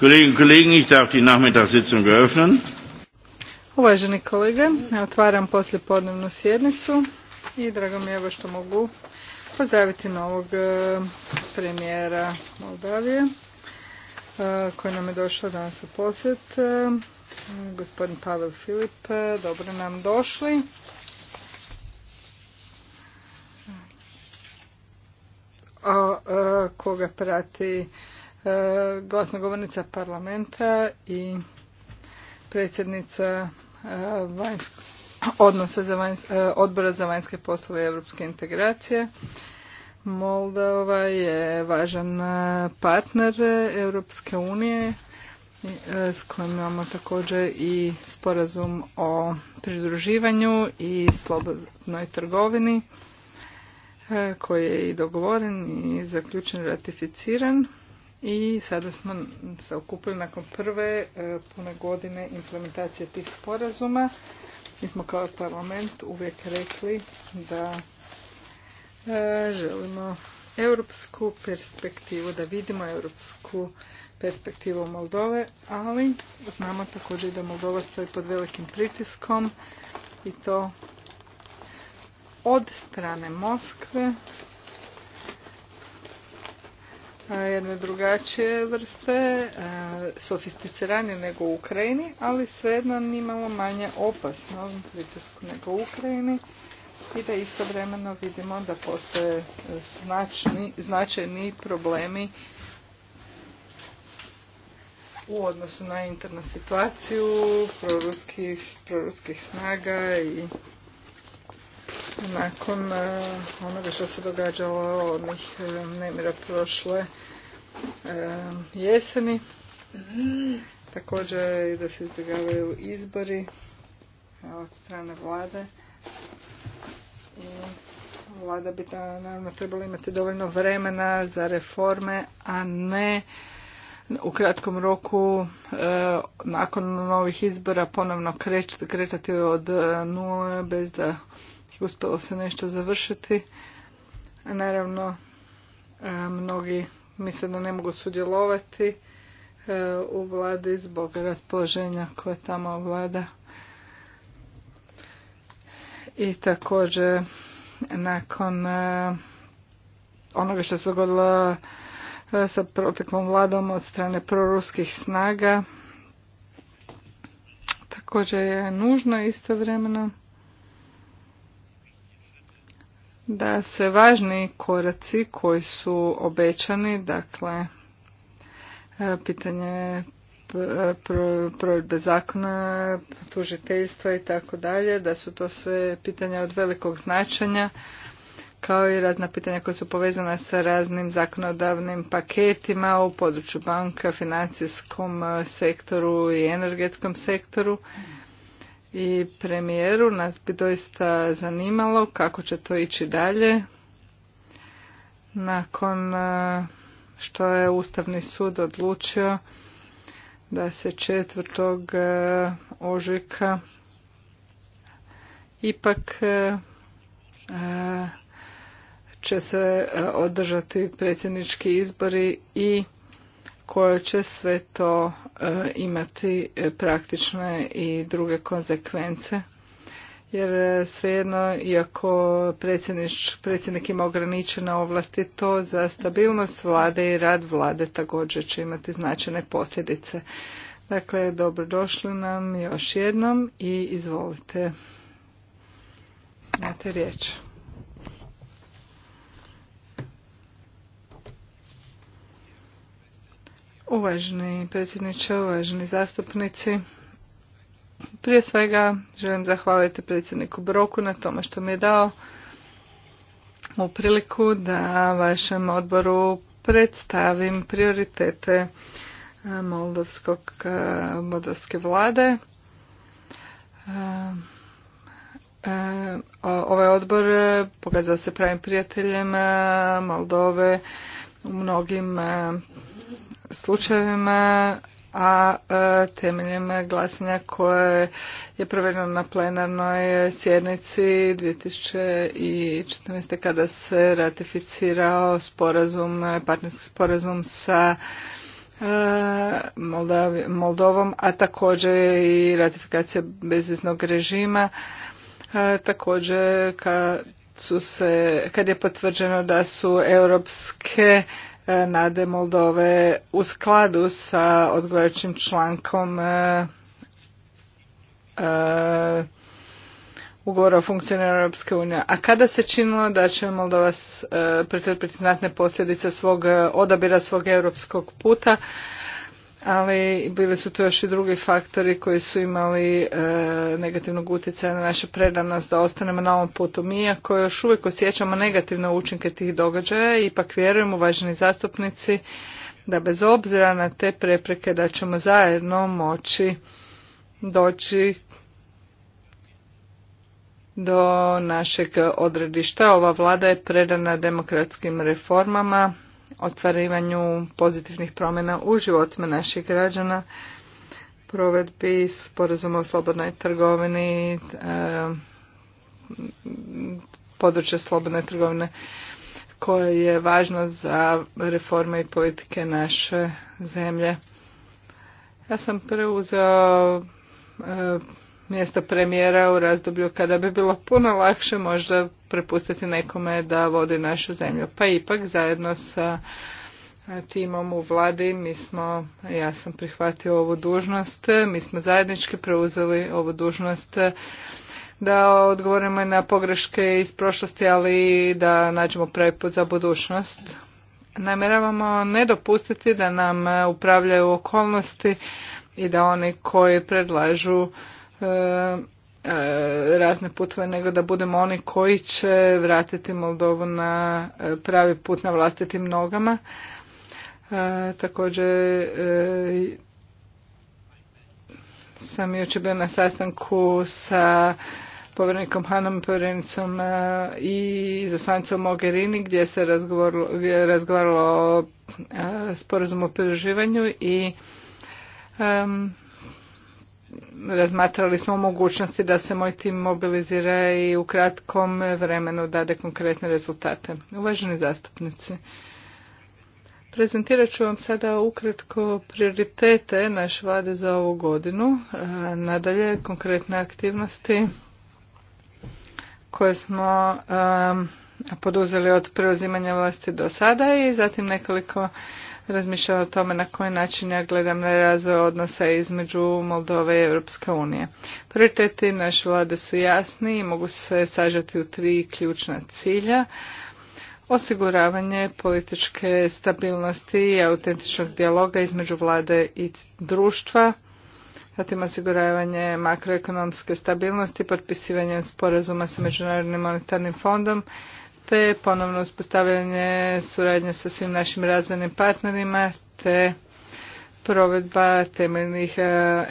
Kolleginnen und ich darf die Nachmittagssitzung eröffnen. Uvaženi kolege, otvaram poslijepodnevnu sjednicu i drago mi je što mogu pozdraviti novog e, premijera Moldavije e, koji nam je došao danas u posjet. E, gospodin Pavel Filip, dobro nam došli. A koga prati E, glasnogovornica parlamenta i predsjednica e, odnosa e, odbora za vanjske poslove i europske integracije. Moldova je važan partner Europske unije s kojim imamo također i sporazum o pridruživanju i slobodnoj trgovini koji je i dogovoren i zaključen, ratificiran. I sada smo se okupili nakon prve e, pune godine implementacije tih sporazuma. Mi smo kao parlament uvijek rekli da e, želimo europsku perspektivu, da vidimo europsku perspektivu Moldove, ali znamo također da Moldova stoji pod velikim pritiskom i to od strane Moskve, jedne drugačije vrste, sofisticiranije nego u Ukrajini, ali svejedno nimalo manje opasno pritisku nego u Ukrajini i da istovremeno vidimo da postoje značajni problemi u odnosu na internu situaciju proruskih, proruskih snaga i nakon e, onoga što se događalo odnih e, nemira prošle e, jeseni. Također i da se izbjegavaju izbori od strane vlade. I vlada bi naravno trebala imati dovoljno vremena za reforme, a ne u kratkom roku nakon novih izbora ponovno kreć, kretati od nule bez da uspjelo se nešto završiti. Naravno, e, mnogi misle da ne mogu sudjelovati e, u vladi zbog raspoloženja koje tamo vlada. I također, nakon e, onoga što se dogodilo sa proteklom vladom od strane proruskih snaga, također je nužno istovremeno da se važni koraci koji su obećani, dakle e, pitanje e, provedbe zakona, tužiteljstva i tako dalje, da su to sve pitanja od velikog značenja kao i razna pitanja koja su povezana sa raznim zakonodavnim paketima u području banka, financijskom e, sektoru i energetskom sektoru i premijeru. Nas bi doista zanimalo kako će to ići dalje nakon e, što je Ustavni sud odlučio da se 4. E, ožujka ipak e, će se održati predsjednički izbori i koje će sve to e, imati e, praktične i druge konsekvence. Jer e, svejedno, iako predsjednik ima ograničene ovlasti, to za stabilnost vlade i rad vlade također će imati značajne posljedice. Dakle, dobrodošli nam još jednom i izvolite. Znate riječ. Uvaženi predsjedniče, uvaženi zastupnici, prije svega želim zahvaliti predsjedniku Broku na tome što mi je dao u priliku da vašem odboru predstavim prioritete e, moldovskog, e, moldovske vlade. E, ovaj odbor pokazao se pravim prijateljem Moldove u mnogim slučajevima, a e, temeljem glasanja koje je provedeno na plenarnoj sjednici 2014. kada se ratificirao sporazum, partnerski sporazum sa e, Moldovom, a također i ratifikacija bezviznog režima. E, također kad su se, kad je potvrđeno da su europske E, nade Moldove u skladu sa odgovarajućim člankom e, e, ugovora o funkcioniranju Europske unije. A kada se činilo da će Moldova pretrpiti znatne posljedice svog odabira svog europskog puta, ali bili su tu još i drugi faktori koji su imali e, negativnog utjecaja na našu predanost da ostanemo na ovom putu. Mi, ako još uvijek osjećamo negativne učinke tih događaja, ipak vjerujemo, uvaženi zastupnici, da bez obzira na te prepreke da ćemo zajedno moći doći do našeg odredišta. Ova vlada je predana demokratskim reformama, ostvarivanju pozitivnih promjena u životima naših građana, provedbi sporazuma o slobodnoj trgovini, eh, područje slobodne trgovine koje je važno za reforme i politike naše zemlje. Ja sam preuzeo eh, mjesto premijera u razdoblju kada bi bilo puno lakše možda prepustiti nekome da vodi našu zemlju. Pa ipak zajedno sa timom u vladi mi smo, ja sam prihvatio ovu dužnost, mi smo zajednički preuzeli ovu dužnost da odgovorimo na pogreške iz prošlosti, ali i da nađemo pravi put za budućnost. Namjeravamo ne dopustiti da nam upravljaju okolnosti i da oni koji predlažu E, e, razne putve nego da budemo oni koji će vratiti Moldovu na e, pravi put na vlastitim nogama. Također sam jučer bio na sastanku sa povjerenikom Hanom i povjerenicom i zaslanicom Mogherini gdje se razgovaralo, razgovaralo o sporazumu o preživanju i razmatrali smo mogućnosti da se moj tim mobilizira i u kratkom vremenu dade konkretne rezultate. Uvaženi zastupnici, prezentirat ću vam sada ukratko prioritete naše vlade za ovu godinu, nadalje konkretne aktivnosti koje smo poduzeli od preuzimanja vlasti do sada i zatim nekoliko razmišljala o tome na koji način ja gledam na razvoj odnosa između Moldove i Europske unije. Prioriteti naše vlade su jasni i mogu se sažati u tri ključna cilja. Osiguravanje političke stabilnosti i autentičnog dijaloga između vlade i društva, zatim osiguravanje makroekonomske stabilnosti, potpisivanje sporazuma sa Međunarodnim monetarnim fondom te ponovno uspostavljanje suradnje sa svim našim razvojnim partnerima te provedba temeljnih e,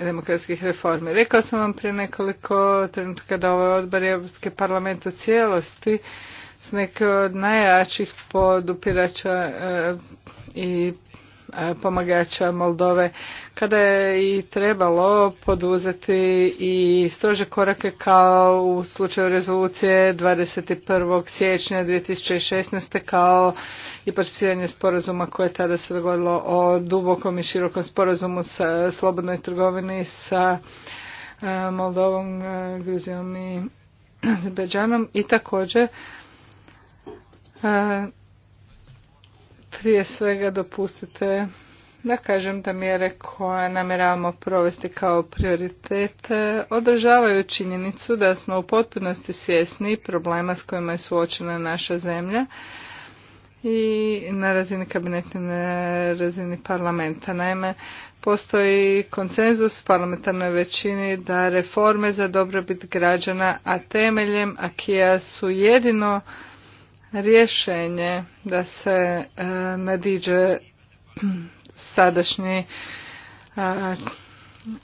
demokratskih reformi. Rekao sam vam prije nekoliko trenutka da ovaj odbor europske Europski parlament u cijelosti su neke od najjačih podupirača e, i E, pomagača Moldove kada je i trebalo poduzeti i strože korake kao u slučaju rezolucije 21. siječnja 2016. kao i potpisivanje sporazuma koje je tada se dogodilo o dubokom i širokom sporazumu sa slobodnoj trgovini sa e, Moldovom, e, Gruzijom i Azerbeđanom i također prije svega dopustite da kažem da mjere koje namjeravamo provesti kao prioritet održavaju činjenicu da smo u potpunosti svjesni problema s kojima je suočena naša zemlja i na razini kabineta na razini parlamenta. Naime, postoji konsenzus parlamentarnoj većini da reforme za dobrobit građana, a temeljem akija su jedino rješenje da se e, nadiđe sadašnji e,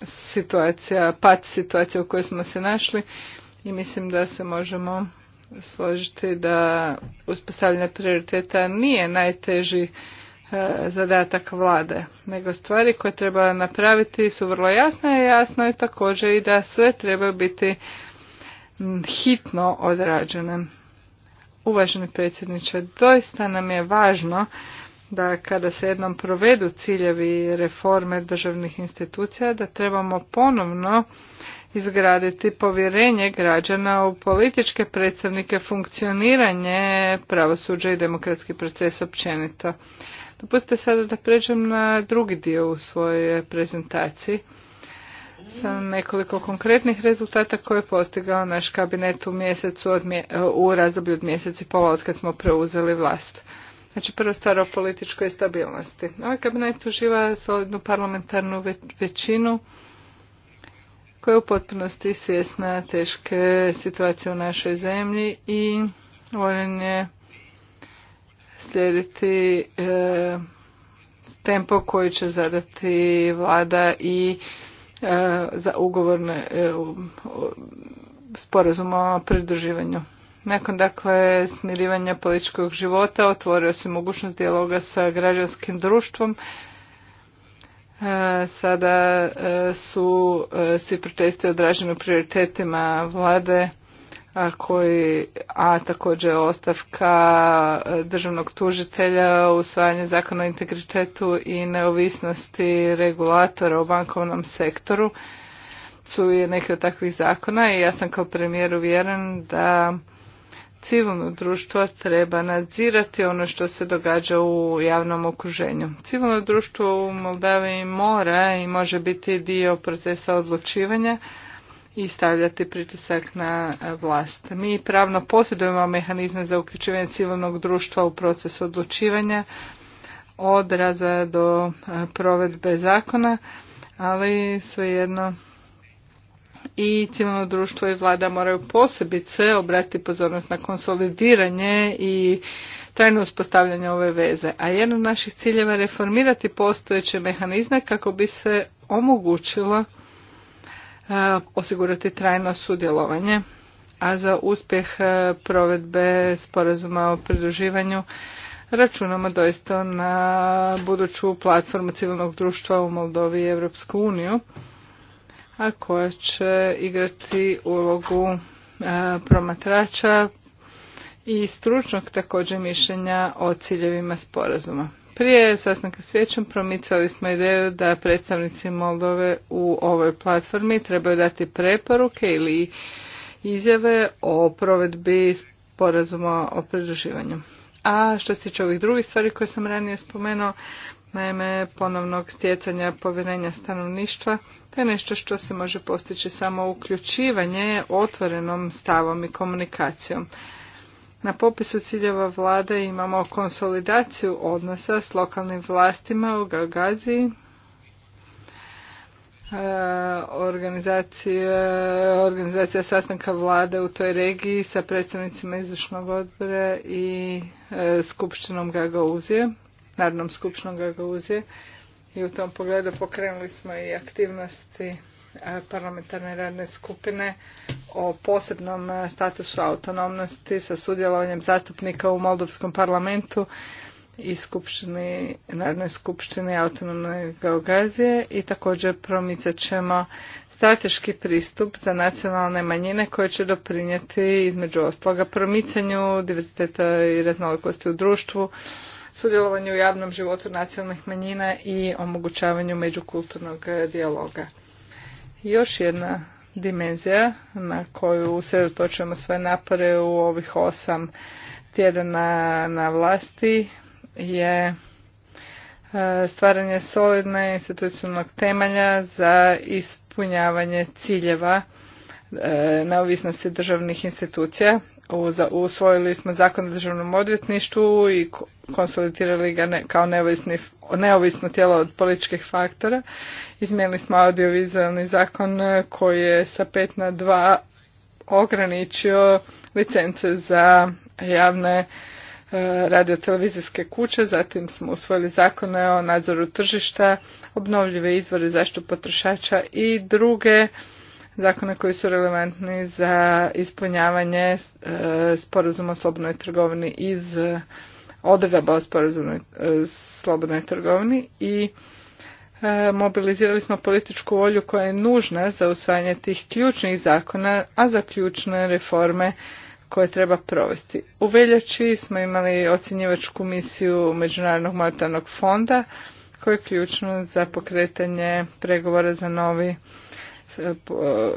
situacija, pat situacija u kojoj smo se našli i mislim da se možemo složiti da uspostavljanje prioriteta nije najteži e, zadatak vlade, nego stvari koje treba napraviti su vrlo jasne i jasno je također i da sve treba biti hitno odrađene. Uvaženi predsjedniče, doista nam je važno da kada se jednom provedu ciljevi reforme državnih institucija, da trebamo ponovno izgraditi povjerenje građana u političke predstavnike funkcioniranje pravosuđa i demokratski proces općenito. Dopustite sada da pređem na drugi dio u svojoj prezentaciji sa nekoliko konkretnih rezultata koje je postigao naš kabinet u, mjesecu u razdoblju od mjeseci i pola od kad smo preuzeli vlast. Znači prvo stvar o političkoj stabilnosti. Ovaj kabinet uživa solidnu parlamentarnu većinu koja je u potpunosti svjesna teške situacije u našoj zemlji i voljen je slijediti e, tempo koji će zadati vlada i E, za ugovorne e, sporazum o pridruživanju. Nakon dakle smirivanja političkog života otvorio se mogućnost dijaloga sa građanskim društvom. E, sada su svi protesti odraženi u prioritetima vlade koji, a također ostavka e, državnog tužitelja, usvajanje zakona o integritetu i neovisnosti regulatora u bankovnom sektoru su je neke od takvih zakona i ja sam kao premijer uvjeren da civilno društvo treba nadzirati ono što se događa u javnom okruženju. Civilno društvo u Moldavi mora i može biti dio procesa odlučivanja i stavljati pritisak na e, vlast. Mi pravno posjedujemo mehanizme za uključivanje civilnog društva u proces odlučivanja od razvoja do e, provedbe zakona, ali svejedno i civilno društvo i vlada moraju posebice obratiti pozornost na konsolidiranje i trajno uspostavljanje ove veze. A jedan od naših ciljeva je reformirati postojeće mehanizme kako bi se omogućilo osigurati trajno sudjelovanje, a za uspjeh provedbe sporazuma o pridruživanju računamo doista na buduću platformu civilnog društva u Moldovi i Europsku uniju, a koja će igrati ulogu promatrača i stručnog također mišljenja o ciljevima sporazuma. Prije sastanka s vijećem promicali smo ideju da predstavnici Moldove u ovoj platformi trebaju dati preporuke ili izjave o provedbi sporazuma o pridruživanju. A što se tiče ovih drugih stvari koje sam ranije spomenuo, naime ponovnog stjecanja povjerenja stanovništva, to je nešto što se može postići samo uključivanje otvorenom stavom i komunikacijom. Na popisu ciljeva vlade imamo konsolidaciju odnosa s lokalnim vlastima u Gagaziji, e, organizacija, sastanka vlade u toj regiji sa predstavnicima izvršnog odbora i e, skupštinom Gagauzije, Narodnom skupštinom Gagauzije. I u tom pogledu pokrenuli smo i aktivnosti E, parlamentarne radne skupine o posebnom e, statusu autonomnosti sa sudjelovanjem zastupnika u Moldovskom parlamentu i skupštini, Narodnoj skupštini autonomne Gaugazije i također promicat ćemo strateški pristup za nacionalne manjine koje će doprinijeti između ostaloga promicanju diverziteta i raznolikosti u društvu, sudjelovanju u javnom životu nacionalnih manjina i omogućavanju međukulturnog dijaloga još jedna dimenzija na koju usredotočujemo sve napore u ovih osam tjedana na vlasti je e, stvaranje solidne institucionalnog temelja za ispunjavanje ciljeva e, neovisnosti državnih institucija usvojili smo zakon o državnom odvjetništvu i konsolidirali ga ne, kao neovisno tijelo od političkih faktora. Izmijenili smo audiovizualni zakon e, koji je sa 5 na 2 ograničio licence za javne e, radiotelevizijske kuće, zatim smo usvojili zakone o nadzoru tržišta, obnovljive izvore zaštitu potrošača i druge Zakone koji su relevantni za ispunjavanje e, sporazuma o slobodnoj trgovini iz e, odredaba o sporazumnoj e, slobodnoj trgovini i mobilizirali smo političku volju koja je nužna za usvajanje tih ključnih zakona, a za ključne reforme koje treba provesti. U veljači smo imali ocjenjivačku misiju Međunarodnog monetarnog fonda koje je ključno za pokretanje pregovora za novi E,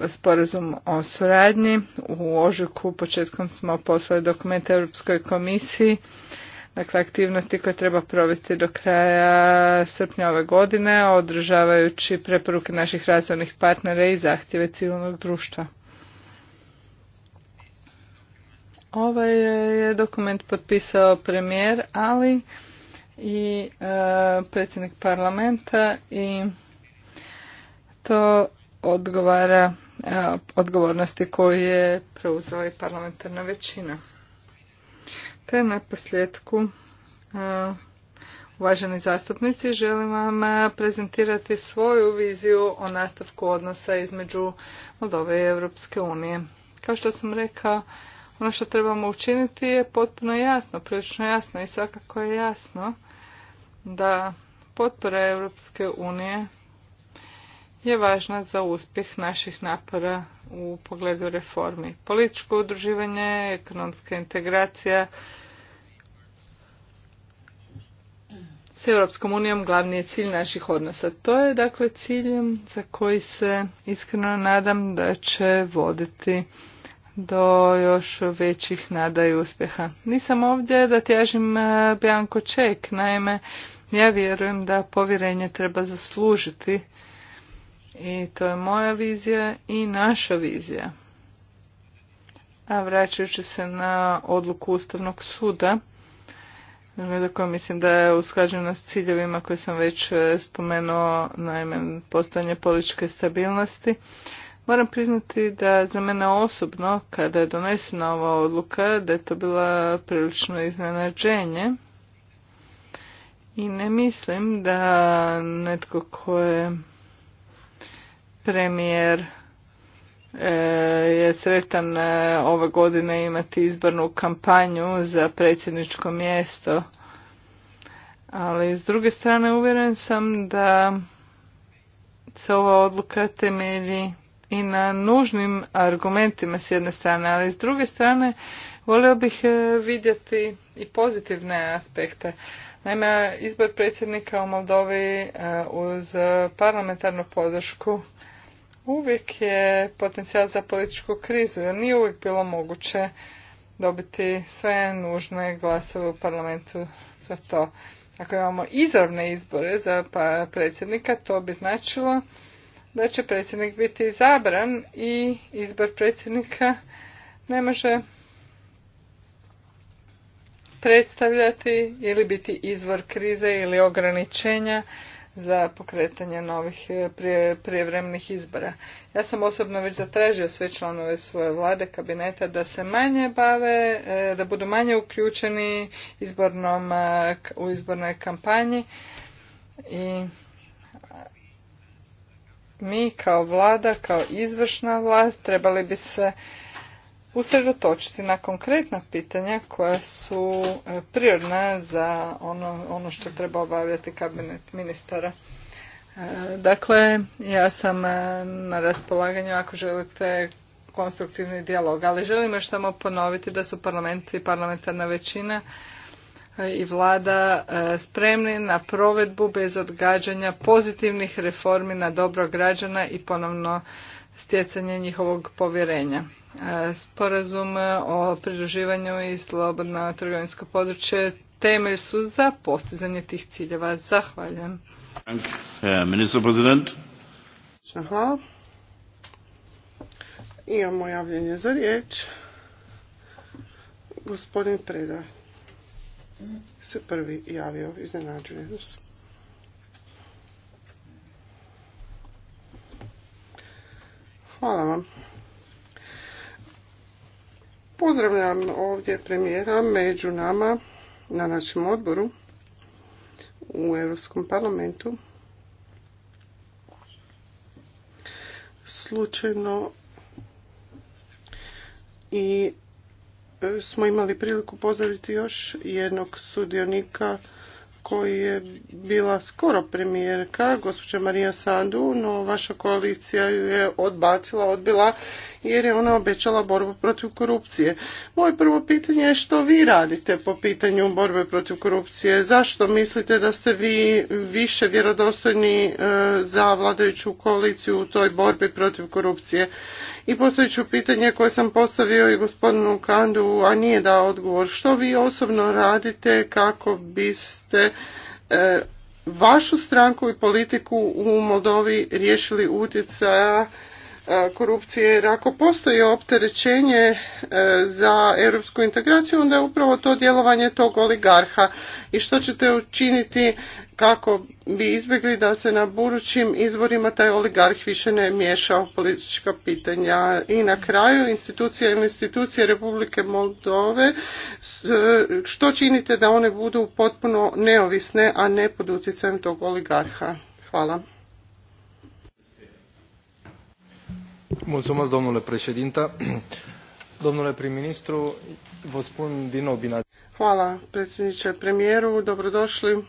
e, sporazum o suradnji. U ožujku početkom smo poslali dokument Europskoj komisiji, dakle aktivnosti koje treba provesti do kraja srpnja ove godine, održavajući preporuke naših razvojnih partnera i zahtjeve civilnog društva. Ovaj je dokument potpisao premijer, ali i e, predsjednik parlamenta i to odgovara odgovornosti koju je preuzela i parlamentarna većina. Te na posljedku, uvaženi zastupnici, želim vam prezentirati svoju viziju o nastavku odnosa između Moldove i Europske unije. Kao što sam rekao, ono što trebamo učiniti je potpuno jasno, prilično jasno i svakako je jasno da potpora Europske unije je važna za uspjeh naših napora u pogledu reformi. Političko udruživanje, ekonomska integracija s Europskom unijom glavni je cilj naših odnosa. To je dakle cilj za koji se iskreno nadam da će voditi do još većih nada i uspjeha. Nisam ovdje da tjažim e, Bianco Ček, naime ja vjerujem da povjerenje treba zaslužiti i to je moja vizija i naša vizija. A vraćajući se na odluku Ustavnog suda, za mislim da je usklađena s ciljevima koje sam već e, spomenuo, naime postojanje političke stabilnosti, moram priznati da za mene osobno, kada je donesena ova odluka, da je to bila prilično iznenađenje. I ne mislim da netko ko je premijer e, je sretan e, ove godine imati izbornu kampanju za predsjedničko mjesto. Ali s druge strane uvjeren sam da se ova odluka temelji i na nužnim argumentima s jedne strane, ali s druge strane volio bih e, vidjeti i pozitivne aspekte. Naime, izbor predsjednika u Moldovi uz parlamentarnu podršku uvijek je potencijal za političku krizu, jer nije uvijek bilo moguće dobiti sve nužne glasove u parlamentu za to. Ako imamo izravne izbore za pa, predsjednika, to bi značilo da će predsjednik biti izabran i izbor predsjednika ne može predstavljati ili biti izvor krize ili ograničenja za pokretanje novih e, prijevremnih izbora. Ja sam osobno već zatražio sve članove svoje vlade, kabineta da se manje bave, e, da budu manje uključeni izbornom, e, u izbornoj kampanji i mi kao vlada, kao izvršna vlast trebali bi se usredotočiti na konkretna pitanja koja su e, prirodna za ono, ono što treba obavljati kabinet ministara. E, dakle, ja sam e, na raspolaganju ako želite konstruktivni dijalog, ali želim još samo ponoviti da su parlamenti i parlamentarna većina i vlada spremni na provedbu bez odgađanja pozitivnih reformi na dobro građana i ponovno stjecanje njihovog povjerenja sporazum o pridruživanju i slobodno trgovinsko područje temelj su za postizanje tih ciljeva. Zahvaljujem. Imamo javljenje za riječ. Gospodin Preda se prvi javio, iznenađuje Hvala vam. Pozdravljam ovdje premijera među nama na našem odboru u Europskom parlamentu. Slučajno i e, smo imali priliku pozdraviti još jednog sudionika koji je bila skoro premijerka, gospođa Marija Sandu, no vaša koalicija ju je odbacila, odbila jer je ona obećala borbu protiv korupcije. Moje prvo pitanje je što vi radite po pitanju borbe protiv korupcije? Zašto mislite da ste vi više vjerodostojni e, za vladajuću koaliciju u toj borbi protiv korupcije? I postavit ću pitanje koje sam postavio i gospodinu Kandu, a nije dao odgovor. Što vi osobno radite kako biste e, vašu stranku i politiku u Moldovi riješili utjecaja E, korupcije jer ako postoji opterećenje e, za europsku integraciju onda je upravo to djelovanje tog oligarha i što ćete učiniti kako bi izbjegli da se na budućim izvorima taj oligarh više ne miješa u politička pitanja. I na kraju institucija ili institucije Republike Moldove e, što činite da one budu potpuno neovisne, a ne pod utjecajem tog oligarha? Hvala. domnule președinte. Domnule prim-ministru, vă spun Hvala, predsjedniče premijeru, dobrodošli.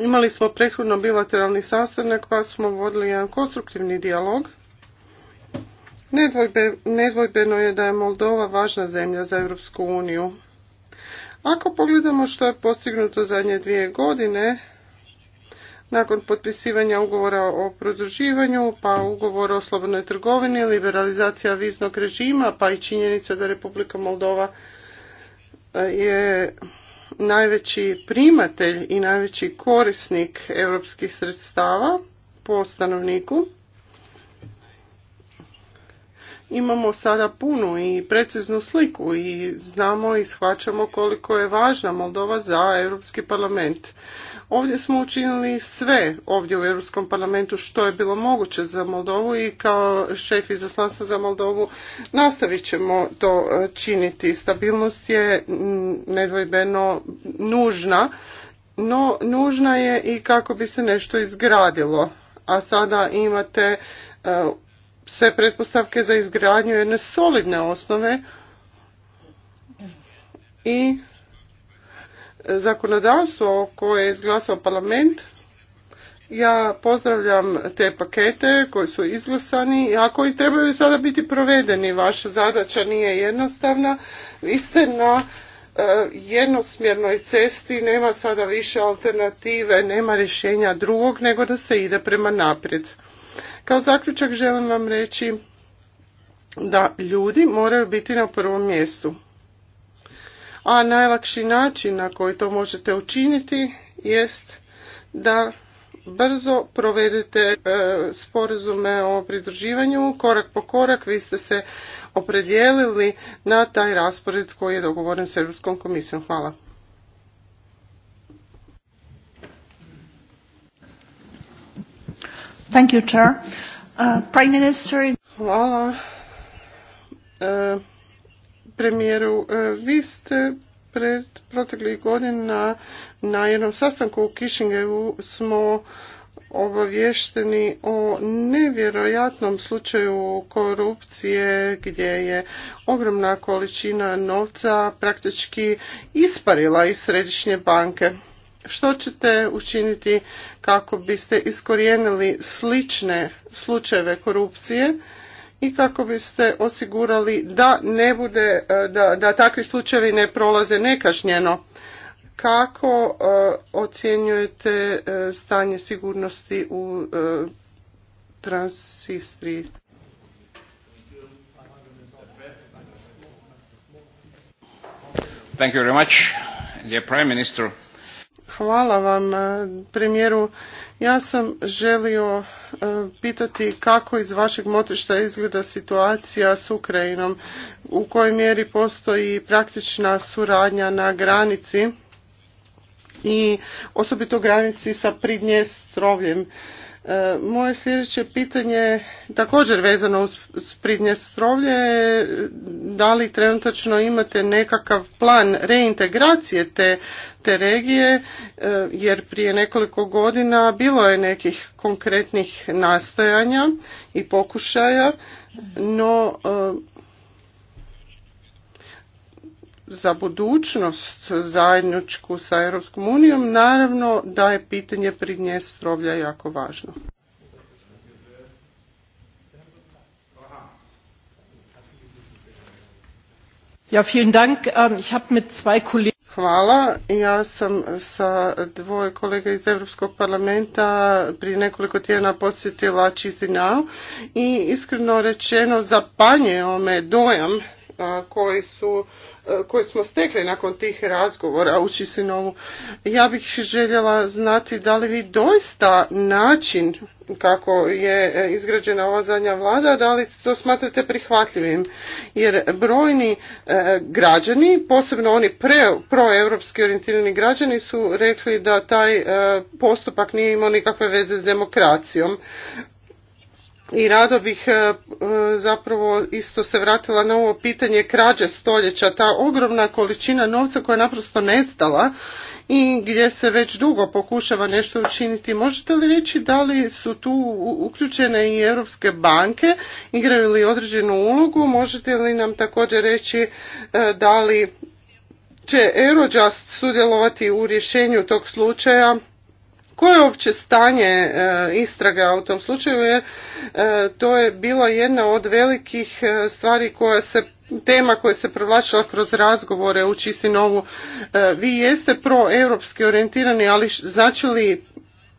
Imali smo prethodno bilateralni sastanak pa smo vodili jedan konstruktivni dijalog. nedvojbeno je da je Moldova važna zemlja za Europsku uniju. Ako pogledamo što je postignuto zadnje dvije godine, nakon potpisivanja ugovora o produživanju, pa ugovora o slobodnoj trgovini, liberalizacija viznog režima, pa i činjenica da Republika Moldova e, je najveći primatelj i najveći korisnik europskih sredstava po stanovniku. Imamo sada punu i preciznu sliku i znamo i shvaćamo koliko je važna Moldova za Europski parlament. Ovdje smo učinili sve ovdje u Europskom parlamentu što je bilo moguće za Moldovu i kao šef izaslanstva za Moldovu nastavit ćemo to e, činiti. Stabilnost je nedvojbeno nužna, no nužna je i kako bi se nešto izgradilo. A sada imate e, sve pretpostavke za izgradnju jedne solidne osnove i zakonodavstvo koje je izglasao parlament, ja pozdravljam te pakete koji su izglasani, a koji trebaju sada biti provedeni. Vaša zadaća nije jednostavna. Vi ste na e, jednosmjernoj cesti, nema sada više alternative, nema rješenja drugog nego da se ide prema naprijed. Kao zaključak želim vam reći da ljudi moraju biti na prvom mjestu a najlakši način na koji to možete učiniti jest da brzo provedete e, sporazume o pridruživanju korak po korak vi ste se opredijelili na taj raspored koji je dogovoren s Europskom komisijom. Hvala. Thank you, Chair. Uh, Prime Minister... Hvala. E, premijeru. E, vi ste pred proteklih godina na jednom sastanku u Kišingevu smo obavješteni o nevjerojatnom slučaju korupcije gdje je ogromna količina novca praktički isparila iz središnje banke. Što ćete učiniti kako biste iskorijenili slične slučajeve korupcije? i kako biste osigurali da ne bude, e, da, da takvi slučajevi ne prolaze nekašnjeno. Kako e, ocjenjujete e, stanje sigurnosti u Transistriji? Thank you very much, dear Prime Minister. Hvala vam e, premijeru. Ja sam želio e, pitati kako iz vašeg motrišta izgleda situacija s Ukrajinom, u kojoj mjeri postoji praktična suradnja na granici i osobito granici sa strovljem E, moje sljedeće pitanje također vezano uz Pridnjestrovlje da li trenutačno imate nekakav plan reintegracije te, te regije e, jer prije nekoliko godina bilo je nekih konkretnih nastojanja i pokušaja no e, za budućnost zajedničku sa Europskom unijom, naravno da je pitanje Pridnjestrovlja jako važno. Ja, vielen Dank. Ähm, ich habe mit zwei Hvala. Ja sam sa dvoje kolega iz Europskog parlamenta prije nekoliko tjedana posjetila Čizinao i iskreno rečeno zapanjeo me dojam koje su, e, koje smo stekli nakon tih razgovora u Čisinovu. Ja bih željela znati da li vi doista način kako je e, izgrađena ova zadnja vlada, da li to smatrate prihvatljivim? Jer brojni e, građani, posebno oni pre, proeuropski orijentirani građani su rekli da taj postupak nije imao nikakve veze s demokracijom i rado bih e, e, zapravo isto se vratila na ovo pitanje krađe stoljeća, ta ogromna količina novca koja je naprosto nestala i gdje se već dugo pokušava nešto učiniti. Možete li reći da li su tu uključene i europske banke, igraju li određenu ulogu, možete li nam također reći e, da li će Eurojust sudjelovati u rješenju tog slučaja koje je uopće stanje e, istrage u tom slučaju jer e, to je bila jedna od velikih e, stvari koja se tema koja se provlačila kroz razgovore u Čisinovu. Vi jeste proeuropski orijentirani, ali znači li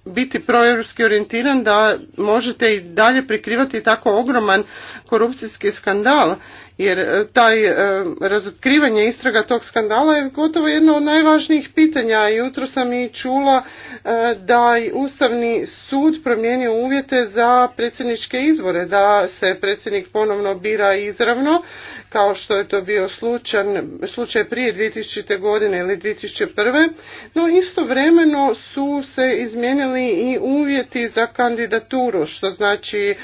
biti proeuropski orijentiran da možete i dalje prikrivati tako ogroman korupcijski skandal jer e, taj e, razotkrivanje istraga tog skandala je gotovo jedno od najvažnijih pitanja. Jutro sam i čula e, da je Ustavni sud promijenio uvjete za predsjedničke izbore, da se predsjednik ponovno bira izravno kao što je to bio slučaj, slučaj prije 2000. godine ili 2001. No istovremeno su se izmijenili i uvjeti za kandidaturu, što znači e,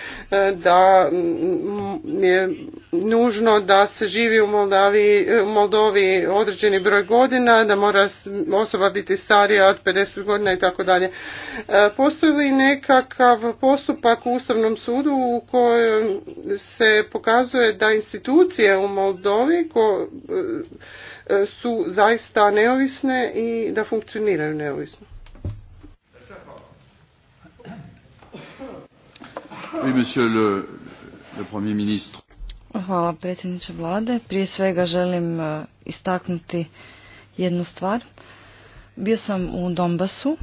da mm, je nužno da se živi u Moldavi, e, Moldovi određeni broj godina, da mora osoba biti starija od 50 godina i tako dalje. E, postoji li nekakav postupak u Ustavnom sudu u kojem se pokazuje da institucije u Moldovi ko, e, e, su zaista neovisne i da funkcioniraju neovisno. Hvala predsjedniče vlade. Prije svega želim e, istaknuti jednu stvar. Bio sam u Donbasu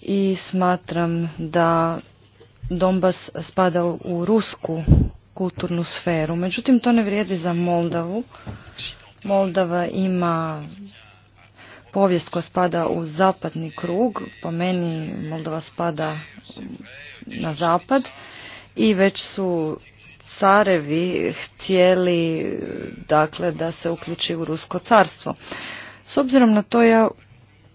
i smatram da Donbas spada u rusku kulturnu sferu. Međutim, to ne vrijedi za Moldavu. Moldava ima povijest koja spada u zapadni krug, po meni Moldava spada na zapad i već su carevi htjeli dakle da se uključi u rusko carstvo. S obzirom na to ja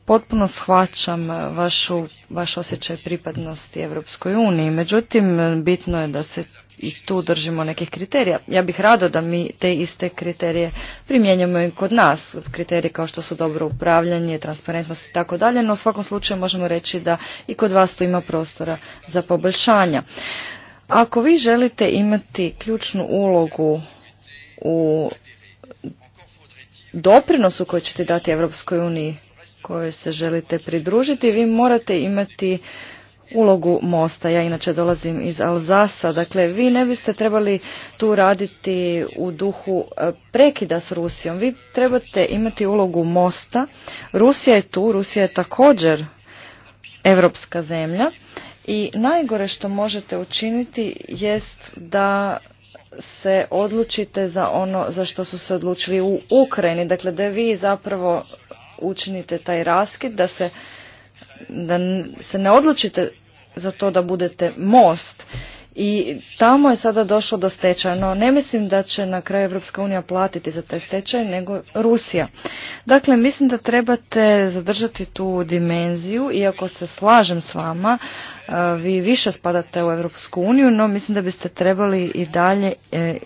potpuno shvaćam e, vašu, vaš osjećaj pripadnosti Europskoj uniji. Međutim, bitno je da se i tu držimo nekih kriterija. Ja bih rado da mi te iste kriterije primjenjamo i kod nas. kriterije kao što su dobro upravljanje, transparentnost i tako dalje, no u svakom slučaju možemo reći da i kod vas tu ima prostora za poboljšanja. Ako vi želite imati ključnu ulogu u doprinosu koji ćete dati Europskoj uniji koje se želite pridružiti, vi morate imati ulogu mosta. Ja inače dolazim iz Alzasa, dakle vi ne biste trebali tu raditi u duhu e, prekida s Rusijom. Vi trebate imati ulogu mosta. Rusija je tu, Rusija je također evropska zemlja i najgore što možete učiniti jest da se odlučite za ono za što su se odlučili u Ukrajini, dakle da vi zapravo učinite taj raskid, da se, da se ne odlučite za to da budete most i tamo je sada došlo do stečaja, no ne mislim da će na kraju Evropska unija platiti za taj stečaj, nego Rusija. Dakle, mislim da trebate zadržati tu dimenziju, iako se slažem s vama, e, vi više spadate u Evropsku uniju, no mislim da biste trebali i dalje e,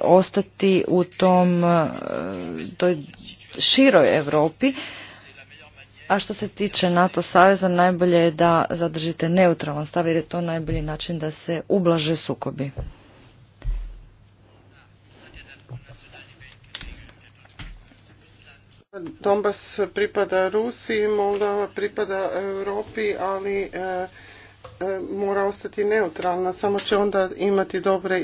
ostati u tom e, toj široj Europi. A što se tiče NATO saveza, najbolje je da zadržite neutralan stav jer je to najbolji način da se ublaže sukobi. Donbas pripada Rusiji, Moldova pripada Europi, ali eh, E, mora ostati neutralna, samo će onda imati dobre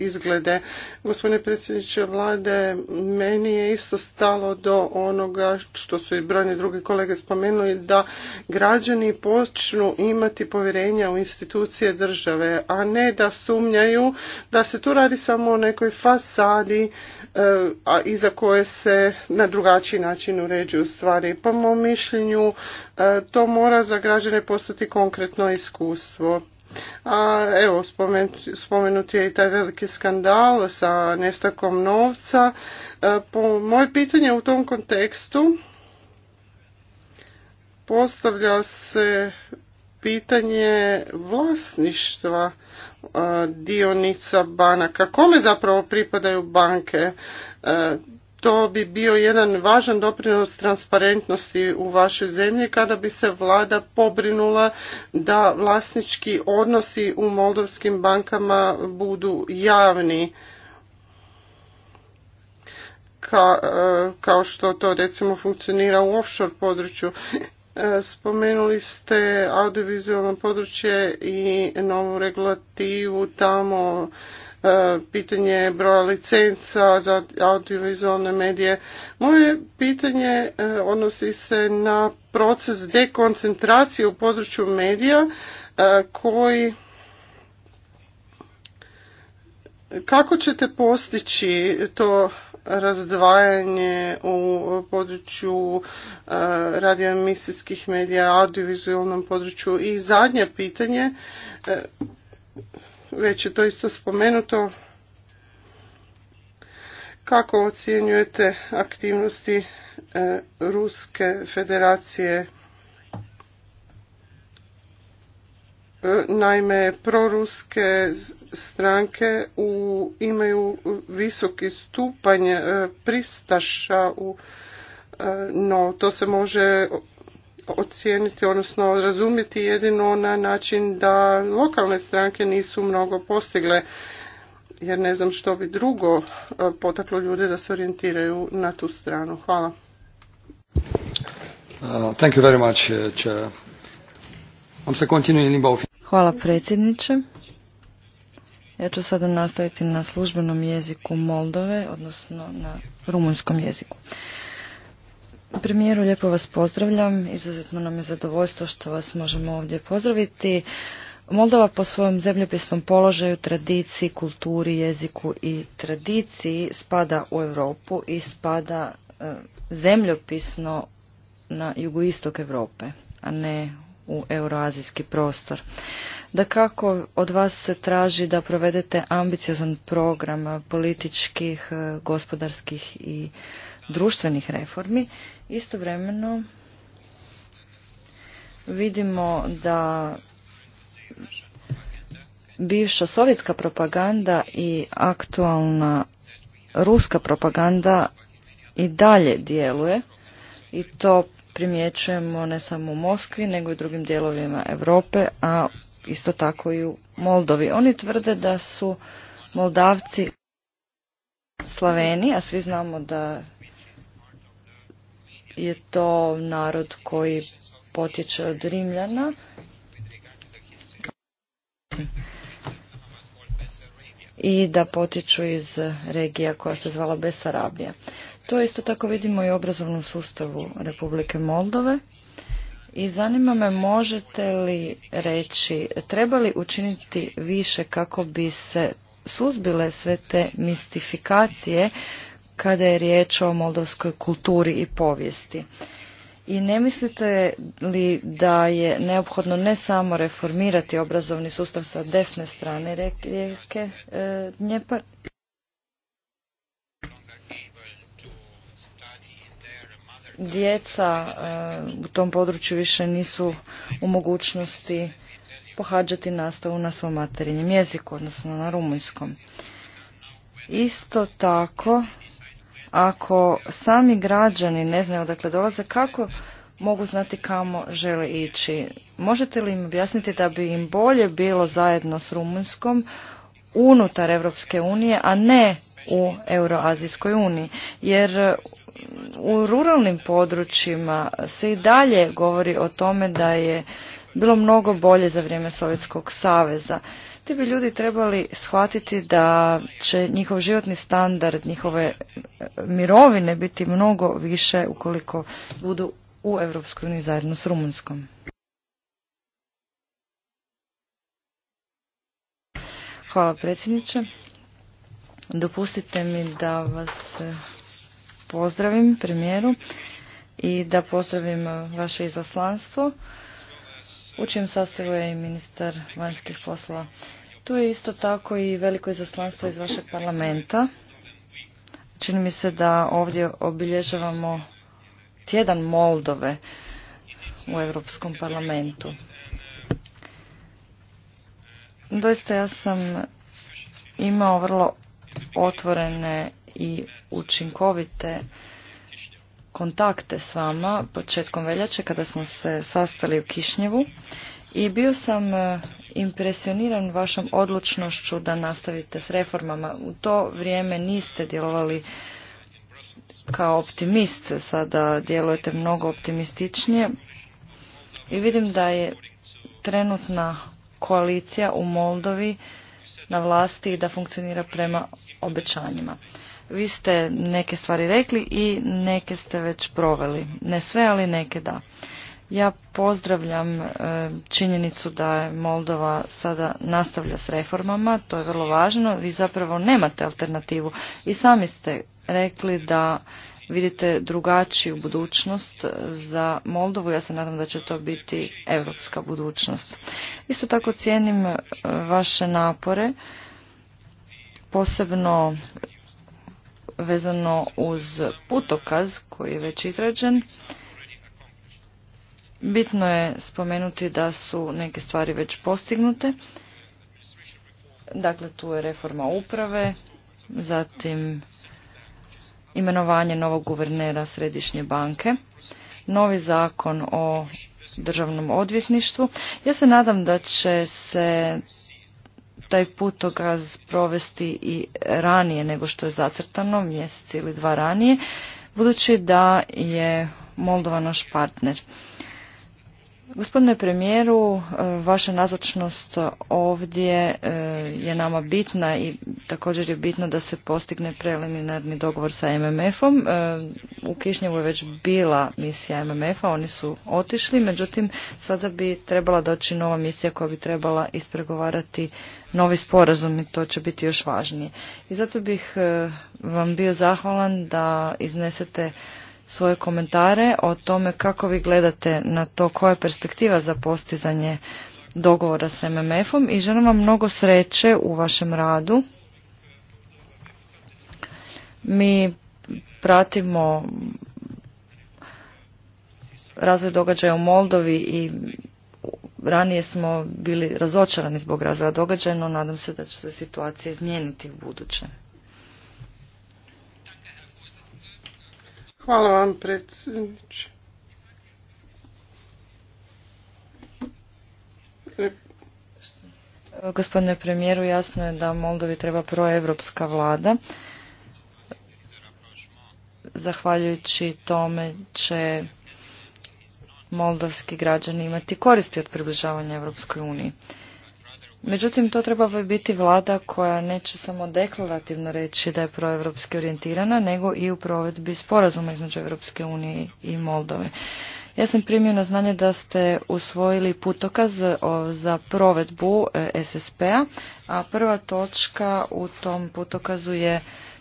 izglede. Gospodine predsjedniče vlade, meni je isto stalo do onoga što su i brojni drugi kolege spomenuli, da građani počnu imati povjerenja u institucije države, a ne da sumnjaju da se tu radi samo o nekoj fasadi e, a iza koje se na drugačiji način uređuju stvari. Po mom mišljenju E, to mora za građane postati konkretno iskustvo. A evo, spomenut je i taj veliki skandal sa nestakom novca. E, po moje pitanje u tom kontekstu postavlja se pitanje vlasništva e, dionica banaka. Kome zapravo pripadaju banke? to bi bio jedan važan doprinos transparentnosti u vašoj zemlji kada bi se vlada pobrinula da vlasnički odnosi u moldovskim bankama budu javni Ka, e, kao što to recimo funkcionira u offshore području. E, spomenuli ste audiovizualno područje i novu regulativu tamo E, pitanje broja licenca za audiovizualne medije. Moje pitanje e, odnosi se na proces dekoncentracije u području medija e, koji kako ćete postići to razdvajanje u području radioemisijskih medija, audiovizualnom području. I zadnje pitanje, već je to isto spomenuto. Kako ocjenjujete aktivnosti e, Ruske federacije? E, naime, proruske stranke u, imaju visoki stupanj e, pristaša u no to se može ocijeniti, odnosno razumjeti jedino na način da lokalne stranke nisu mnogo postigle, jer ne znam što bi drugo e, potaklo ljude da se orijentiraju na tu stranu. Hvala. Hvala predsjedniče. Ja ću sada nastaviti na službenom jeziku Moldove, odnosno na rumunjskom jeziku. Premijeru, lijepo vas pozdravljam. Izuzetno nam je zadovoljstvo što vas možemo ovdje pozdraviti. Moldova po svojom zemljopisnom položaju, tradiciji, kulturi, jeziku i tradiciji spada u Europu i spada e, zemljopisno na jugoistok Europe, a ne u euroazijski prostor. Da kako od vas se traži da provedete ambiciozan program političkih, e, gospodarskih i društvenih reformi Istovremeno vidimo da bivša sovjetska propaganda i aktualna ruska propaganda i dalje djeluje i to primjećujemo ne samo u Moskvi nego i drugim dijelovima Europe, a isto tako i u Moldovi. Oni tvrde da su Moldavci Slaveni, a svi znamo da je to narod koji potječe od Rimljana. i da potiču iz regija koja se zvala Besarabija. To isto tako vidimo i u obrazovnom sustavu Republike Moldove. I zanima me možete li reći treba li učiniti više kako bi se suzbile sve te mistifikacije kada je riječ o moldovskoj kulturi i povijesti. I ne mislite li da je neophodno ne samo reformirati obrazovni sustav sa desne strane rijeke Dnjepar, e, djeca e, u tom području više nisu u mogućnosti pohađati nastavu na svom materinjem jeziku, odnosno na rumunjskom. Isto tako ako sami građani ne znaju odakle dolaze, kako mogu znati kamo žele ići? Možete li im objasniti da bi im bolje bilo zajedno s Rumunjskom unutar Europske unije, a ne u Euroazijskoj uniji. Jer u ruralnim područjima se i dalje govori o tome da je bilo mnogo bolje za vrijeme Sovjetskog saveza ti bi ljudi trebali shvatiti da će njihov životni standard, njihove e, mirovine biti mnogo više ukoliko budu u EU uniji zajedno s Rumunskom. Hvala predsjedniče. Dopustite mi da vas e, pozdravim premijeru i da pozdravim vaše izaslanstvo u čijem sastavu je i ministar vanjskih poslova. Tu je isto tako i veliko izaslanstvo iz vašeg parlamenta. Čini mi se da ovdje obilježavamo tjedan Moldove u Europskom parlamentu. Doista ja sam imao vrlo otvorene i učinkovite kontakte s vama početkom veljače kada smo se sastali u Kišnjevu i bio sam e, impresioniran vašom odlučnošću da nastavite s reformama. U to vrijeme niste djelovali kao optimist, sada djelujete mnogo optimističnije i vidim da je trenutna koalicija u Moldovi na vlasti i da funkcionira prema obećanjima. Vi ste neke stvari rekli i neke ste već proveli. Ne sve, ali neke da. Ja pozdravljam e, činjenicu da je Moldova sada nastavlja s reformama, to je vrlo važno. Vi zapravo nemate alternativu. I sami ste rekli da vidite drugačiju budućnost za Moldovu. Ja se nadam da će to biti europska budućnost. Isto tako cijenim e, vaše napore, posebno vezano uz putokaz koji je već izrađen. Bitno je spomenuti da su neke stvari već postignute. Dakle, tu je reforma uprave, zatim imenovanje novog guvernera Središnje banke, novi zakon o državnom odvjetništvu. Ja se nadam da će se taj putokaz provesti i ranije nego što je zacrtano, mjesec ili dva ranije, budući da je Moldova naš partner. Gospodine premijeru, e, vaša nazočnost ovdje e, je nama bitna i također je bitno da se postigne preliminarni dogovor sa MMF-om. E, u Kišnjevu je već bila misija MMF-a, oni su otišli, međutim sada bi trebala doći nova misija koja bi trebala ispregovarati novi sporazum i to će biti još važnije. I zato bih vam bio zahvalan da iznesete svoje komentare o tome kako vi gledate na to koja je perspektiva za postizanje dogovora s MMF-om i želim vam mnogo sreće u vašem radu. Mi pratimo razvoj događaja u Moldovi i ranije smo bili razočarani zbog razvoja događaja, no nadam se da će se situacija izmijeniti u budućem. Hvala vam predsjedniče. E, Gospodine premijeru, jasno je da Moldovi treba proevropska vlada. Zahvaljujući tome će moldovski građani imati koristi od približavanja Europskoj uniji. Međutim, to treba biti vlada koja neće samo deklarativno reći da je proevropski orijentirana, nego i u provedbi sporazuma između Europske unije i Moldove. Ja sam primio na znanje da ste usvojili putokaz e, za provedbu e, SSP-a, a prva točka u tom putokazu je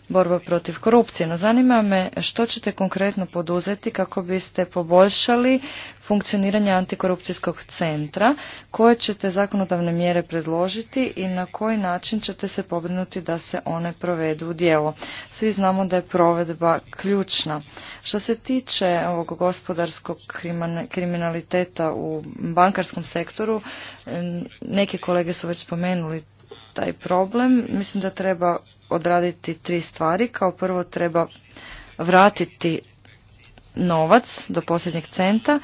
borba protiv korupcije. No zanima me što ćete konkretno poduzeti kako biste poboljšali funkcioniranje antikorupcijskog centra, koje ćete zakonodavne mjere predložiti i na koji način ćete se pobrinuti da se one provedu u djelo. Svi znamo da je provedba ključna. Što se tiče ovog gospodarskog kriminaliteta u bankarskom sektoru, neke kolege su već spomenuli taj problem, mislim da treba odraditi tri stvari. Kao prvo treba vratiti novac do posljednjeg centa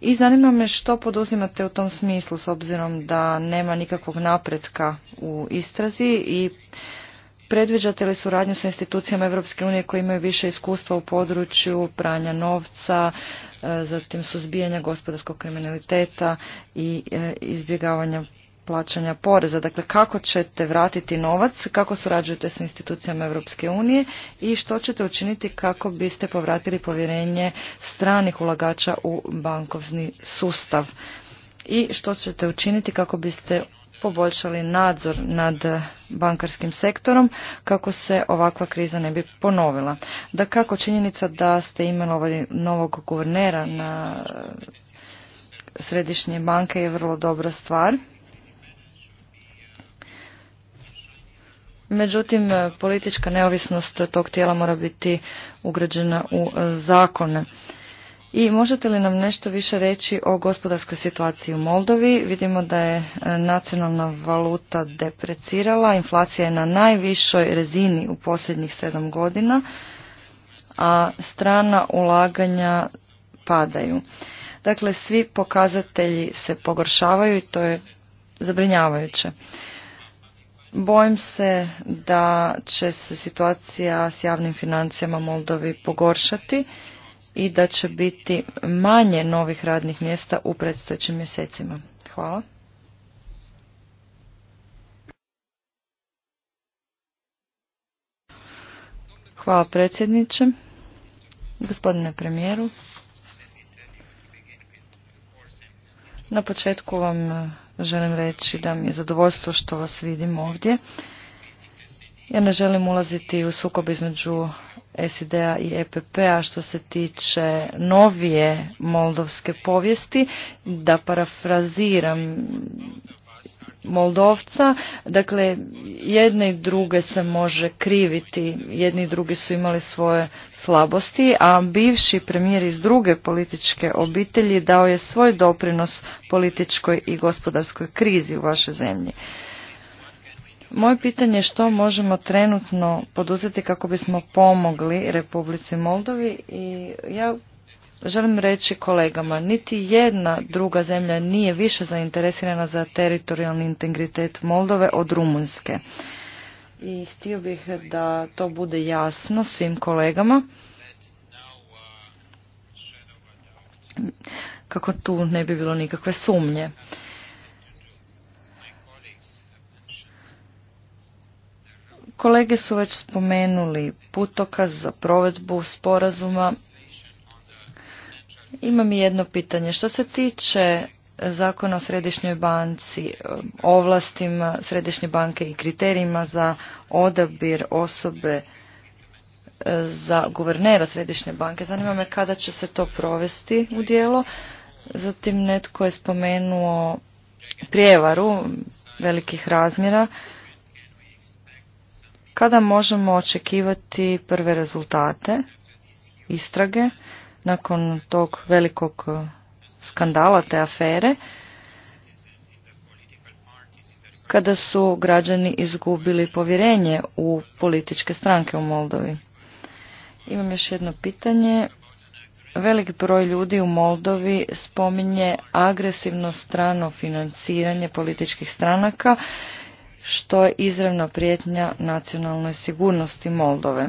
i zanima me što poduzimate u tom smislu s obzirom da nema nikakvog napretka u istrazi i predviđate li suradnju sa institucijama Europske unije koje imaju više iskustva u području pranja novca, e, zatim suzbijanja gospodarskog kriminaliteta i e, izbjegavanja plaćanja poreza. Dakle, kako ćete vratiti novac, kako surađujete sa institucijama Europske unije i što ćete učiniti kako biste povratili povjerenje stranih ulagača u bankovni sustav i što ćete učiniti kako biste poboljšali nadzor nad bankarskim sektorom kako se ovakva kriza ne bi ponovila. Da kako činjenica da ste imenovali novog guvernera na središnje banke je vrlo dobra stvar Međutim, e, politička neovisnost tog tijela mora biti ugrađena u e, zakone. I možete li nam nešto više reći o gospodarskoj situaciji u Moldovi? Vidimo da je e, nacionalna valuta deprecirala, inflacija je na najvišoj rezini u posljednjih sedam godina, a strana ulaganja padaju. Dakle, svi pokazatelji se pogoršavaju i to je zabrinjavajuće. Bojim se da će se situacija s javnim financijama Moldovi pogoršati i da će biti manje novih radnih mjesta u predstojećim mjesecima. Hvala. Hvala predsjedniče. Gospodine premijeru, na početku vam želim reći da mi je zadovoljstvo što vas vidim ovdje. Ja ne želim ulaziti u sukob između SID-a i EPP-a što se tiče novije moldovske povijesti. Da parafraziram Moldovca. Dakle, jedne i druge se može kriviti, jedni i drugi su imali svoje slabosti, a bivši premijer iz druge političke obitelji dao je svoj doprinos političkoj i gospodarskoj krizi u vašoj zemlji. Moje pitanje je što možemo trenutno poduzeti kako bismo pomogli Republici Moldovi i ja Želim reći kolegama, niti jedna druga zemlja nije više zainteresirana za teritorijalni integritet Moldove od Rumunjske. I htio bih da to bude jasno svim kolegama. Kako tu ne bi bilo nikakve sumnje. Kolege su već spomenuli putokaz za provedbu sporazuma imam jedno pitanje. Što se tiče zakona o središnjoj banci, ovlastima središnje banke i kriterijima za odabir osobe e, za guvernera središnje banke, zanima me kada će se to provesti u dijelo. Zatim netko je spomenuo prijevaru velikih razmjera. Kada možemo očekivati prve rezultate istrage? nakon tog velikog e, skandala, te afere, kada su građani izgubili povjerenje u političke stranke u Moldovi. Imam još jedno pitanje. Velik broj ljudi u Moldovi spominje agresivno strano financiranje političkih stranaka, što je izravna prijetnja nacionalnoj sigurnosti Moldove.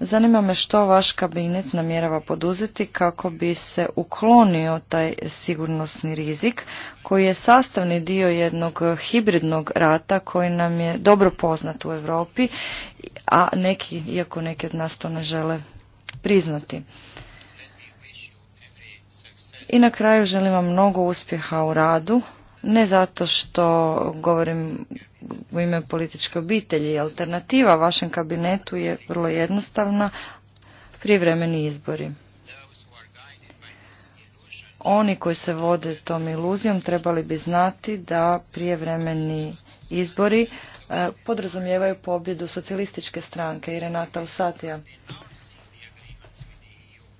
Zanima me što vaš kabinet namjerava poduzeti kako bi se uklonio taj sigurnosni rizik koji je sastavni dio jednog hibridnog rata koji nam je dobro poznat u Europi, a neki, iako neki od nas to ne žele priznati. I na kraju želim vam mnogo uspjeha u radu, ne zato što govorim u ime političke obitelji. Alternativa vašem kabinetu je vrlo jednostavna, privremeni izbori. Oni koji se vode tom iluzijom trebali bi znati da prijevremeni izbori eh, podrazumijevaju pobjedu socijalističke stranke i Renata Osatija.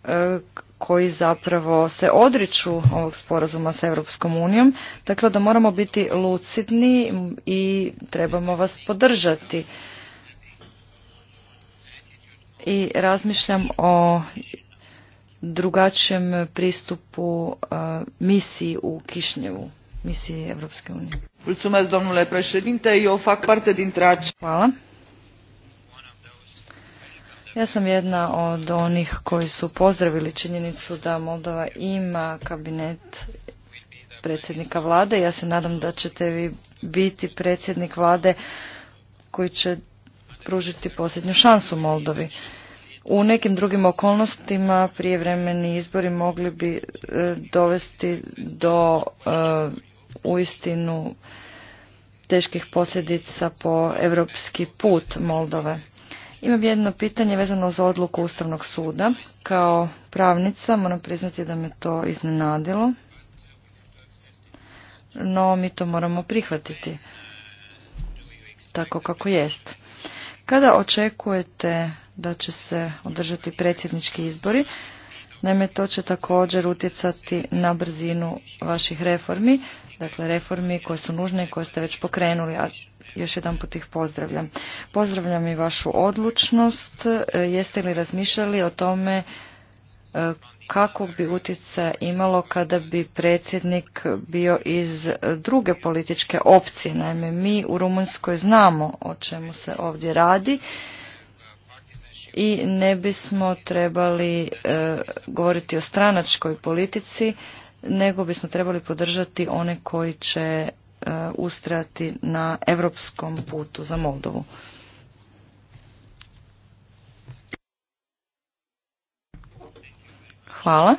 E, koji zapravo se odriču ovog sporazuma sa Europskom unijom, dakle da moramo biti lucidni i trebamo vas podržati. I razmišljam o drugačijem pristupu e, misiji u Kišnjevu, misiji Europske unije. eu Hvala. Ja sam jedna od onih koji su pozdravili činjenicu da Moldova ima kabinet predsjednika vlade. Ja se nadam da ćete vi biti predsjednik vlade koji će pružiti posljednju šansu Moldovi. U nekim drugim okolnostima prijevremeni izbori mogli bi e, dovesti do e, uistinu teških posljedica po europski put Moldove. Imam jedno pitanje vezano za odluku Ustavnog suda. Kao pravnica moram priznati da me to iznenadilo, no mi to moramo prihvatiti tako kako jest. Kada očekujete da će se održati predsjednički izbori, naime to će također utjecati na brzinu vaših reformi, dakle reformi koje su nužne i koje ste već pokrenuli, a još jedan put ih pozdravljam. Pozdravljam i vašu odlučnost. E, jeste li razmišljali o tome e, kakvog bi utjeca imalo kada bi predsjednik bio iz druge političke opcije. Naime, mi u Rumunjskoj znamo o čemu se ovdje radi i ne bismo trebali e, govoriti o stranačkoj politici, nego bismo trebali podržati one koji će E, ustrajati na europskom putu za Moldovu. Hvala.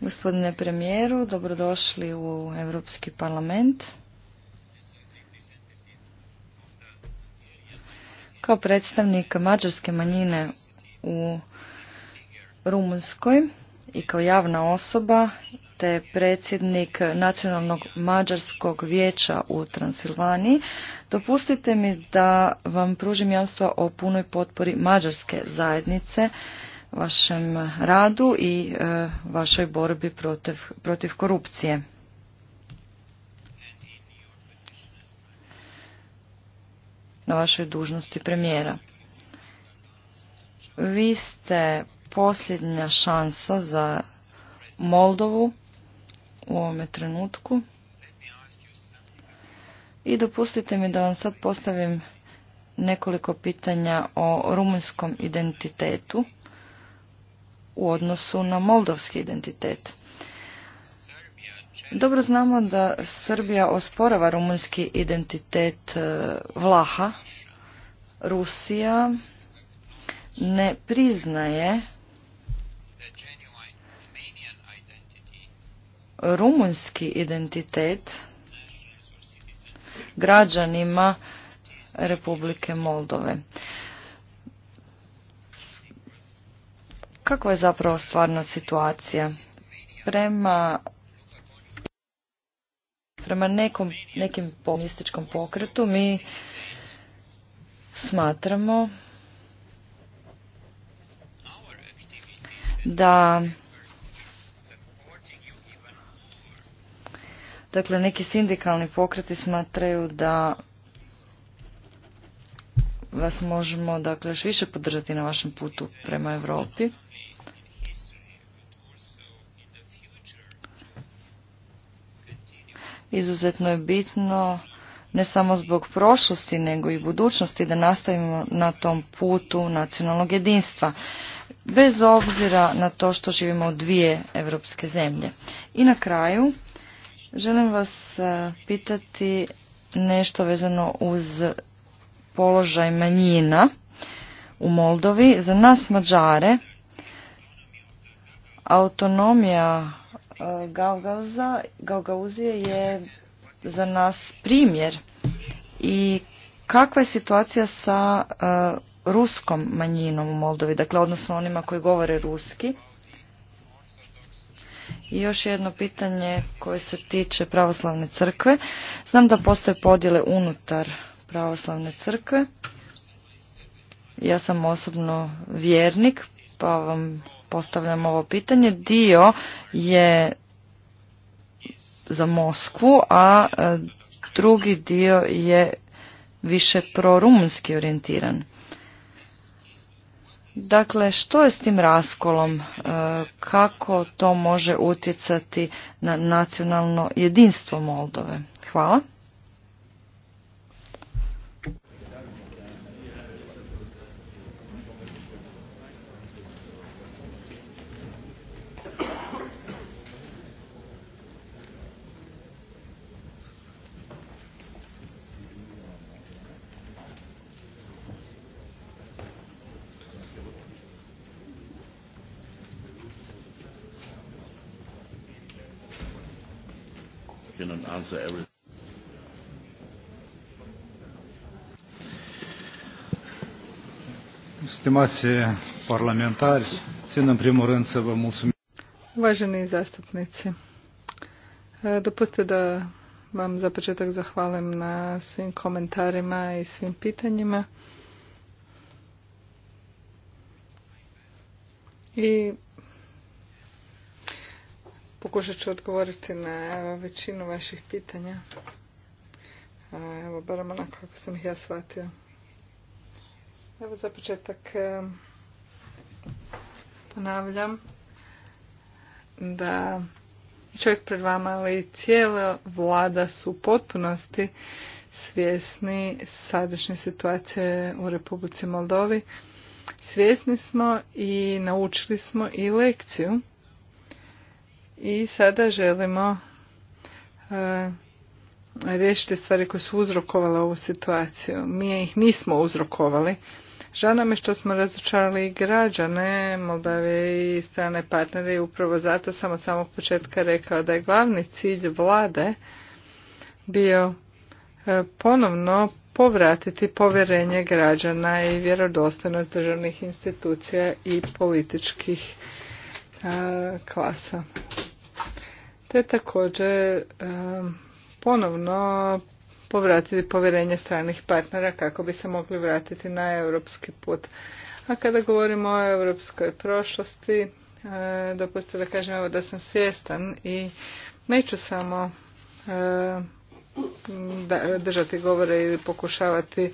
Gospodine premijeru, dobrodošli u Europski parlament. Kao predstavnik mađarske manjine u Rumunskoj i kao javna osoba te predsjednik Nacionalnog mađarskog vijeća u Transilvaniji, dopustite mi da vam pružim jamstva o punoj potpori mađarske zajednice vašem radu i e, vašoj borbi protiv, protiv korupcije. Na vašoj dužnosti premijera. Vi ste posljednja šansa za Moldovu u ovome trenutku. I dopustite mi da vam sad postavim nekoliko pitanja o rumunjskom identitetu u odnosu na moldovski identitet. Dobro znamo da Srbija osporava rumunjski identitet e, Vlaha. Rusija ne priznaje rumunski identitet građanima Republike Moldove. Kakva je zapravo stvarna situacija? Prema prema nekom, nekim pomističkom pokretu mi smatramo da Dakle, neki sindikalni pokreti smatraju da vas možemo dakle, još više podržati na vašem putu prema Europi. Izuzetno je bitno ne samo zbog prošlosti, nego i budućnosti da nastavimo na tom putu nacionalnog jedinstva, bez obzira na to što živimo u dvije evropske zemlje. I na kraju, Želim vas e, pitati nešto vezano uz položaj manjina u Moldovi. Za nas Mađare autonomija e, Gaugauza, Gaugauzije je za nas primjer i kakva je situacija sa e, ruskom manjinom u Moldovi, dakle odnosno onima koji govore ruski i još jedno pitanje koje se tiče pravoslavne crkve. Znam da postoje podjele unutar pravoslavne crkve. Ja sam osobno vjernik, pa vam postavljam ovo pitanje. Dio je za Moskvu, a e, drugi dio je više prorumunski orijentiran. Dakle, što je s tim raskolom? E, kako to može utjecati na nacionalno jedinstvo Moldove? Hvala. answer everything. parlamentari, Uvaženi zastupnici, e, dopustite da vam za početak zahvalim na svim komentarima i svim pitanjima. I Pokušat ću odgovoriti na većinu vaših pitanja. Evo, barem onako kako sam ih ja shvatio. Evo za početak ponavljam da čovjek pred vama, ali i cijela vlada su u potpunosti svjesni sadašnje situacije u Republici Moldovi. Svjesni smo i naučili smo i lekciju i sada želimo e, riješiti stvari koje su uzrokovale ovu situaciju. Mi ih nismo uzrokovali. Žao nam je što smo razočarali i građane Moldave i strane partnere i upravo zato sam od samog početka rekao da je glavni cilj vlade bio e, ponovno povratiti povjerenje građana i vjerodostojnost državnih institucija i političkih e, klasa te također ponovno povratiti povjerenje stranih partnera kako bi se mogli vratiti na europski put. A kada govorimo o europskoj prošlosti, dopustite da kažem evo da sam svjestan i neću samo držati govore ili pokušavati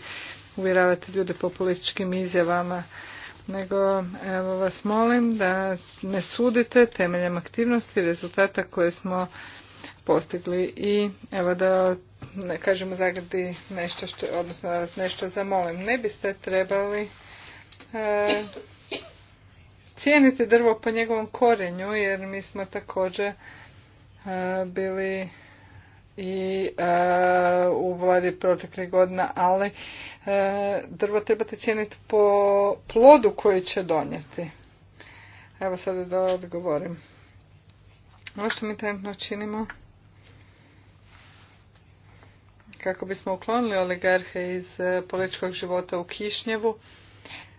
uvjeravati ljude populističkim izjavama nego evo vas molim da ne sudite temeljem aktivnosti rezultata koje smo postigli i evo da ne kažemo zagradi nešto što, odnosno da vas nešto zamolim. Ne biste trebali e, cijeniti drvo po njegovom korenju jer mi smo također e, bili i e, u vladi proteklih godina, ali e, drvo trebate cijeniti po plodu koji će donijeti. Evo sad da odgovorim. Ono što mi trenutno činimo kako bismo uklonili oligarhe iz eh, političkog života u Kišnjevu,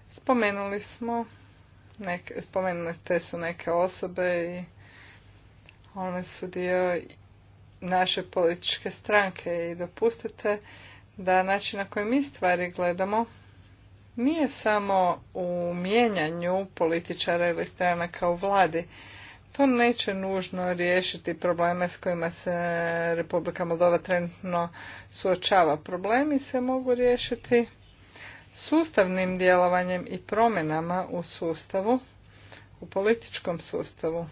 spomenuli smo, neke, spomenute su neke osobe i one su dio naše političke stranke i dopustite da način na koji mi stvari gledamo nije samo u mijenjanju političara ili strana kao vladi. To neće nužno riješiti probleme s kojima se Republika Moldova trenutno suočava. Problemi se mogu riješiti sustavnim djelovanjem i promjenama u sustavu, u političkom sustavu.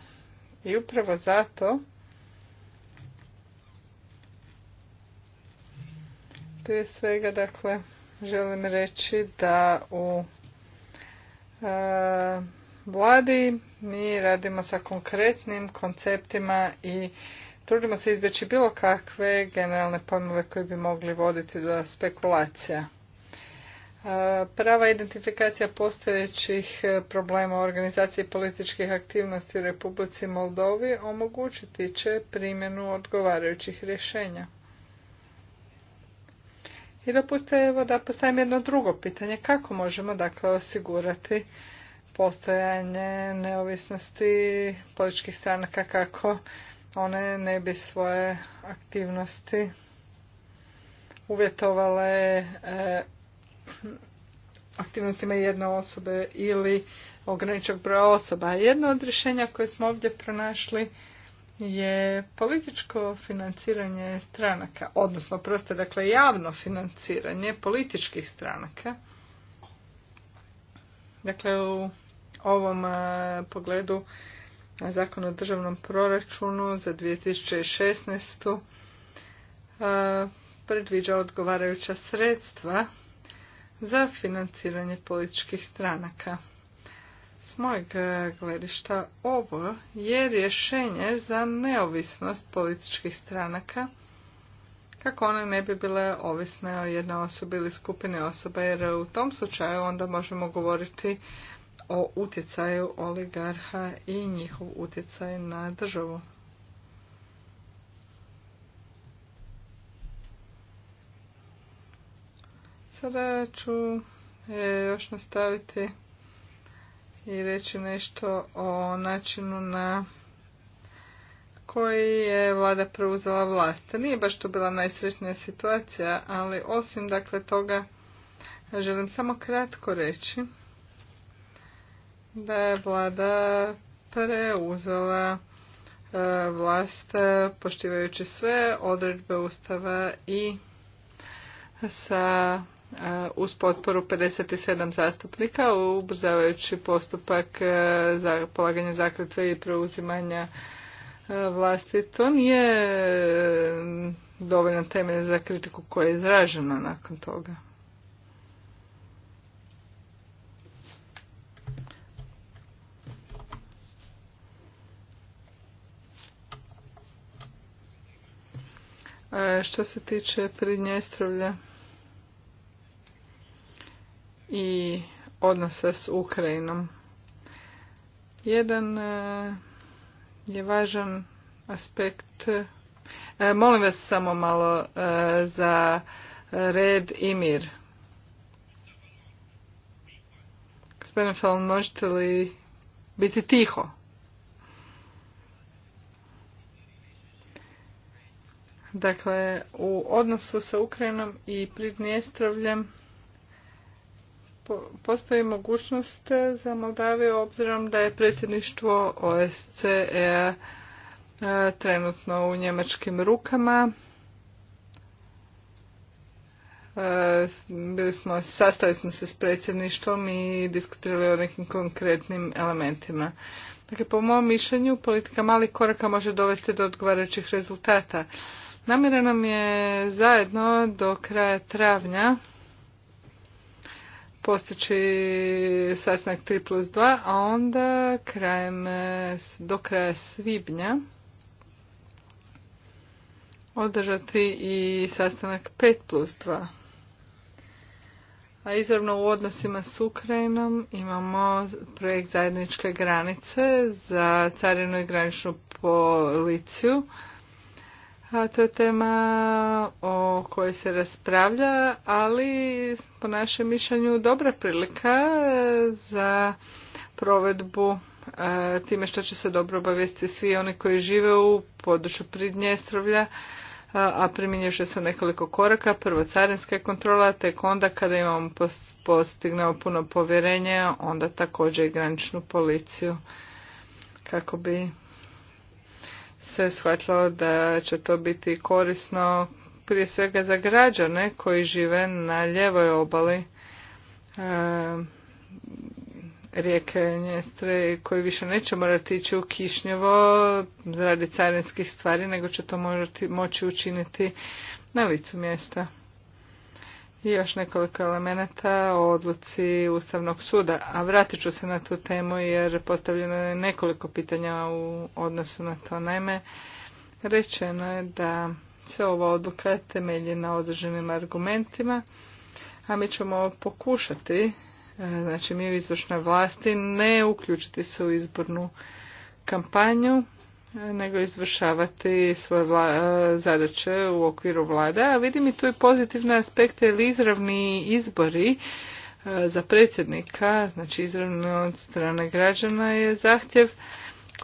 I upravo zato Prije svega, dakle, želim reći da u e, vladi mi radimo sa konkretnim konceptima i trudimo se izbjeći bilo kakve generalne pojmove koji bi mogli voditi do spekulacija. E, prava identifikacija postojećih problema u organizaciji političkih aktivnosti u Republici Moldovi omogućiti će primjenu odgovarajućih rješenja. I dopustite evo da postavim jedno drugo pitanje. Kako možemo dakle osigurati postojanje neovisnosti političkih stranaka kako one ne bi svoje aktivnosti uvjetovale eh, aktivnostima jedne osobe ili ograničnog broja osoba. Jedno od rješenja koje smo ovdje pronašli je političko financiranje stranaka, odnosno proste dakle javno financiranje političkih stranaka. Dakle u ovom e, pogledu na zakon o državnom proračunu za 2016. A, e, predviđa odgovarajuća sredstva za financiranje političkih stranaka. S mojeg e, gledišta ovo je rješenje za neovisnost političkih stranaka kako one ne bi bile ovisne o jednoj osobi ili skupini osoba jer u tom slučaju onda možemo govoriti o utjecaju oligarha i njihov utjecaj na državu. Sada ću e, još nastaviti i reći nešto o načinu na koji je vlada preuzela vlast. Nije baš to bila najsretnija situacija, ali osim dakle toga želim samo kratko reći da je vlada preuzela e, vlast e, poštivajući sve odredbe ustava i sa uz potporu 57 zastupnika ubrzavajući postupak e, za polaganje zakletve i preuzimanja e, vlasti. To nije e, dovoljno temelj za kritiku koja je izražena nakon toga. Što se tiče Pridnjestrovlja, i odnosa s Ukrajinom. Jedan e, je važan aspekt. E, molim vas samo malo e, za red i mir. Gospodine Fallon, možete li biti tiho? Dakle, u odnosu sa Ukrajinom i Pridnjestravljem postoji mogućnost za Moldaviju obzirom da je predsjedništvo OSCE e, trenutno u njemačkim rukama. E, bili smo, sastali smo se s predsjedništvom i diskutirali o nekim konkretnim elementima. Dakle, po mom mišljenju, politika malih koraka može dovesti do odgovarajućih rezultata. Namjera nam je zajedno do kraja travnja postići sastanak 3 plus 2, a onda krajem, do kraja svibnja održati i sastanak 5 plus 2. A izravno u odnosima s Ukrajinom imamo projekt zajedničke granice za carinu i graničnu policiju a to je tema o kojoj se raspravlja, ali po našem mišljenju dobra prilika za provedbu e, time što će se dobro obavijesti svi oni koji žive u području Pridnjestrovlja, e, a primjenjuše su nekoliko koraka, prvo carinska kontrola, tek onda kada imamo postignemo puno povjerenja, onda također i graničnu policiju kako bi se shvatilo da će to biti korisno prije svega za građane koji žive na ljevoj obali e, rijeke Njestre koji više neće morati ići u Kišnjevo radi carinskih stvari nego će to moći učiniti na licu mjesta. I još nekoliko elemenata o odluci Ustavnog suda, a vratit ću se na tu temu jer postavljeno je nekoliko pitanja u odnosu na to. Naime, rečeno je da se ova odluka temelji na određenim argumentima, a mi ćemo pokušati, e, znači mi u izvršnoj vlasti, ne uključiti se u izbornu kampanju nego izvršavati svoje zadaće u okviru vlada. A vidim i tu i pozitivne aspekte ili izravni izbori e, za predsjednika, znači izravno od strane građana je zahtjev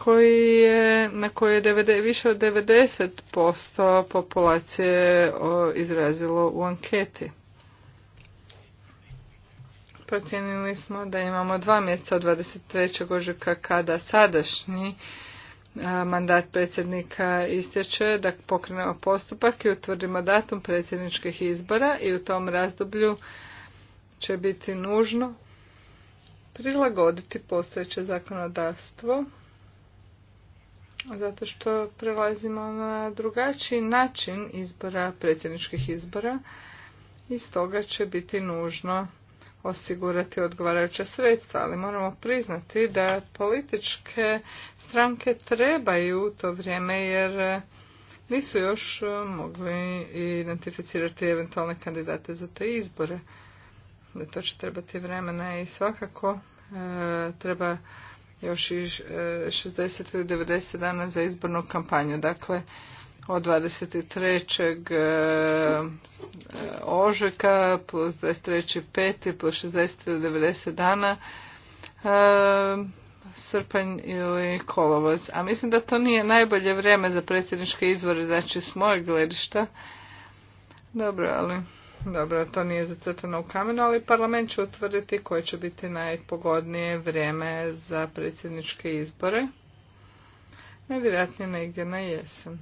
koji je, na koji je više od 90% populacije izrazilo u anketi. Procijenili smo da imamo dva mjeseca od 23. ožujka kada sadašnji mandat predsjednika istječe da pokrenemo postupak i utvrdimo datum predsjedničkih izbora i u tom razdoblju će biti nužno prilagoditi postojeće zakonodavstvo zato što prelazimo na drugačiji način izbora predsjedničkih izbora i stoga će biti nužno osigurati odgovarajuća sredstva, ali moramo priznati da političke stranke trebaju u to vrijeme jer nisu još mogli identificirati eventualne kandidate za te izbore. Da to će trebati vremena i svakako e, treba još i 60 e, ili 90 dana za izbornu kampanju. Dakle, od 23. E, ožeka plus 23. peti plus 60 90 dana e, srpanj ili kolovoz. A mislim da to nije najbolje vrijeme za predsjedničke izvore, znači s mojeg gledišta. Dobro, ali... Dobro, to nije zacrtano u kamenu, ali parlament će utvrditi koje će biti najpogodnije vrijeme za predsjedničke izbore. Najvjerojatnije negdje na jesen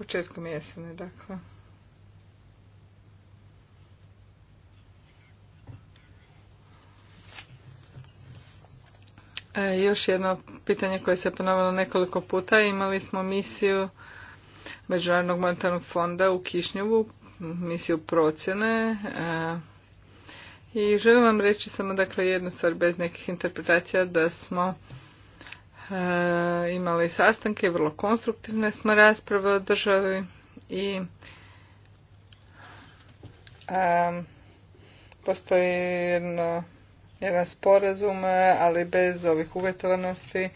početkom jesene, dakle. E, još jedno pitanje koje se ponovilo nekoliko puta. Imali smo misiju Međunarodnog monetarnog fonda u Kišnjevu, misiju procjene. E, i želim vam reći samo dakle jednu stvar bez nekih interpretacija da smo E, imali sastanke, vrlo konstruktivne smo rasprave o državi i postoji jedno, jedan sporazum, ali bez ovih uvjetovanosti. E,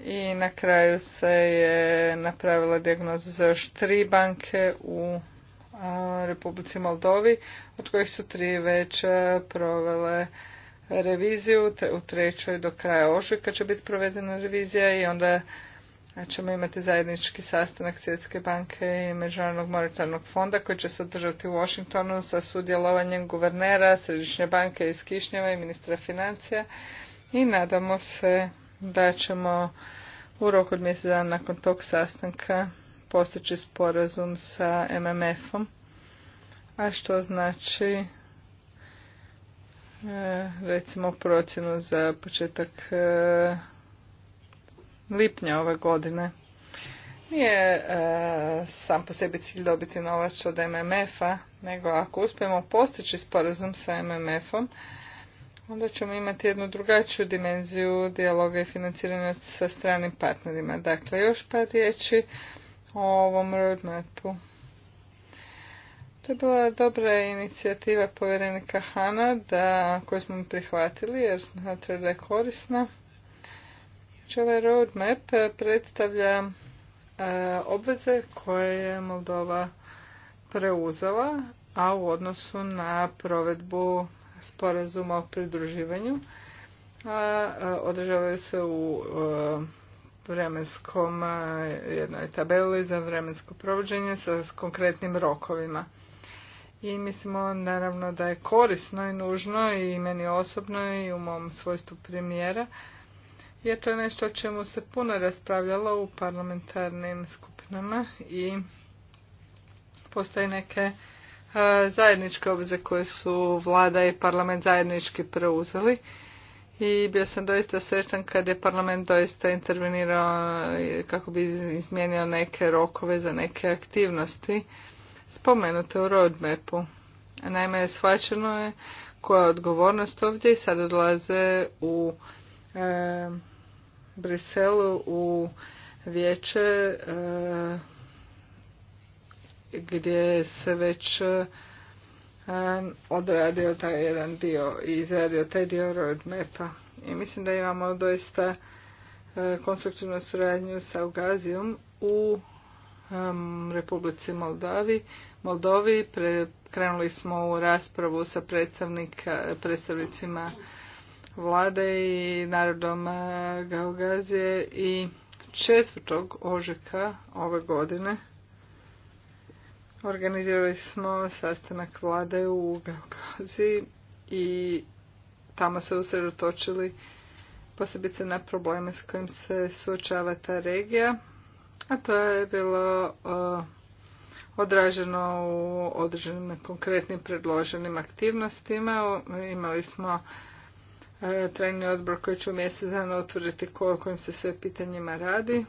I na kraju se je napravila dijagnoza za još tri banke u e, Republici Moldovi, od kojih su tri već provele reviziju. U trećoj do kraja ožujka će biti provedena revizija i onda ćemo imati zajednički sastanak Svjetske banke i Međunarodnog monetarnog fonda koji će se održati u Washingtonu sa sudjelovanjem guvernera, Središnje banke iz Kišnjeva i ministra financija i nadamo se da ćemo u roku od mjesec dana nakon tog sastanka postići sporazum sa MMF-om, a što znači E, recimo procjenu za početak e, lipnja ove godine. Nije e, sam po sebi cilj dobiti novac od MMF-a, nego ako uspijemo postići sporazum sa MMF-om, onda ćemo imati jednu drugačiju dimenziju dijaloga i financiranja sa stranim partnerima. Dakle, još par riječi o ovom roadmapu. To je bila dobra inicijativa povjerenika Hana da, koju smo prihvatili jer smatrali da je korisna. Znači, ovaj roadmap predstavlja e, obveze koje je Moldova preuzela, a u odnosu na provedbu sporazuma o pridruživanju a, e, održavaju se u e, vremenskom jednoj tabeli za vremensko provođenje sa konkretnim rokovima i mislimo naravno da je korisno i nužno i meni osobno i u mom svojstvu premijera jer to je nešto o čemu se puno raspravljalo u parlamentarnim skupinama i postoje neke e, zajedničke obveze koje su vlada i parlament zajednički preuzeli i bio sam doista srećan kad je parlament doista intervenirao kako bi izmijenio neke rokove za neke aktivnosti spomenute u roadmapu. Naime, shvaćeno je koja je odgovornost ovdje i sad odlaze u e, Briselu u vijeće e, gdje se već e, odradio taj jedan dio i izradio taj dio roadmapa. I mislim da imamo doista e, konstruktivnu suradnju sa Ugazijom u Um, Republici Moldavi. Moldovi pre, krenuli smo u raspravu sa predstavnicima vlade i narodom uh, Gaugazije i 4. ožujka ove godine organizirali smo sastanak vlade u Gaugaziji i tamo se usredotočili posebice na probleme s kojim se suočava ta regija a to je bilo odraženo u određenim konkretnim predloženim aktivnostima. Imali smo e, trajni odbor koji će u mjesec dana otvoriti ko, o kojim se sve pitanjima radi.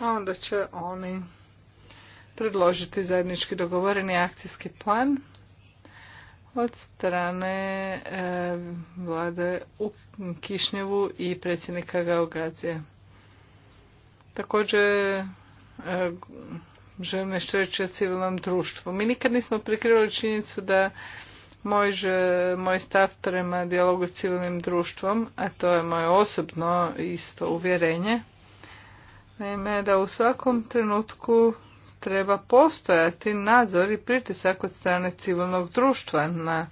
A onda će oni predložiti zajednički dogovoreni akcijski plan od strane e, vlade u Kišnjevu i predsjednika Gaugazije. Također e, želim nešto reći o civilnom društvu. Mi nikad nismo prikrivali činjenicu da moj, moj stav prema dijalogu s civilnim društvom, a to je moje osobno isto uvjerenje, naime da u svakom trenutku treba postojati nadzor i pritisak od strane civilnog društva na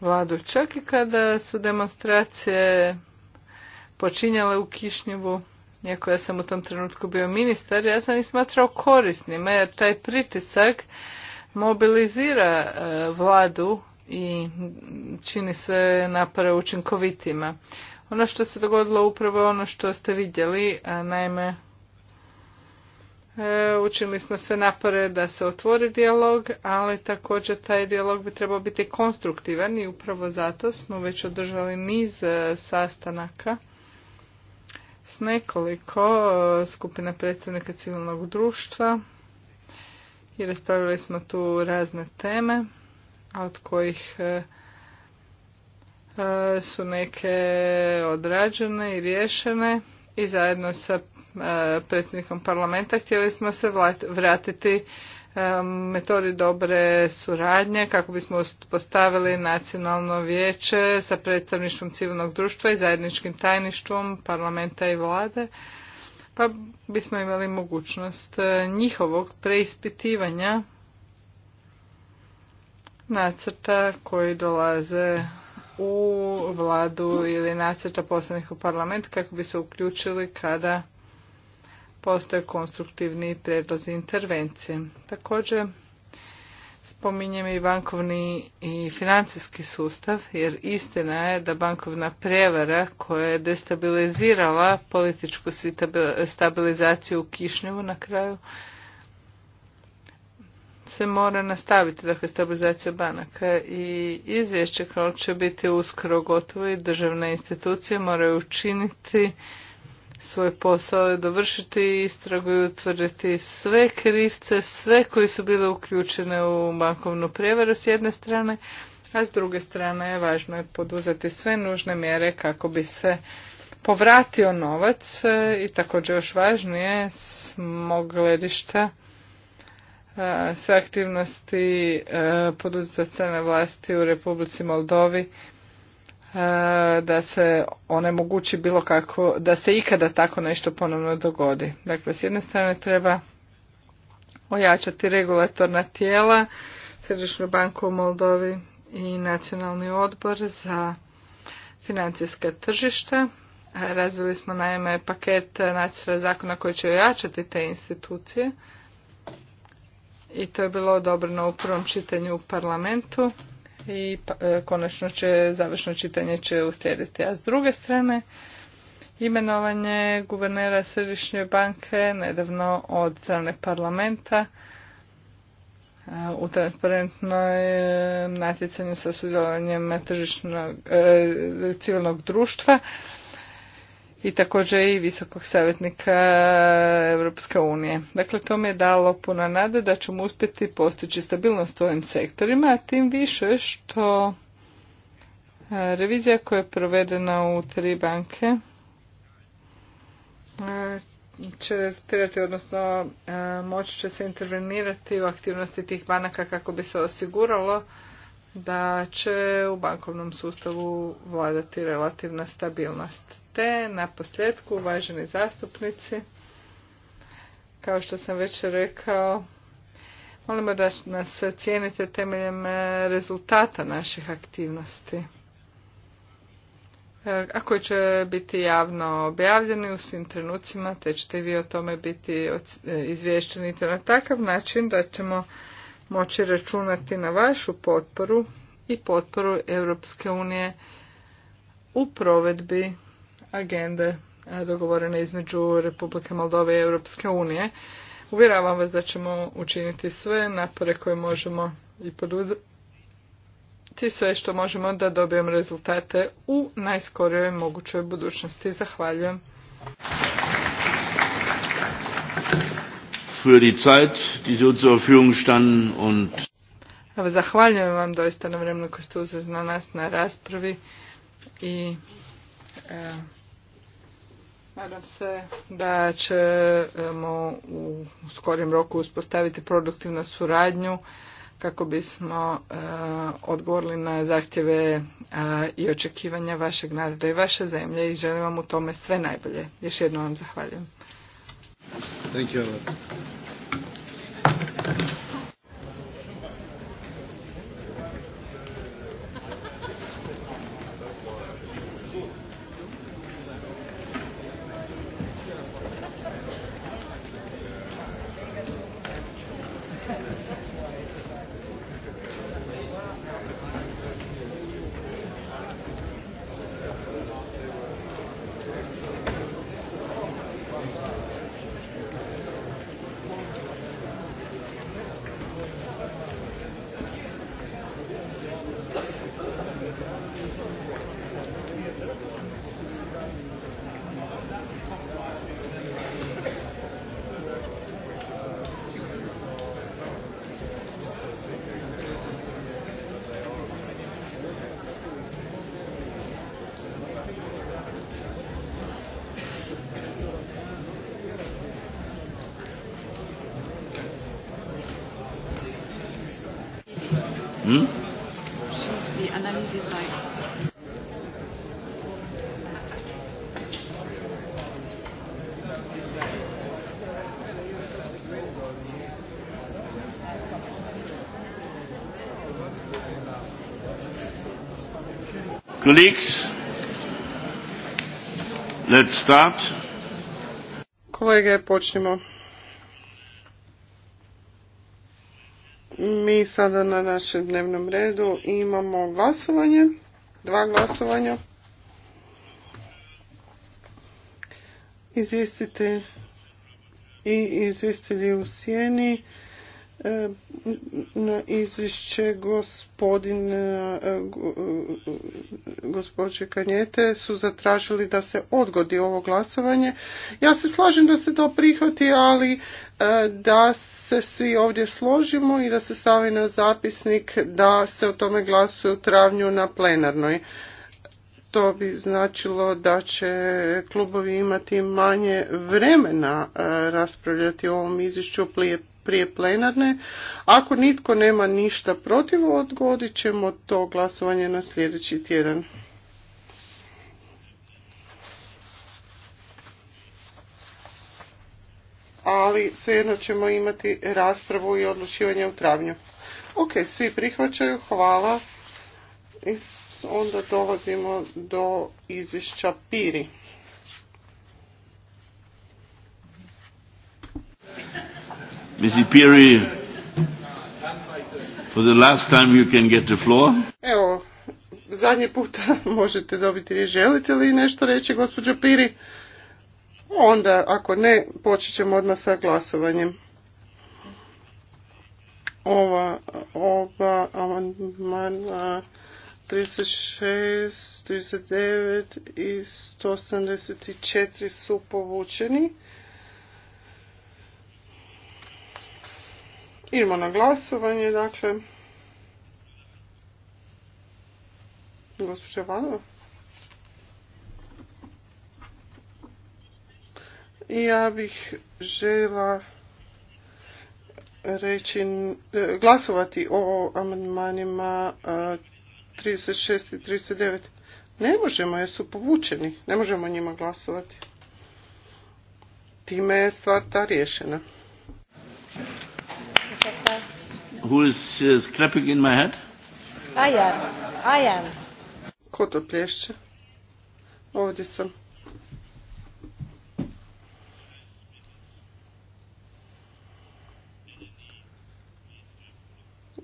vladu. Čak i kada su demonstracije počinjale u Kišnjivu, iako ja sam u tom trenutku bio ministar, ja sam ih smatrao korisnima jer taj pritisak mobilizira e, vladu i čini sve napore učinkovitima. Ono što se dogodilo upravo ono što ste vidjeli, a naime E, Učinili smo sve napore da se otvori dijalog, ali također taj dijalog bi trebao biti konstruktivan i upravo zato smo već održali niz e, sastanaka s nekoliko e, skupina predstavnika civilnog društva i raspravili smo tu razne teme, od kojih su neke odrađene i riješene i zajedno sa predsjednikom parlamenta htjeli smo se vratiti e, metodi dobre suradnje kako bismo postavili nacionalno vijeće sa predstavništvom civilnog društva i zajedničkim tajništvom parlamenta i vlade pa bismo imali mogućnost e, njihovog preispitivanja nacrta koji dolaze u vladu ili nacrta poslanih u parlament kako bi se uključili kada postoje konstruktivni prijedlozi intervencije. Također, spominjem i bankovni i financijski sustav, jer istina je da bankovna prevara koja je destabilizirala političku stabilizaciju u Kišnjevu na kraju, se mora nastaviti, dakle stabilizacija banaka i izvješće koje će biti uskoro gotovo i državne institucije moraju učiniti svoj posao dovršiti, istragu i utvrditi sve krivce, sve koji su bile uključene u bankovnu prijevaru s jedne strane, a s druge strane je važno je poduzeti sve nužne mjere kako bi se povratio novac e, i također još važnije s mog gledišta e, sve aktivnosti e, poduzeta vlasti u Republici Moldovi E, da se onemogući bilo kako, da se ikada tako nešto ponovno dogodi. Dakle, s jedne strane treba ojačati regulatorna tijela, Središnju banku u Moldovi i Nacionalni odbor za financijska tržišta. E, razvili smo naime paket nacionalnih zakona koji će ojačati te institucije i to je bilo odobreno u prvom čitanju u parlamentu i pa, e, konačno će završno čitanje će uslijediti. A s druge strane, imenovanje guvernera Središnje banke nedavno od strane parlamenta e, u transparentnoj e, natjecanju sa sudjelovanjem tržišnog, civilnog društva i također i visokog savjetnika Europske unije. Dakle, to mi je dalo puno nade da ćemo uspjeti postići stabilnost u ovim sektorima, a tim više što e, revizija koja je provedena u tri banke e, će rezultirati, odnosno e, moći će se intervenirati u aktivnosti tih banaka kako bi se osiguralo da će u bankovnom sustavu vladati relativna stabilnost te na posljedku, uvaženi zastupnici, kao što sam već rekao, molimo da nas cijenite temeljem e, rezultata naših aktivnosti. E, Ako će biti javno objavljeni u svim trenucima, te ćete vi o tome biti e, izvješteni na takav način da ćemo moći računati na vašu potporu i potporu Europske unije u provedbi agende eh, dogovorene između Republike Moldove i Europske unije. Uvjeravam vas da ćemo učiniti sve napore koje možemo i poduzeti sve što možemo da dobijemo rezultate u najskorijoj mogućoj budućnosti. Zahvaljujem. zahvaljujem vam doista na vremenu koji ste uzeli na nas na raspravi i eh, Nadam se da ćemo u skorijem roku uspostaviti produktivnu suradnju kako bismo e, odgovorili na zahtjeve e, i očekivanja vašeg naroda i vaše zemlje i želim vam u tome sve najbolje. Još jednom vam zahvaljujem. Thank you. Colleagues, let's start. Kolege, počnimo. Mi sada na našem dnevnom redu imamo glasovanje, dva glasovanja. Izvistite i izvjestitelji u sjeni E, na izvješće gospodine, e, gospođe Kanjete su zatražili da se odgodi ovo glasovanje. Ja se slažem da se to prihvati, ali e, da se svi ovdje složimo i da se stavi na zapisnik da se o tome glasuje u travnju na plenarnoj. To bi značilo da će klubovi imati manje vremena raspravljati o ovom izvješću prije prije plenarne. Ako nitko nema ništa protiv, odgodit ćemo to glasovanje na sljedeći tjedan. ali svejedno ćemo imati raspravu i odlučivanje u travnju. Ok, svi prihvaćaju, hvala. I onda dolazimo do izvješća Piri. Missy Piri, for the last time you can get the floor. Evo, zadnji puta možete dobiti i želite li nešto reći, gospođo Piri. Onda, ako ne, počet ćemo odmah sa glasovanjem. Ova, oba amandmana 36, 39 i 184 su povučeni. Idemo na glasovanje, dakle. Gospođa i Ja bih žela reći, e, glasovati o amandmanima 36 i 39. Ne možemo jer su povučeni, ne možemo njima glasovati. Time je stvar ta riješena Who is, is clapping in my head? I am. I am. Ko to plješće? Ovdje sam.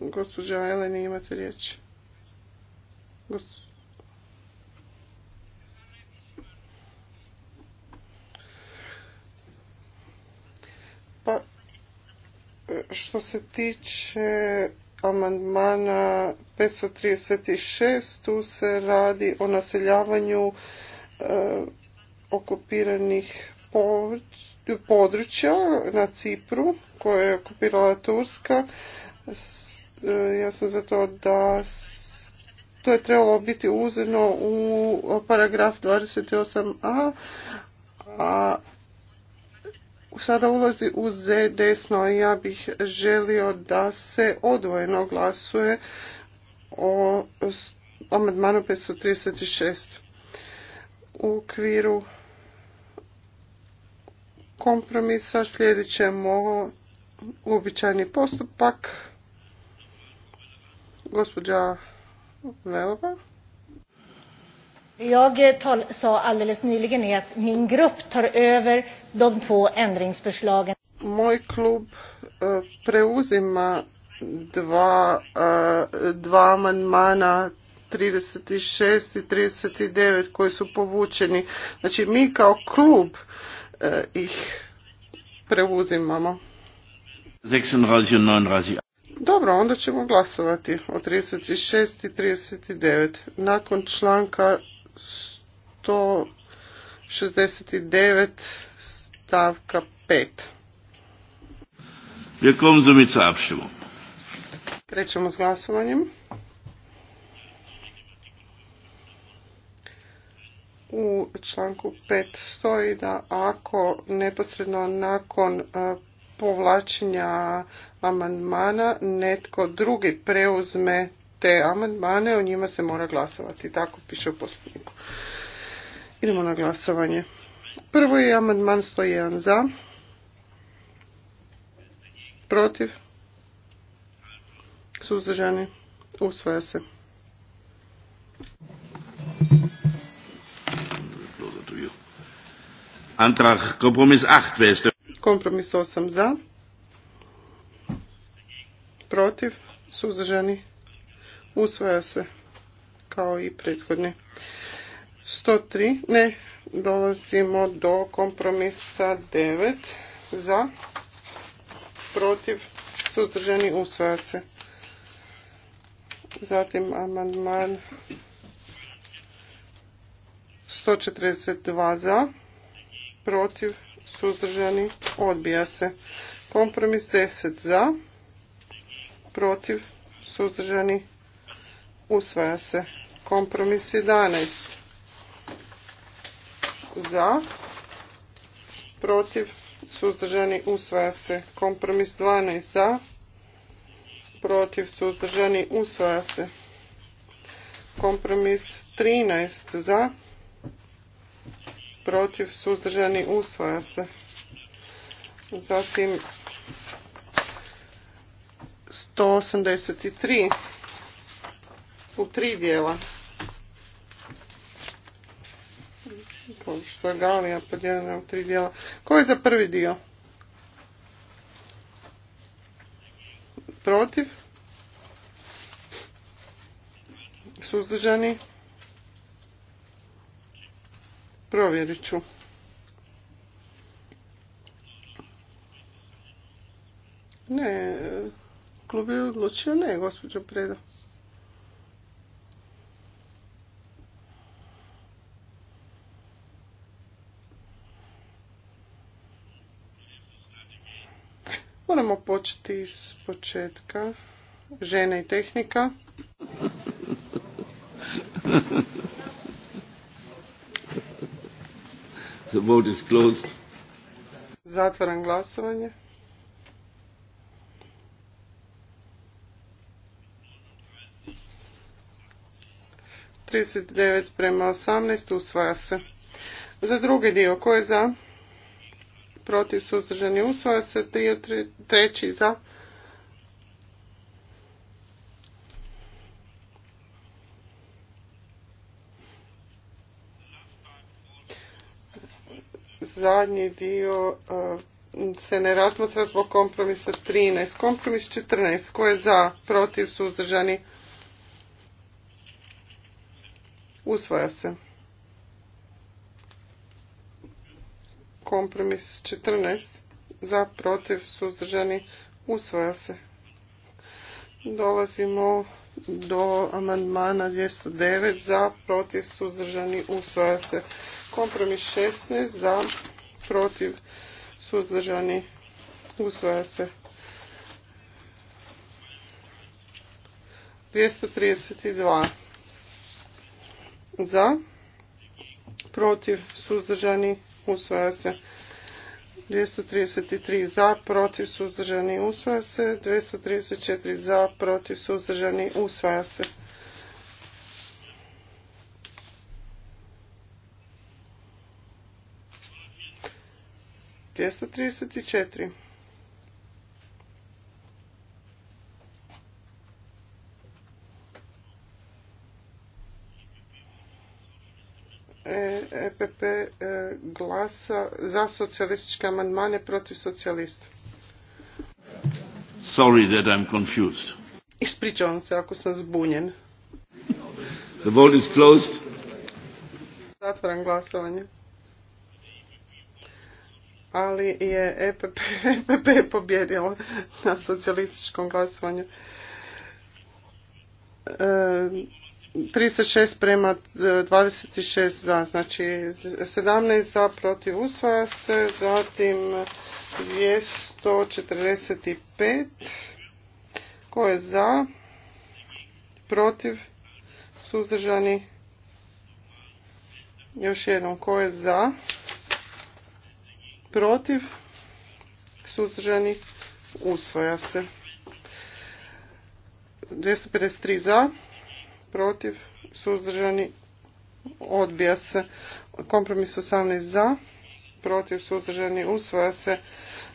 Gospodža Eleni, imate riječ. Gospodža Što se tiče amandmana 536, tu se radi o naseljavanju eh, okupiranih područja na Cipru koje je okupirala Turska. Ja sam za to da to je trebalo biti uzeno u paragraf 28a, a sada ulazi u Z desno i ja bih želio da se odvojeno glasuje o amandmanu 536 u okviru kompromisa slijedit ćemo uobičajeni postupak gospođa Velova. Jag eh, tal, sa alldeles nyligen är att min grupp tar över de två ändringsförslagen. Moj klub eh, preuzima dva, eh, dva amandmana 36 i 39 koji su povučeni. Znači mi kao klub ih preuzimamo. 36 39. Dobro, onda ćemo glasovati o 36 i 39. Nakon članka 169 stavka 5. Wir kommen Krećemo s glasovanjem. U članku 5 stoji da ako neposredno nakon e, povlačenja amandmana netko drugi preuzme te amandmane, o njima se mora glasovati. Tako piše u poslovniku. Idemo na glasovanje. Prvo je amandman 101 za. Protiv. Suzdržani. Usvaja se. Antrag kompromis 8. Kompromis 8 za. Protiv. Suzdržani. Usvaja se kao i prethodni. 103. Ne. Dolazimo do kompromisa 9. Za. Protiv. Suzdržani. Usvaja se. Zatim amandman 142 za, protiv, suzdržani, odbija se. Kompromis 10 za, protiv, suzdržani, Usvaja se. Kompromis 11. Za. Protiv. Suzdržani. Usvaja se. Kompromis 12. Za. Protiv. Suzdržani. Usvaja se. Kompromis 13. Za. Protiv. Suzdržani. Usvaja se. Zatim 183 u tri dijela. Što je Galija podijeljena u tri dijela. Ko je za prvi dio? Protiv? Suzdržani? Provjerit ću. Ne, klub je odlučio ne, gospođo Preda. Moramo početi iz početka. žena i tehnika. The vote is closed. Zatvaram glasovanje. Trideset devet prema osamnaest usvaja se. Za drugi dio, ko je za? protiv suzdržani usvaja se, treći za, zadnji dio eh, se ne razmatra zbog kompromisa 13. Kompromis 14. koje je za, protiv, suzdržani? Usvaja se. Kompromis 14 za protiv suzdržani usvaja se. Dolazimo do amandmana 209 za protiv suzdržani usvaja se. Kompromis 16 za protiv suzdržani usvaja se. 232 za protiv suzdržani usvaja se. 233 za, protiv, suzdržani, usvaja se. 234 za, protiv, suzdržani, usvaja se. Dvjesto trideset četiri EPP e, glasa za socijalističke amandmane protiv socijalista. Sorry that I'm confused. Ispričavam se ako sam zbunjen. The vote is closed. Zatvaram glasovanje. Ali je EPP, EPP pobjedila na socijalističkom glasovanju. E, 36 prema 26 e, za, znači 17 za protiv usvaja se, zatim 245 ko je za, protiv, suzdržani, još jednom ko je za, protiv, suzdržani, usvaja se. 253 za, protiv, suzdržani, odbija se. Kompromis 18 za, protiv, suzdržani, usvaja se.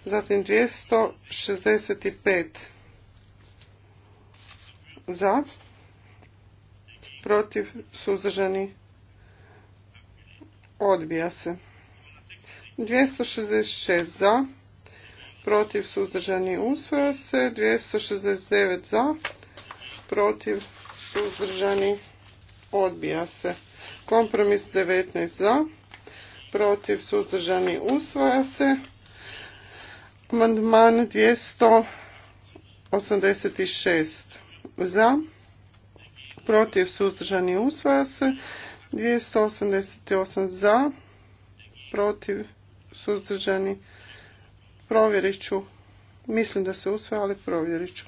Zatim 265 za, protiv, suzdržani, odbija se. 266 za, protiv, suzdržani, usvaja se. 269 za, protiv, suzdržani, odbija se. Kompromis 19 za, protiv, suzdržani, usvaja se. Amandman 286 za, protiv, suzdržani, usvaja se. 288 za, protiv, suzdržani, provjerit ću. Mislim da se usvaja, ali provjerit ću.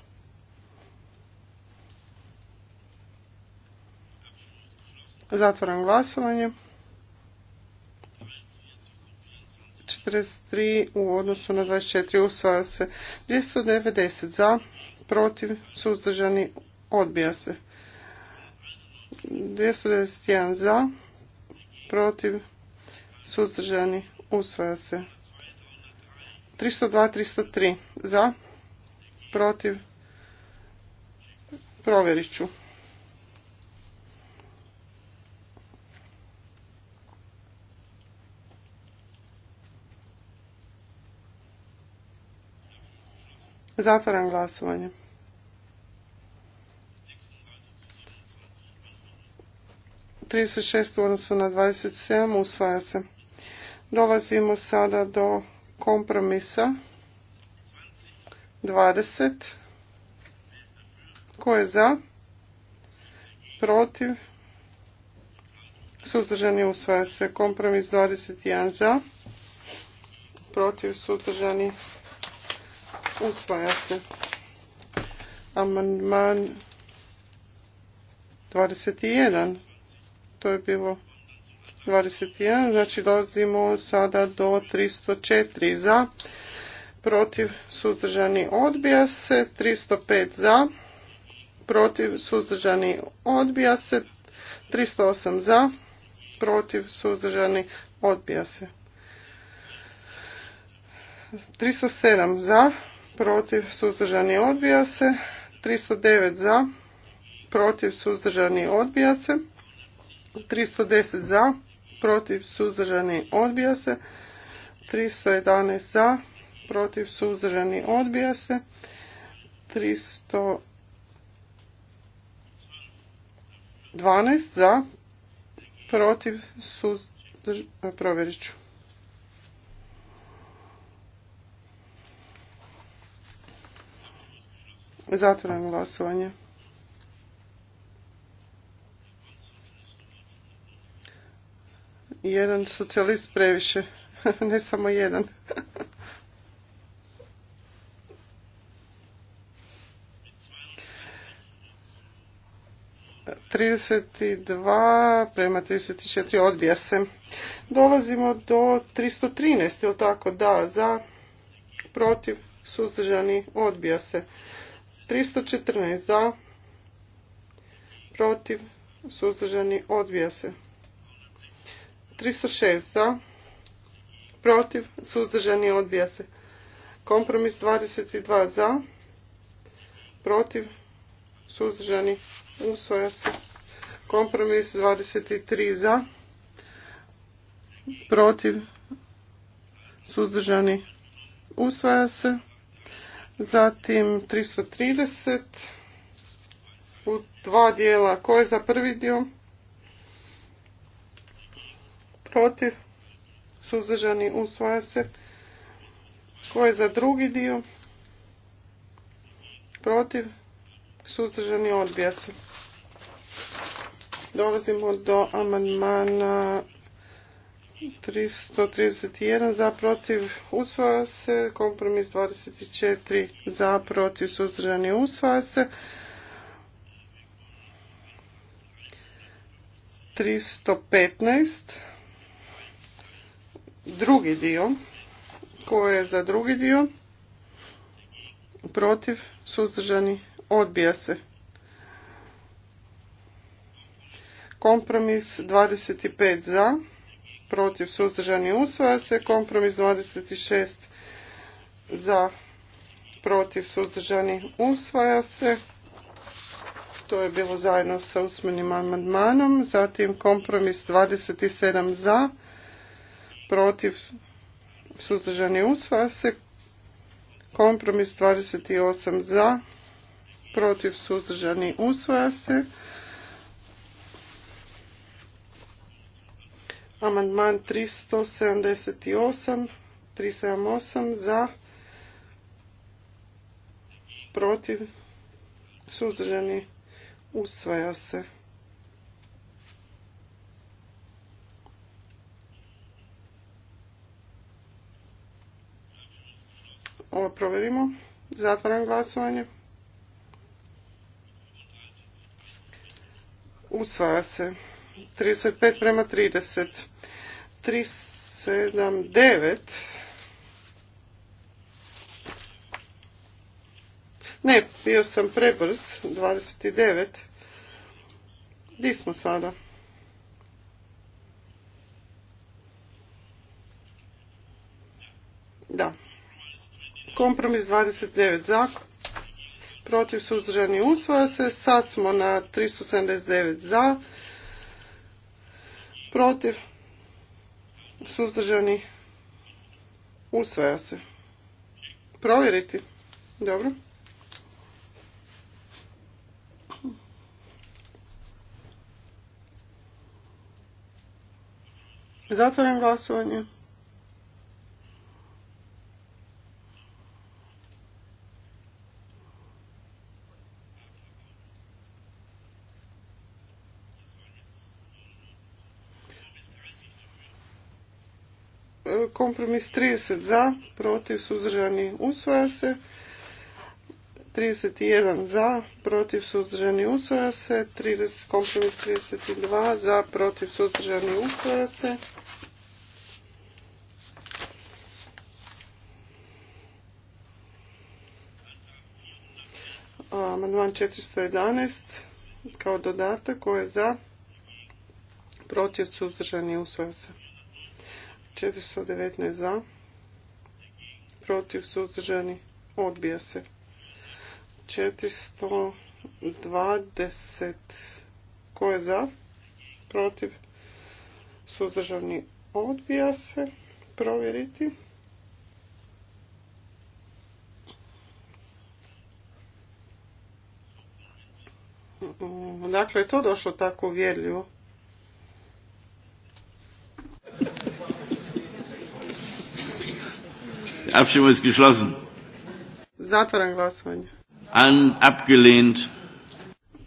Zatvaram glasovanje. 43 u odnosu na 24 usvaja se. 290 za, protiv, suzdržani, odbija se. 291 za, protiv, suzdržani, usvaja se. 302, 303 za, protiv, provjerit ću. Zatvaram glasovanje. Trideset šest u odnosu na dvadeset sedam usvaja se. Dolazimo sada do kompromisa dvadeset tko je za? Protiv? Suzdržani usvaja se. Kompromis 21 za. Protiv suzdržani Usvaja se. Amandman 21. To je bilo 21. Znači dolazimo sada do 304 za. Protiv suzdržani odbija se. 305 za. Protiv suzdržani odbija se. 308 za. Protiv suzdržani odbija se. 307 za protiv, suzdržani, odbija se. 309 za, protiv, suzdržani, odbija se. 310 za, protiv, suzdržani, odbija se. 311 za, protiv, suzdržani, odbija se. 12 za, protiv, suzdržani, provjerit ću. Zatvoram glasovanje. Jedan socijalist previše, ne samo jedan. Trideset dva prema trideset četiri odbija se. Dolazimo do 313. trinaest jel tako da za protiv suzdržani odbija se. 314 za, protiv, suzdržani, odbija se. 306 za, protiv, suzdržani, odbija se. Kompromis 22 za, protiv, suzdržani, usvoja se. Kompromis 23 za, protiv, suzdržani, usvoja se. Zatim 330 u dva dijela. Ko je za prvi dio? Protiv? Suzdržani usvaja se. Ko je za drugi dio? Protiv? Suzdržani odbija se. Dolazimo do amandmana 331 za protiv usvaja se, kompromis 24 za protiv suzdržani usvaja se, 315 drugi dio, koje je za drugi dio, protiv suzdržani odbija se. Kompromis 25 za, protiv suzdržani usvaja se. Kompromis 26 za protiv suzdržani usvaja se. To je bilo zajedno sa usmenim amandmanom. Zatim kompromis 27 za protiv suzdržani usvaja se. Kompromis 28 za protiv suzdržani usvaja se. Amandman 378, 378 za, protiv, suzdržani, usvaja se. Ovo provjerimo. Zatvaram glasovanje. Usvaja se. 35 prema 30. 379. Ne, bio sam prebrz. 29. gdje smo sada? Da. Kompromis 29 za. Protiv suzdržani usvoja se. Sad smo na 379 za protiv, suzdržani, usvaja se. Provjeriti. Dobro. Zatvaram glasovanje. Kompromis 30 za, protiv, suzdržani, usvaja se. 31 za, protiv, suzdržani, usvaja se. 30, kompromis 32 za, protiv, suzdržani, usvaja se. Amandman 411 kao dodatak, tko je za, protiv, suzdržani, usvaja se. 419 za, protiv suzdržani, odbija se. 420 ko je za, protiv suzdržani, odbija se. Provjeriti. Mm, mm, mm. Dakle, je to došlo tako uvjerljivo. Abstimmung ist geschlossen. Zatvaram glasovanje.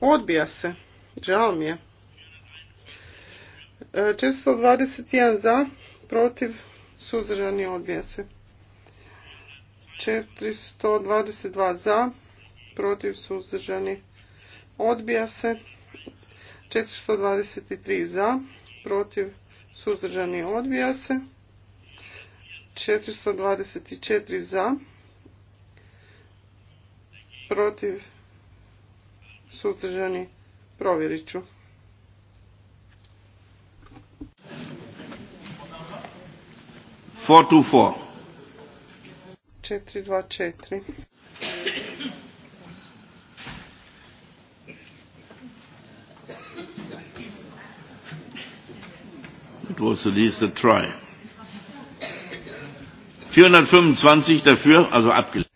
Odbija se. Žao mi je. 421 e, za, protiv, suzdržani odbija se. 422 za, protiv, suzdržani odbija se. 423 za, protiv, suzdržani odbija se. 424 za, protiv, suzdržani, provjerit ću. Four to four. 424. It was at least a try. 425 dafür, also abgelehnt.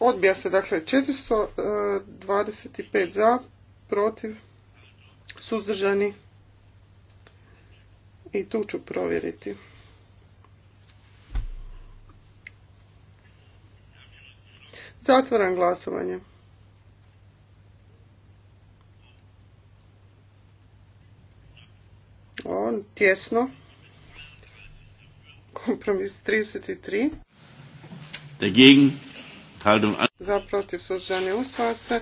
Odbija se, dakle, 425 e, za, protiv, suzdržani. I tu ću provjeriti. Zatvaram glasovanje. On tjesno. Kompromis 33. Dagegen. Enthaltung. Za protiv suzdržani usvaja se.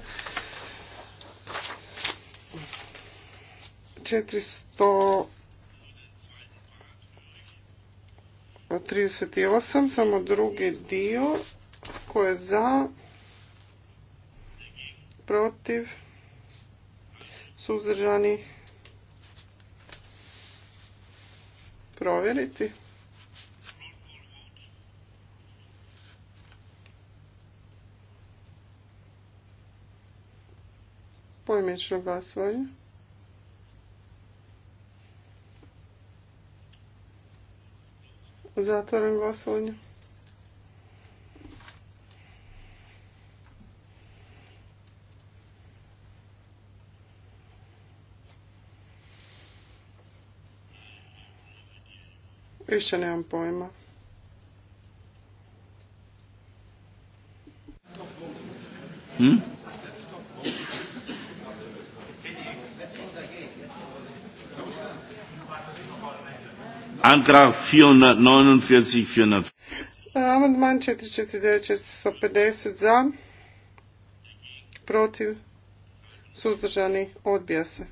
438, samo drugi dio koji je za, protiv, suzdržani, provjeriti. Poimenično glasovanje. Zatvaram glasovanje. Više nemam pojma. Hm? Antrag 449, 400. Amandman 449, 450 za, protiv, suzdržani, odbija se.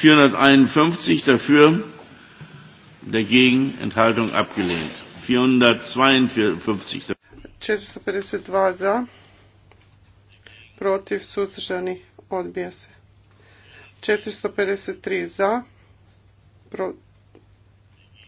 451 dafür, dagegen, Enthaltung abgelehnt. 452 dafür. 452 za, protiv, suzdržani, odbija se. 453 za, protiv,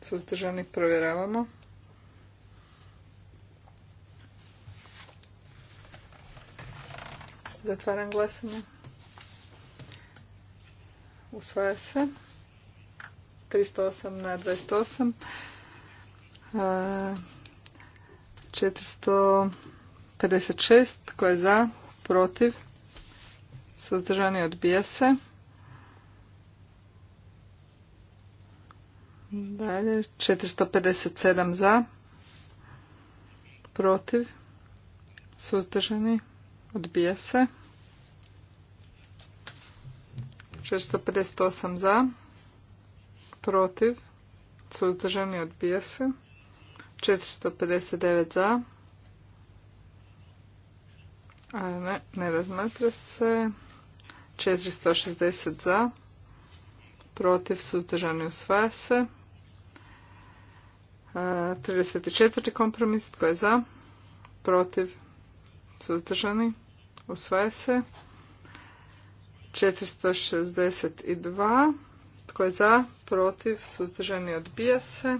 Suzdržani provjeravamo. Zatvaram glasanje. Usvaja se. 308 na 28. 456 koje je za, protiv, suzdržani odbija se. Dalje, 457 za, protiv, suzdržani, odbija se. 458 za, protiv, suzdržani, odbija se. 459 za, a ne, ne razmatra se. 460 za, protiv, suzdržani, usvaja se. 34. kompromis, tko je za? Protiv? Suzdržani? Usvaja se. 462. Tko je za? Protiv? Suzdržani? Odbija se.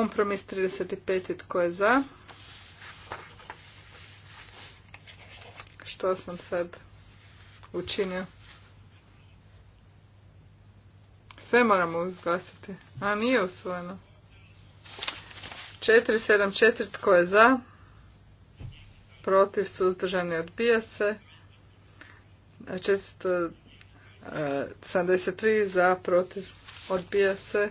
Kompromis 35. Tko je za? Što sam sad učinio? Sve moramo uzglasiti. A nije usvojeno. 474. Tko je za? Protiv suzdržani odbija se. 473 za protiv odbija se.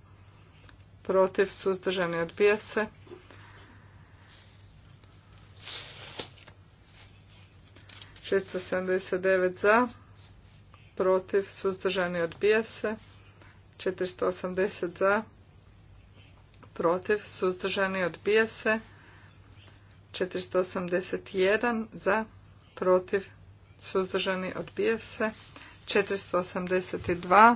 protiv, suzdržani, odbija se. Šesto za, protiv, suzdržani, odbija se. 480 za, protiv, suzdržani, odbija se. 481 za, protiv, suzdržani, odbija se. 482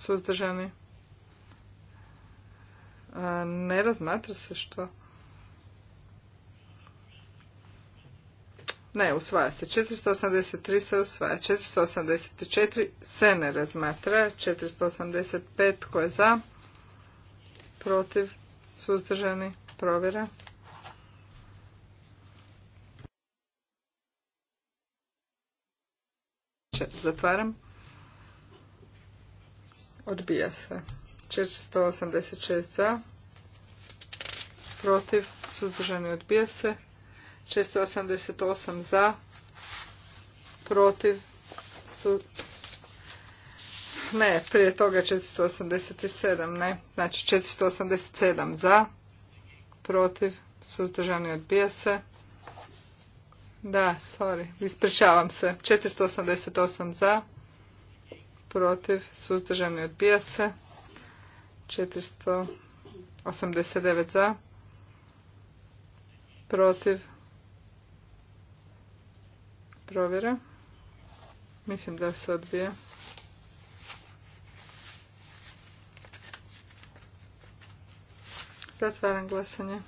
Suzdržani? E, ne razmatra se što? Ne, usvaja se. 483 se usvaja. 484 se ne razmatra. 485 ko je za? Protiv? Suzdržani? Provjera? Zatvaram. Odbija se. 486 za. Protiv. Suzdržani odbija se. 688 za. Protiv. Ne, prije toga 487, ne. Znači 487 za. Protiv. Suzdržani odbija se. Da, sorry, ispričavam se. 488 za protiv, suzdržani odbija se, 489 za, protiv, provjera, mislim da se odbija. Zatvaram glasanje.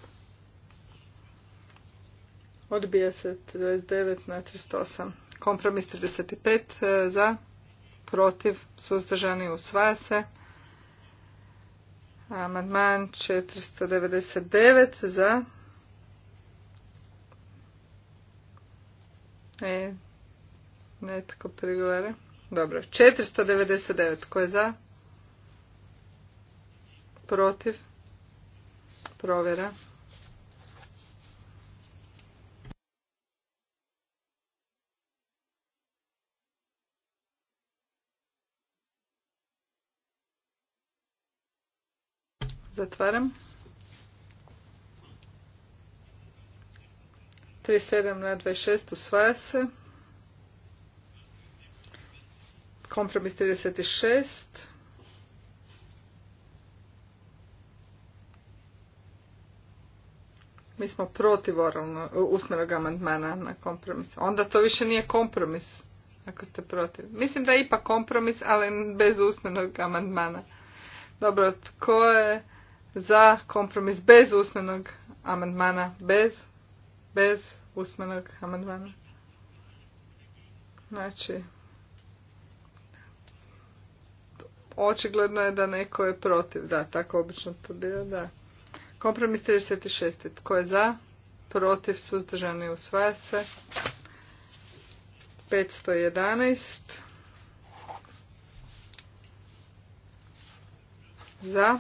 Odbija se 29 na 308. Kompromis 35 eh, za, protiv, suzdržani, usvaja se. Amandman 499 za. E, netko prigovara. Dobro, 499. koje je za? Protiv? Provjera. Zatvaram. 37 na 26 usvaja se. Kompromis 36. Mi smo protiv oralno, amandmana na kompromis. Onda to više nije kompromis, ako ste protiv. Mislim da je ipak kompromis, ali bez usmenog amandmana. Dobro, tko je za kompromis bez usmenog amandmana, bez, bez usmenog amandmana. Znači, očigledno je da neko je protiv, da, tako obično to bilo, da. Kompromis 36. Tko je za? Protiv, suzdržani, usvaja se. 511. Za,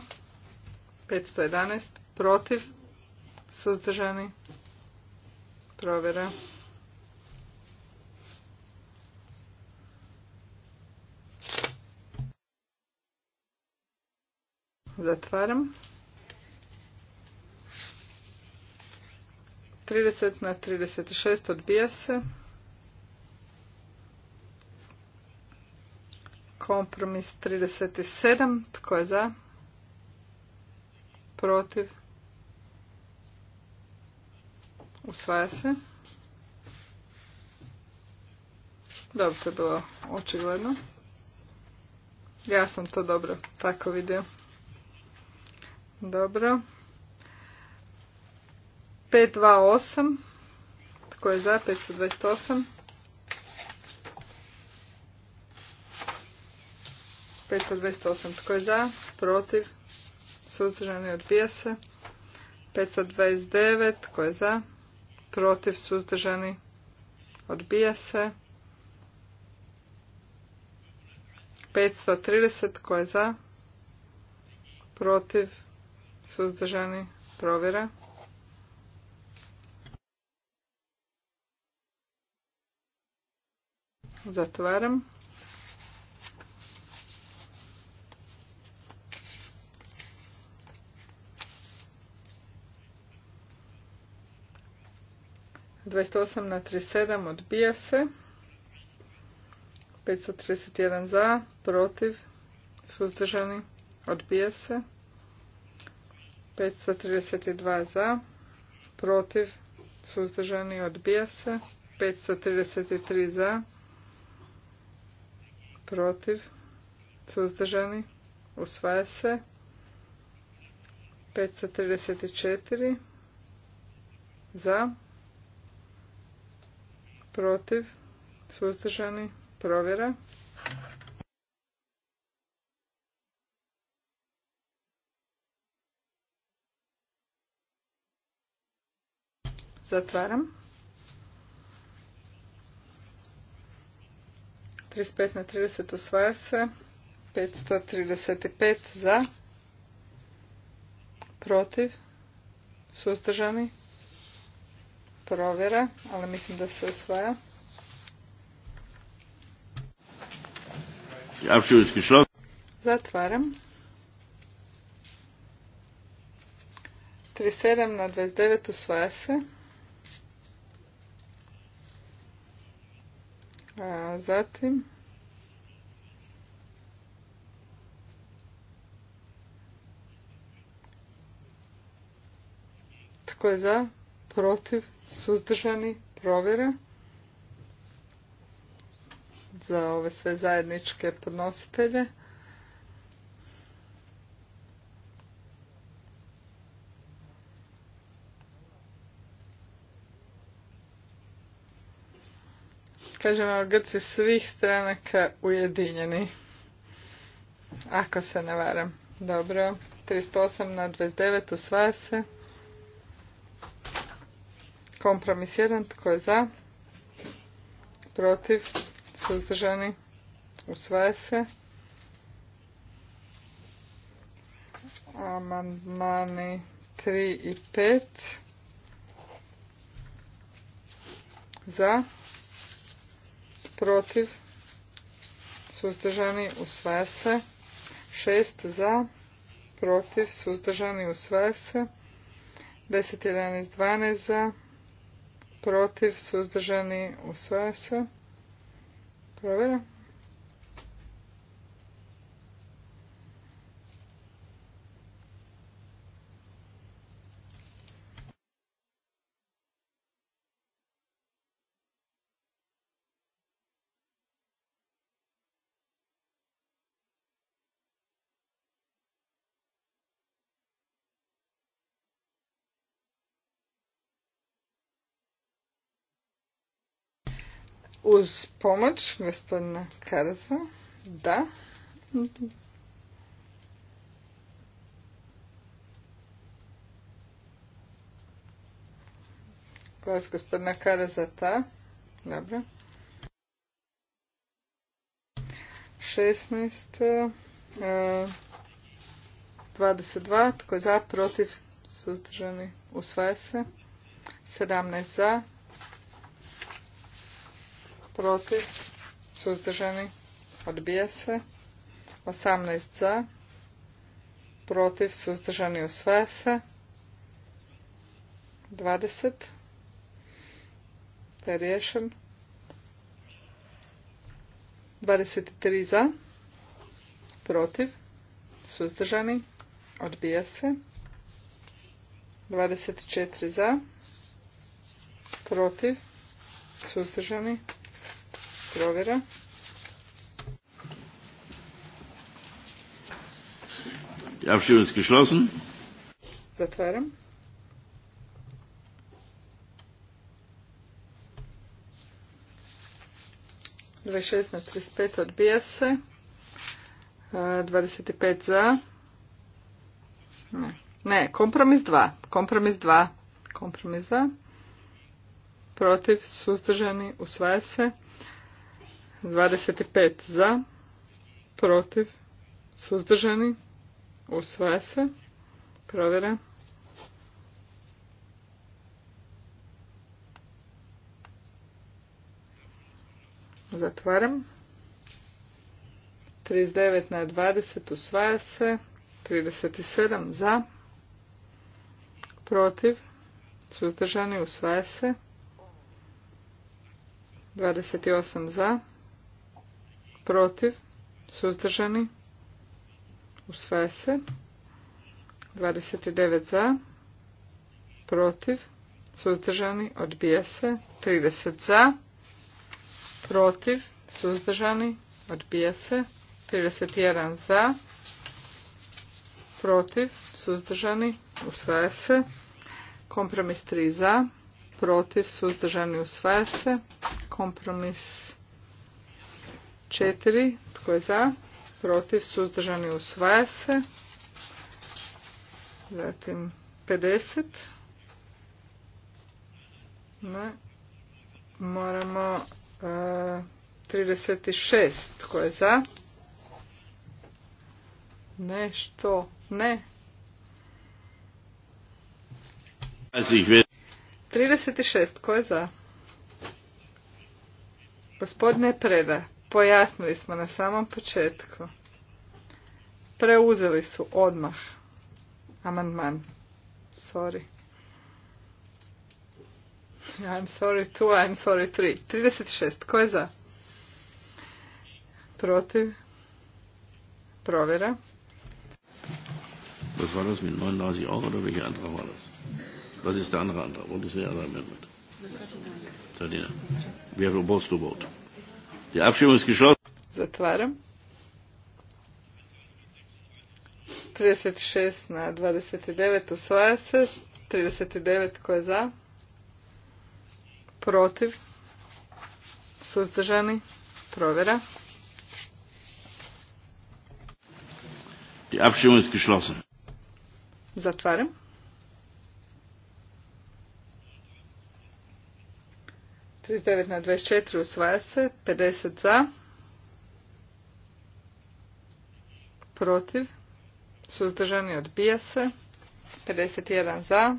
511 protiv suzdržani provjera zatvaram 30 na 36 odbija se kompromis 37 tko je za protiv, usvaja se. Dobro, to je bilo očigledno. Ja sam to dobro tako vidio. Dobro. 528. Tko je za? 528. 528. Tko je za? Protiv? suzdržani, odbija se. 529, koje je za? Protiv, suzdržani, odbija se. 530, tko je za? Protiv, suzdržani, provjera. Zatvaram. 28 na 37 odbija se. 531 za, protiv, suzdržani, odbija se. 532 za, protiv, suzdržani, odbija se. 533 za, protiv, suzdržani, usvaja se. 534 za, protiv, protiv, suzdržani, provjera. Zatvaram. 35 na 30 usvaja se. 535 za. Protiv. Suzdržani provjera, ali mislim da se osvaja. Zatvaram. 37 na 29 usvaja se. A zatim... Tako je za? protiv, suzdržani, provjera. Za ove sve zajedničke podnositelje. Kažem vam, Grci svih stranaka ujedinjeni. Ako se ne varam. Dobro. 308 na 29 usvaja se. Kompromis 1. Tko je za? Protiv? Suzdržani? Usvaja se. Amandmani 3 i 5. Za? Protiv? Suzdržani? Usvaja se. 6 za? Protiv? Suzdržani? Usvaja se. 10, 11, 12 za protiv, suzdržani, usvaja se. Provjera. uz pomoć gospodina Karza. Da. Glas gospodina Karza, ta. Dobro. 16. E, dvadeset 22. Tko je za, protiv, suzdržani, usvaja se. 17 za, protiv, suzdržani, odbija se. 18 za, protiv, suzdržani, usvaja se. 20, da je riješen. 23 za, protiv, suzdržani, odbija se. 24 za, protiv, suzdržani, odbija se provjera. Die Abstimmung geschlossen. Zatvaram. na 35 odbija se. 25 za. Ne, kompromis 2. Kompromis 2. Kompromis Protiv, suzdržani, usvaja se. 25 za, protiv, suzdržani, usvaja se, provjera. Zatvaram. 39 na 20 usvaja se, 37 za, protiv, suzdržani, usvaja se, 28 za, protiv, suzdržani, usvaja se. 29 za, protiv, suzdržani, odbija se. 30 za, protiv, suzdržani, odbija se. 31 za, protiv, suzdržani, usvaja se. Kompromis 3 za, protiv, suzdržani, usvaja se. Kompromis Četiri, Tko je za? Protiv. Suzdržani usvaja se. Zatim 50. Ne. Moramo 36. E, Tko je za? Ne, što? Ne. 36. Tko je za? Gospodine Preda, Pojasnili smo na samom početku. Preuzeli su odmah amandman. Sorry. I'm sorry two, I'm sorry three. 36. Ko je za? Protiv? Provjera. Was war das mit 39 Euro oder welcher andere war das? Was ist der andere Antrag? Wollte is the other amendment? 39. Wer will both to Zatvaram. 36 na 29 usvaja se. 39 ko za? Protiv? Suzdržani? Provera. Die Abstimmung ist geschlossen. Zatvaram. 39 na 24 usvaja se. 50 za. Protiv. Suzdržani odbija se. 51 za.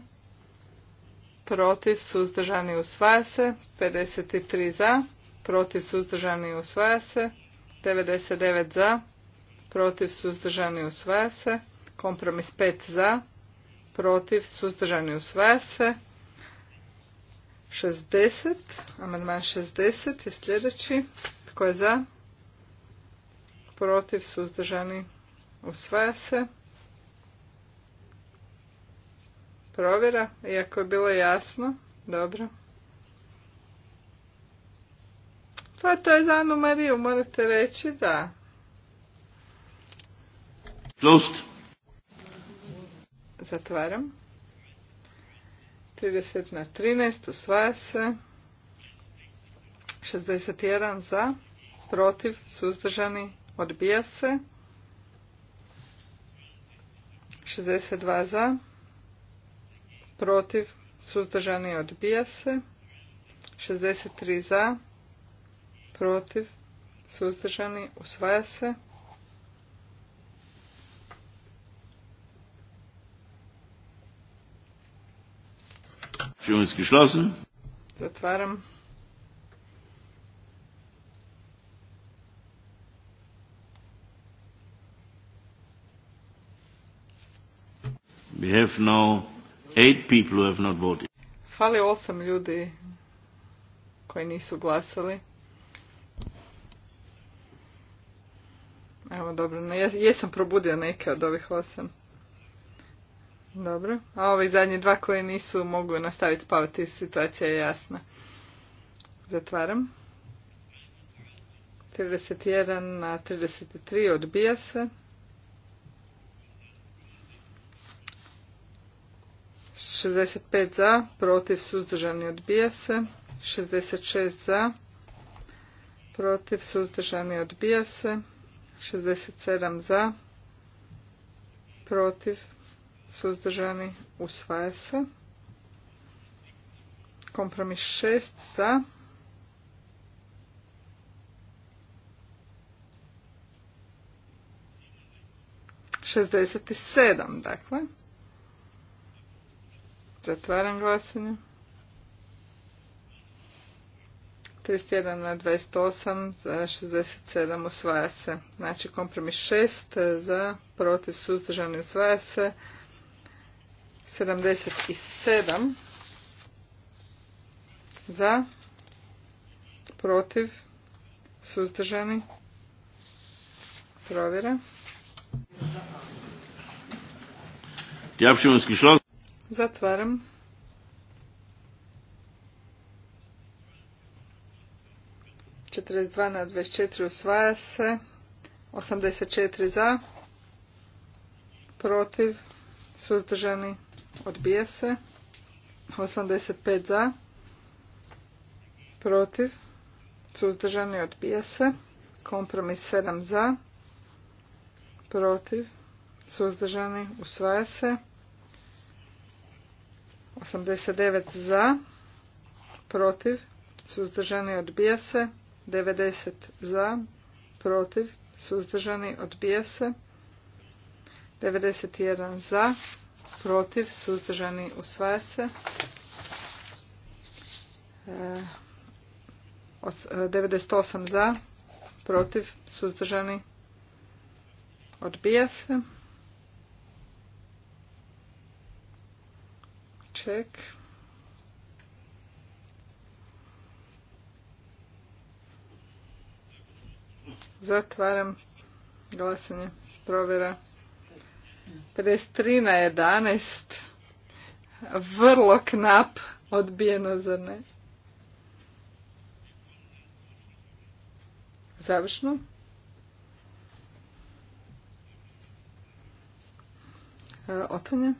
Protiv. Suzdržani usvaja se. 53 za. Protiv. Suzdržani usvaja se. 99 za. Protiv. Suzdržani usvaja se. Kompromis 5 za. Protiv. Suzdržani usvaja se. 60, amandman 60 je sljedeći. Tko je za? Protiv, suzdržani, usvaja se. Provjera, iako je bilo jasno. Dobro. Pa to je za Anu Mariju, morate reći da. Zatvaram. 30 na 13, usvaja se. 61 za, protiv, suzdržani, odbija se. 62 za, protiv, suzdržani, odbija se. 63 za, protiv, suzdržani, usvaja se. Führung ist geschlossen. Zatvaram. We have now eight people who have not voted. Fali osam ljudi koji nisu glasali. Evo dobro, ne, jesam probudio neke od ovih osam. Dobro. A ovi zadnji dva koji nisu mogu nastaviti spavati, situacija je jasna. Zatvaram. 31 na 33 odbija se. 65 za, protiv suzdržani odbija se. 66 za, protiv suzdržani odbija se. 67 za, protiv suzdržani, usvaja se. Kompromis 6 za, i sedam dakle zatvaram glasanje 31 na 28 za 67 usvaja se. Znači kompromis 6 za protiv suzdržani usvaja se. 77 za, protiv, suzdržani, provjera. Zatvaram. Četrdeset dva na dvadeset četiri usvaja se. Osamdeset četiri za. Protiv. Suzdržani odbija se. 85 za, protiv, suzdržani odbije se. Kompromis 7 za, protiv, suzdržani usvaja se. 89 za, protiv, suzdržani odbije se. 90 za, protiv, suzdržani odbije se. 91 za, protiv, suzdržani, usvaja se. 98 e, e, za, protiv, suzdržani, odbija se. Ček. Zatvaram glasanje, provjera. 53 na 11. Vrlo knap odbijeno za ne. Završno. E, otanje.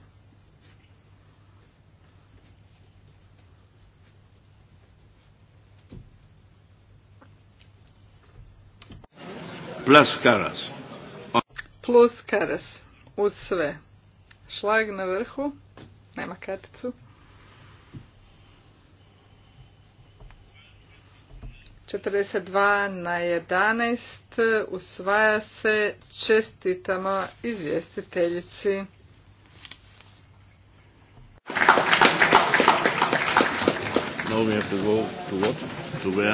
Plus karas. Plus karas uz sve. Šlag na vrhu, nema karticu. 42 na 11 usvaja se čestitamo izvjestiteljici. Now we have to go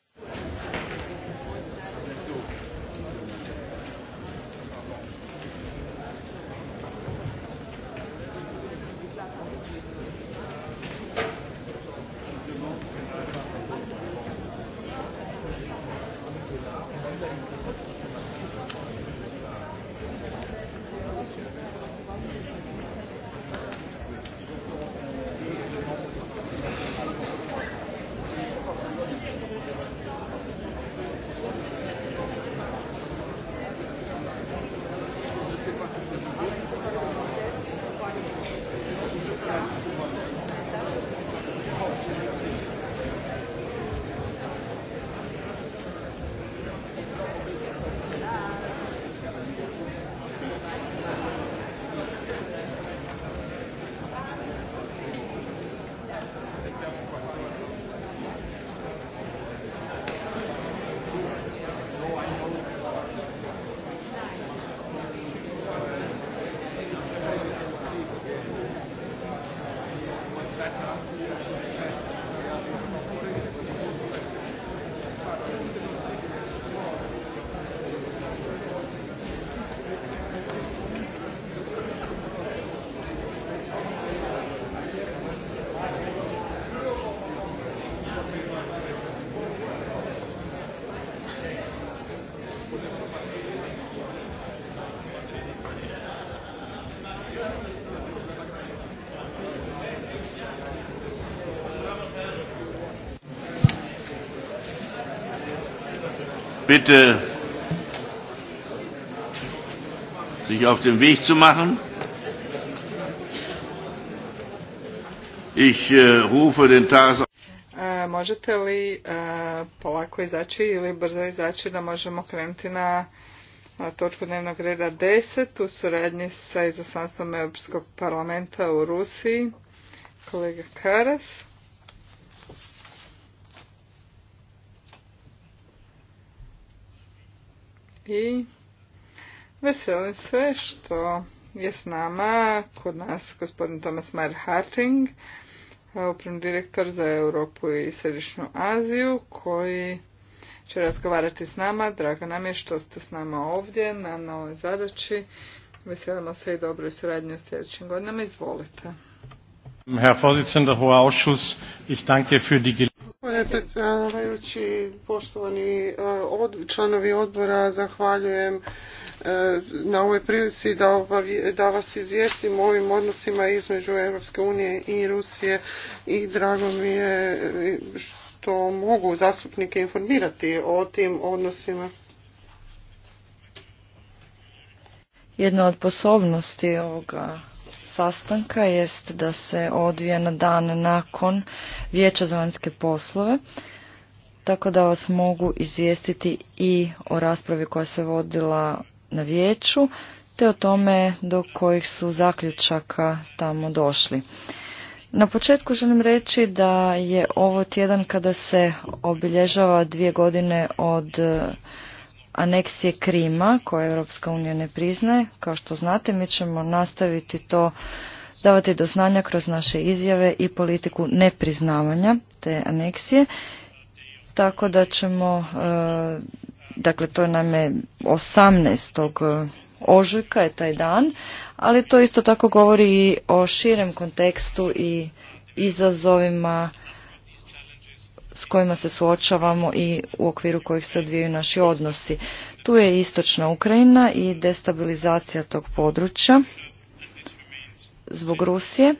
bitte, sich auf den Weg zu machen. Ich äh, rufe den e, možete li e, polako izaći ili brzo izaći da možemo krenuti na e, točku dnevnog reda 10 u suradnji sa izaslanstvom Europskog parlamenta u Rusiji, kolega Karas. i veselim se što je s nama kod nas gospodin Thomas Mayer Harting, upravni direktor za Europu i Središnju Aziju, koji će razgovarati s nama. Drago nam je što ste s nama ovdje na novoj zadaći. Veselimo se i dobroj suradnji u sljedećim godinama. Izvolite. Herr Vorsitzender, hoher Ausschuss, ich danke für die Gospodine predsjedavajući, poštovani e, članovi odbora, zahvaljujem e, na ovoj prilici da, vas izvijestim o ovim odnosima između Europske unije i Rusije i drago mi je e, što mogu zastupnike informirati o tim odnosima. Jedna od posobnosti ovoga sastanka jest da se odvija na dan nakon Vijeća za vanjske poslove, tako da vas mogu izvijestiti i o raspravi koja se vodila na Vijeću, te o tome do kojih su zaključaka tamo došli. Na početku želim reći da je ovo tjedan kada se obilježava dvije godine od aneksije Krima koje Europska unija ne priznaje. Kao što znate, mi ćemo nastaviti to davati do znanja kroz naše izjave i politiku nepriznavanja te aneksije. Tako da ćemo, e, dakle to je naime 18. E, ožujka je taj dan, ali to isto tako govori i o širem kontekstu i izazovima s kojima se suočavamo i u okviru kojih se odvijaju naši odnosi. Tu je istočna Ukrajina i destabilizacija tog područja zbog Rusije,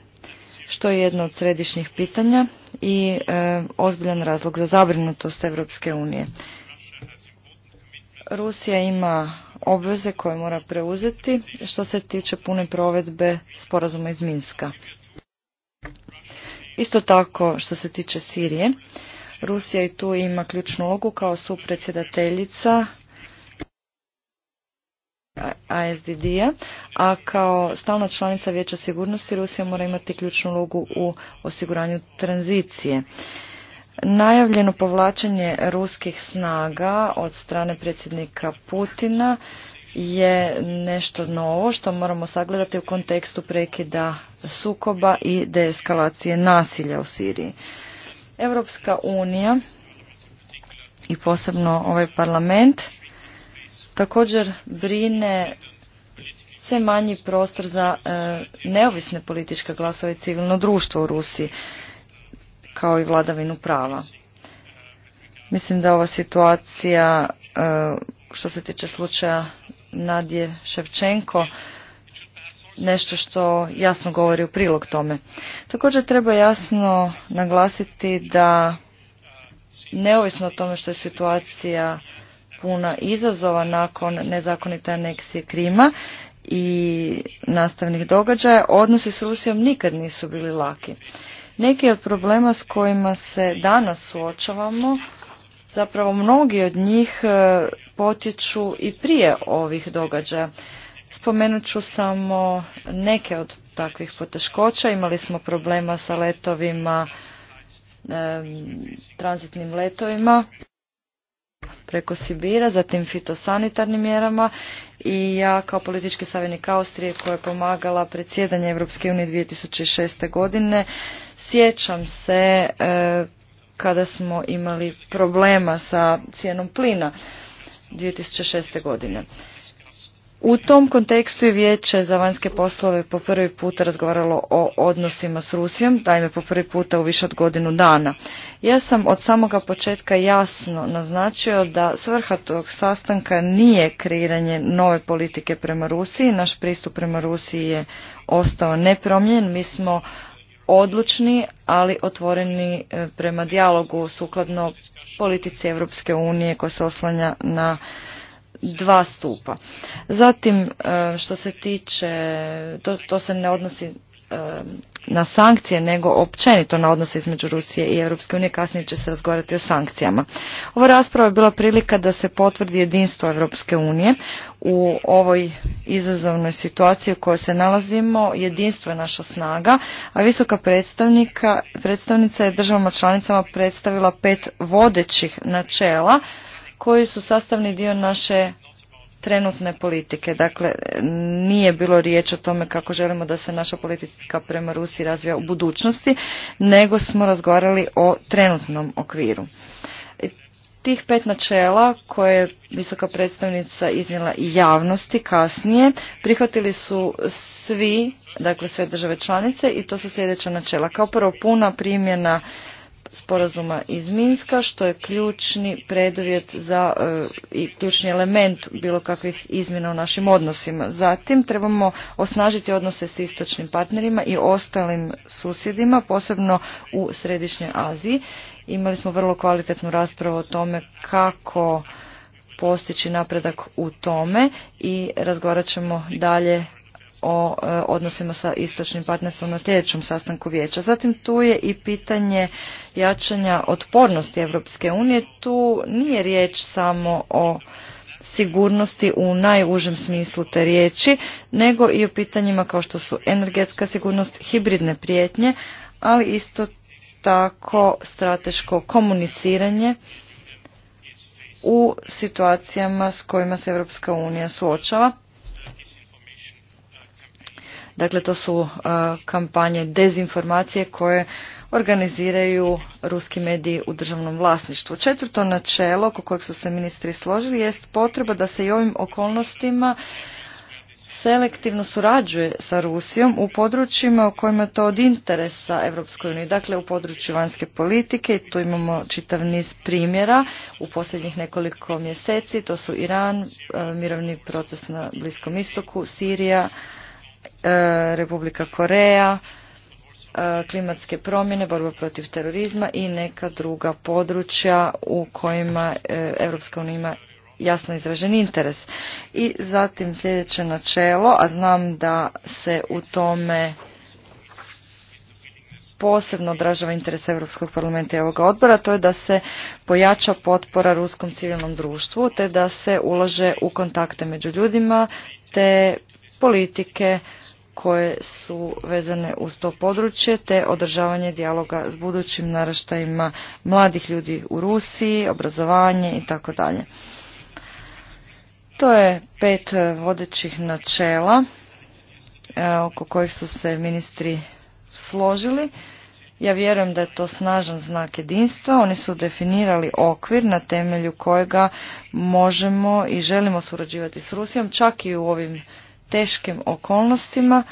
što je jedno od središnjih pitanja i e, ozbiljan razlog za zabrinutost Evropske unije. Rusija ima obveze koje mora preuzeti što se tiče pune provedbe sporazuma iz Minska. Isto tako što se tiče Sirije, Rusija i tu ima ključnu ulogu kao supredsjedateljica ASDD-a, a kao stalna članica Vijeća sigurnosti Rusija mora imati ključnu ulogu u osiguranju tranzicije. Najavljeno povlačenje ruskih snaga od strane predsjednika Putina je nešto novo što moramo sagledati u kontekstu prekida sukoba i deeskalacije nasilja u Siriji. Europska unija i posebno ovaj parlament također brine sve manji prostor za e, neovisne političke glasove i civilno društvo u Rusiji kao i vladavinu prava. Mislim da ova situacija e, što se tiče slučaja Nadje Ševčenko nešto što jasno govori u prilog tome. Također treba jasno naglasiti da neovisno o tome što je situacija puna izazova nakon nezakonite aneksije Krima i nastavnih događaja, odnosi s Rusijom nikad nisu bili laki. Neki od problema s kojima se danas suočavamo, zapravo mnogi od njih e, potječu i prije ovih događaja. Spomenut ću samo neke od takvih poteškoća. Imali smo problema sa letovima, tranzitnim letovima preko Sibira, zatim fitosanitarnim mjerama i ja kao politički savjenik Austrije koja je pomagala predsjedanje Europske unije 2006. godine sjećam se e, kada smo imali problema sa cijenom plina 2006. godine. U tom kontekstu je vijeće za vanjske poslove po prvi puta razgovaralo o odnosima s Rusijom, dajme po prvi puta u više od godinu dana. Ja sam od samoga početka jasno naznačio da svrha tog sastanka nije kreiranje nove politike prema Rusiji. Naš pristup prema Rusiji je ostao nepromljen. Mi smo odlučni, ali otvoreni e, prema dijalogu sukladno politici Europske unije koja se oslanja na dva stupa. Zatim, e, što se tiče, to, to se ne odnosi e, na sankcije, nego općenito na odnose između Rusije i Europske unije. Kasnije će se razgovarati o sankcijama. Ova rasprava je bila prilika da se potvrdi jedinstvo Europske unije u ovoj izazovnoj situaciji u kojoj se nalazimo. Jedinstvo je naša snaga, a visoka predstavnica je državama članicama predstavila pet vodećih načela koji su sastavni dio naše trenutne politike. Dakle, nije bilo riječ o tome kako želimo da se naša politika prema Rusiji razvija u budućnosti, nego smo razgovarali o trenutnom okviru. E, tih pet načela koje je visoka predstavnica iznijela i javnosti kasnije prihvatili su svi, dakle sve države članice i to su sljedeća načela. Kao prvo puna primjena sporazuma iz Minska, što je ključni preduvjet za e, i ključni element bilo kakvih izmjena u našim odnosima. Zatim trebamo osnažiti odnose s istočnim partnerima i ostalim susjedima, posebno u Središnjoj Aziji. Imali smo vrlo kvalitetnu raspravu o tome kako postići napredak u tome i razgovarat ćemo dalje o e, odnosima sa istočnim partnerstvom na sljedećem sastanku vijeća. Zatim tu je i pitanje jačanja otpornosti Europske unije. Tu nije riječ samo o sigurnosti u najužem smislu te riječi, nego i o pitanjima kao što su energetska sigurnost, hibridne prijetnje, ali isto tako strateško komuniciranje u situacijama s kojima se Europska unija suočava Dakle, to su uh, kampanje dezinformacije koje organiziraju ruski mediji u državnom vlasništvu. Četvrto načelo oko kojeg su se ministri složili jest potreba da se i ovim okolnostima selektivno surađuje sa Rusijom u područjima u kojima je to od interesa Europskoj uniji, dakle u području vanjske politike tu imamo čitav niz primjera u posljednjih nekoliko mjeseci, to su Iran, uh, mirovni proces na Bliskom istoku, Sirija, E, Republika Koreja, e, klimatske promjene, borba protiv terorizma i neka druga područja u kojima Europska unija ima jasno izražen interes. I zatim sljedeće načelo, a znam da se u tome posebno odražava interes Europskog parlamenta i ovoga odbora, to je da se pojača potpora ruskom civilnom društvu, te da se ulože u kontakte među ljudima, te politike koje su vezane uz to područje, te održavanje dijaloga s budućim naraštajima mladih ljudi u Rusiji, obrazovanje i tako dalje. To je pet vodećih načela e, oko kojih su se ministri složili. Ja vjerujem da je to snažan znak jedinstva. Oni su definirali okvir na temelju kojega možemo i želimo surađivati s Rusijom, čak i u ovim teškim okolnostima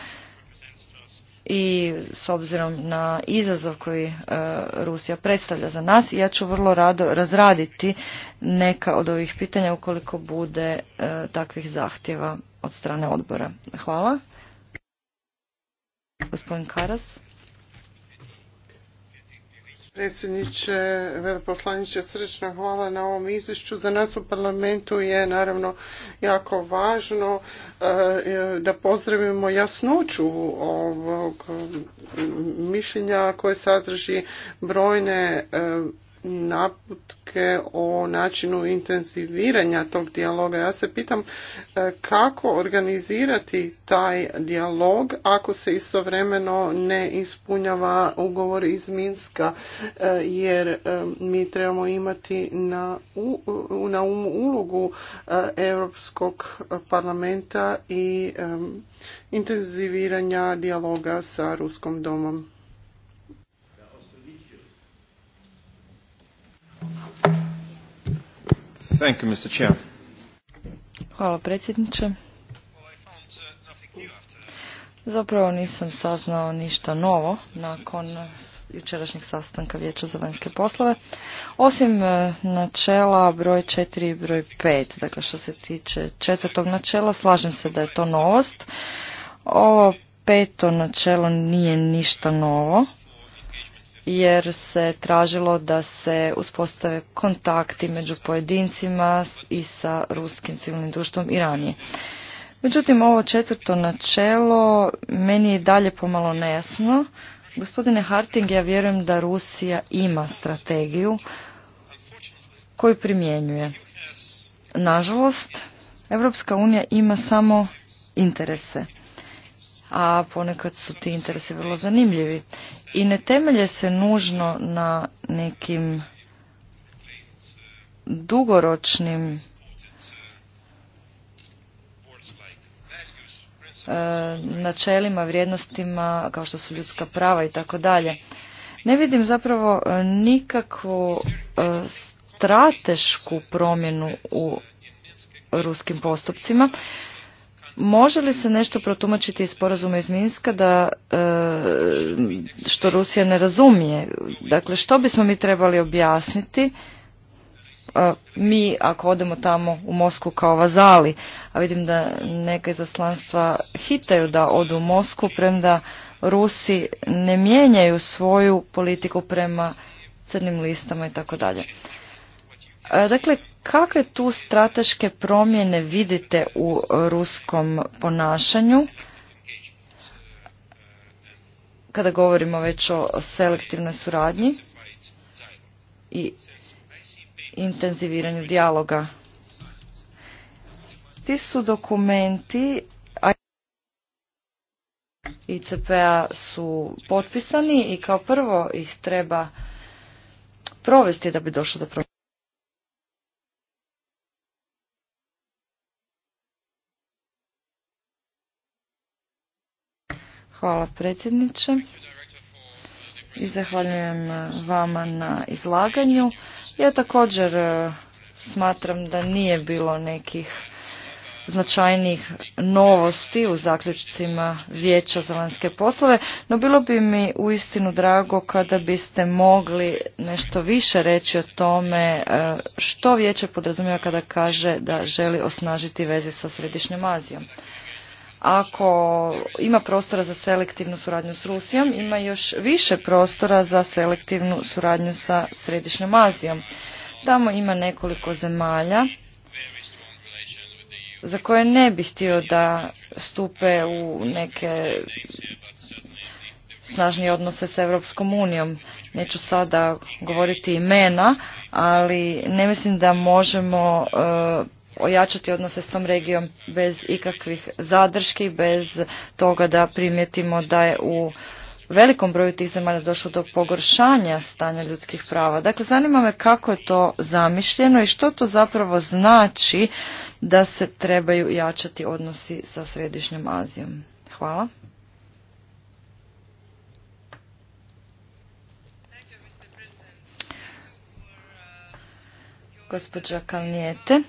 i s obzirom na izazov koji e, Rusija predstavlja za nas, ja ću vrlo rado razraditi neka od ovih pitanja ukoliko bude e, takvih zahtjeva od strane odbora. Hvala. Gospodin Karas. Predsjedniče, veleposlaniče, srdečna hvala na ovom izvješću. Za nas u parlamentu je naravno jako važno e, da pozdravimo jasnoću ovog mišljenja koje sadrži brojne e, naputke o načinu intenziviranja tog dijaloga. Ja se pitam e, kako organizirati taj dijalog ako se istovremeno ne ispunjava ugovor iz Minska e, jer e, mi trebamo imati na, na umu ulogu Europskog parlamenta i intenziviranja dijaloga sa Ruskom domom. Hvala predsjedniče. Zapravo nisam saznao ništa novo nakon jučerašnjeg sastanka Vijeća za vanjske poslove, osim e, načela broj 4 i broj 5. Dakle, što se tiče četvrtog načela, slažem se da je to novost. Ovo peto načelo nije ništa novo jer se tražilo da se uspostave kontakti među pojedincima i sa ruskim civilnim društvom i ranije. Međutim, ovo četvrto načelo meni je dalje pomalo nejasno. Gospodine Harting, ja vjerujem da Rusija ima strategiju koju primjenjuje. Nažalost, Evropska unija ima samo interese a ponekad su ti interesi vrlo zanimljivi. I ne temelje se nužno na nekim dugoročnim e, načelima, vrijednostima kao što su ljudska prava i tako dalje. Ne vidim zapravo e, nikakvu e, stratešku promjenu u ruskim postupcima. Može li se nešto protumačiti iz sporazuma iz Minska da e, što Rusija ne razumije? Dakle, što bismo mi trebali objasniti? Mi, ako odemo tamo u Mosku kao vazali, a vidim da neka izaslanstva hitaju da odu u Mosku, premda Rusi ne mijenjaju svoju politiku prema crnim listama i tako dalje. E, dakle, Kakve tu strateške promjene vidite u ruskom ponašanju? Kada govorimo već o selektivnoj suradnji i intenziviranju dijaloga. Ti su dokumenti ICP-a su potpisani i kao prvo ih treba provesti da bi došlo do Hvala predsjedniče i zahvaljujem eh, vama na izlaganju. Ja također eh, smatram da nije bilo nekih značajnih novosti u zaključcima Vijeća za vanjske poslove, no bilo bi mi uistinu drago kada biste mogli nešto više reći o tome eh, što Vijeće podrazumijeva kada kaže da želi osnažiti veze sa Središnjom Azijom ako ima prostora za selektivnu suradnju s Rusijom, ima još više prostora za selektivnu suradnju sa Središnjom Azijom. Tamo ima nekoliko zemalja za koje ne bih htio da stupe u neke snažnije odnose s Europskom unijom. Neću sada govoriti imena, ali ne mislim da možemo e, ojačati odnose s tom regijom bez ikakvih zadrški, bez toga da primijetimo da je u velikom broju tih zemalja došlo do pogoršanja stanja ljudskih prava. Dakle, zanima me kako je to zamišljeno i što to zapravo znači da se trebaju jačati odnosi sa Središnjom Azijom. Hvala. Gospodža Kalnijete,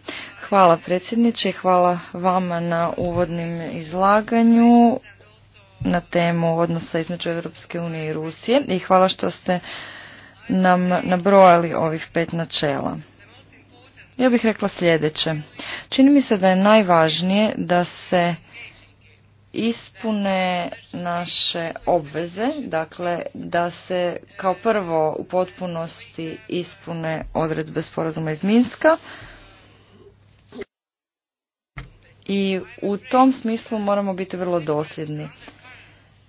Hvala predsjedniče hvala vama na uvodnim izlaganju na temu odnosa između Europske unije i Rusije i hvala što ste nam nabrojali ovih pet načela. Ja bih rekla sljedeće. Čini mi se da je najvažnije da se ispune naše obveze, dakle da se kao prvo u potpunosti ispune odredbe sporazuma iz Minska, i u tom smislu moramo biti vrlo dosljedni.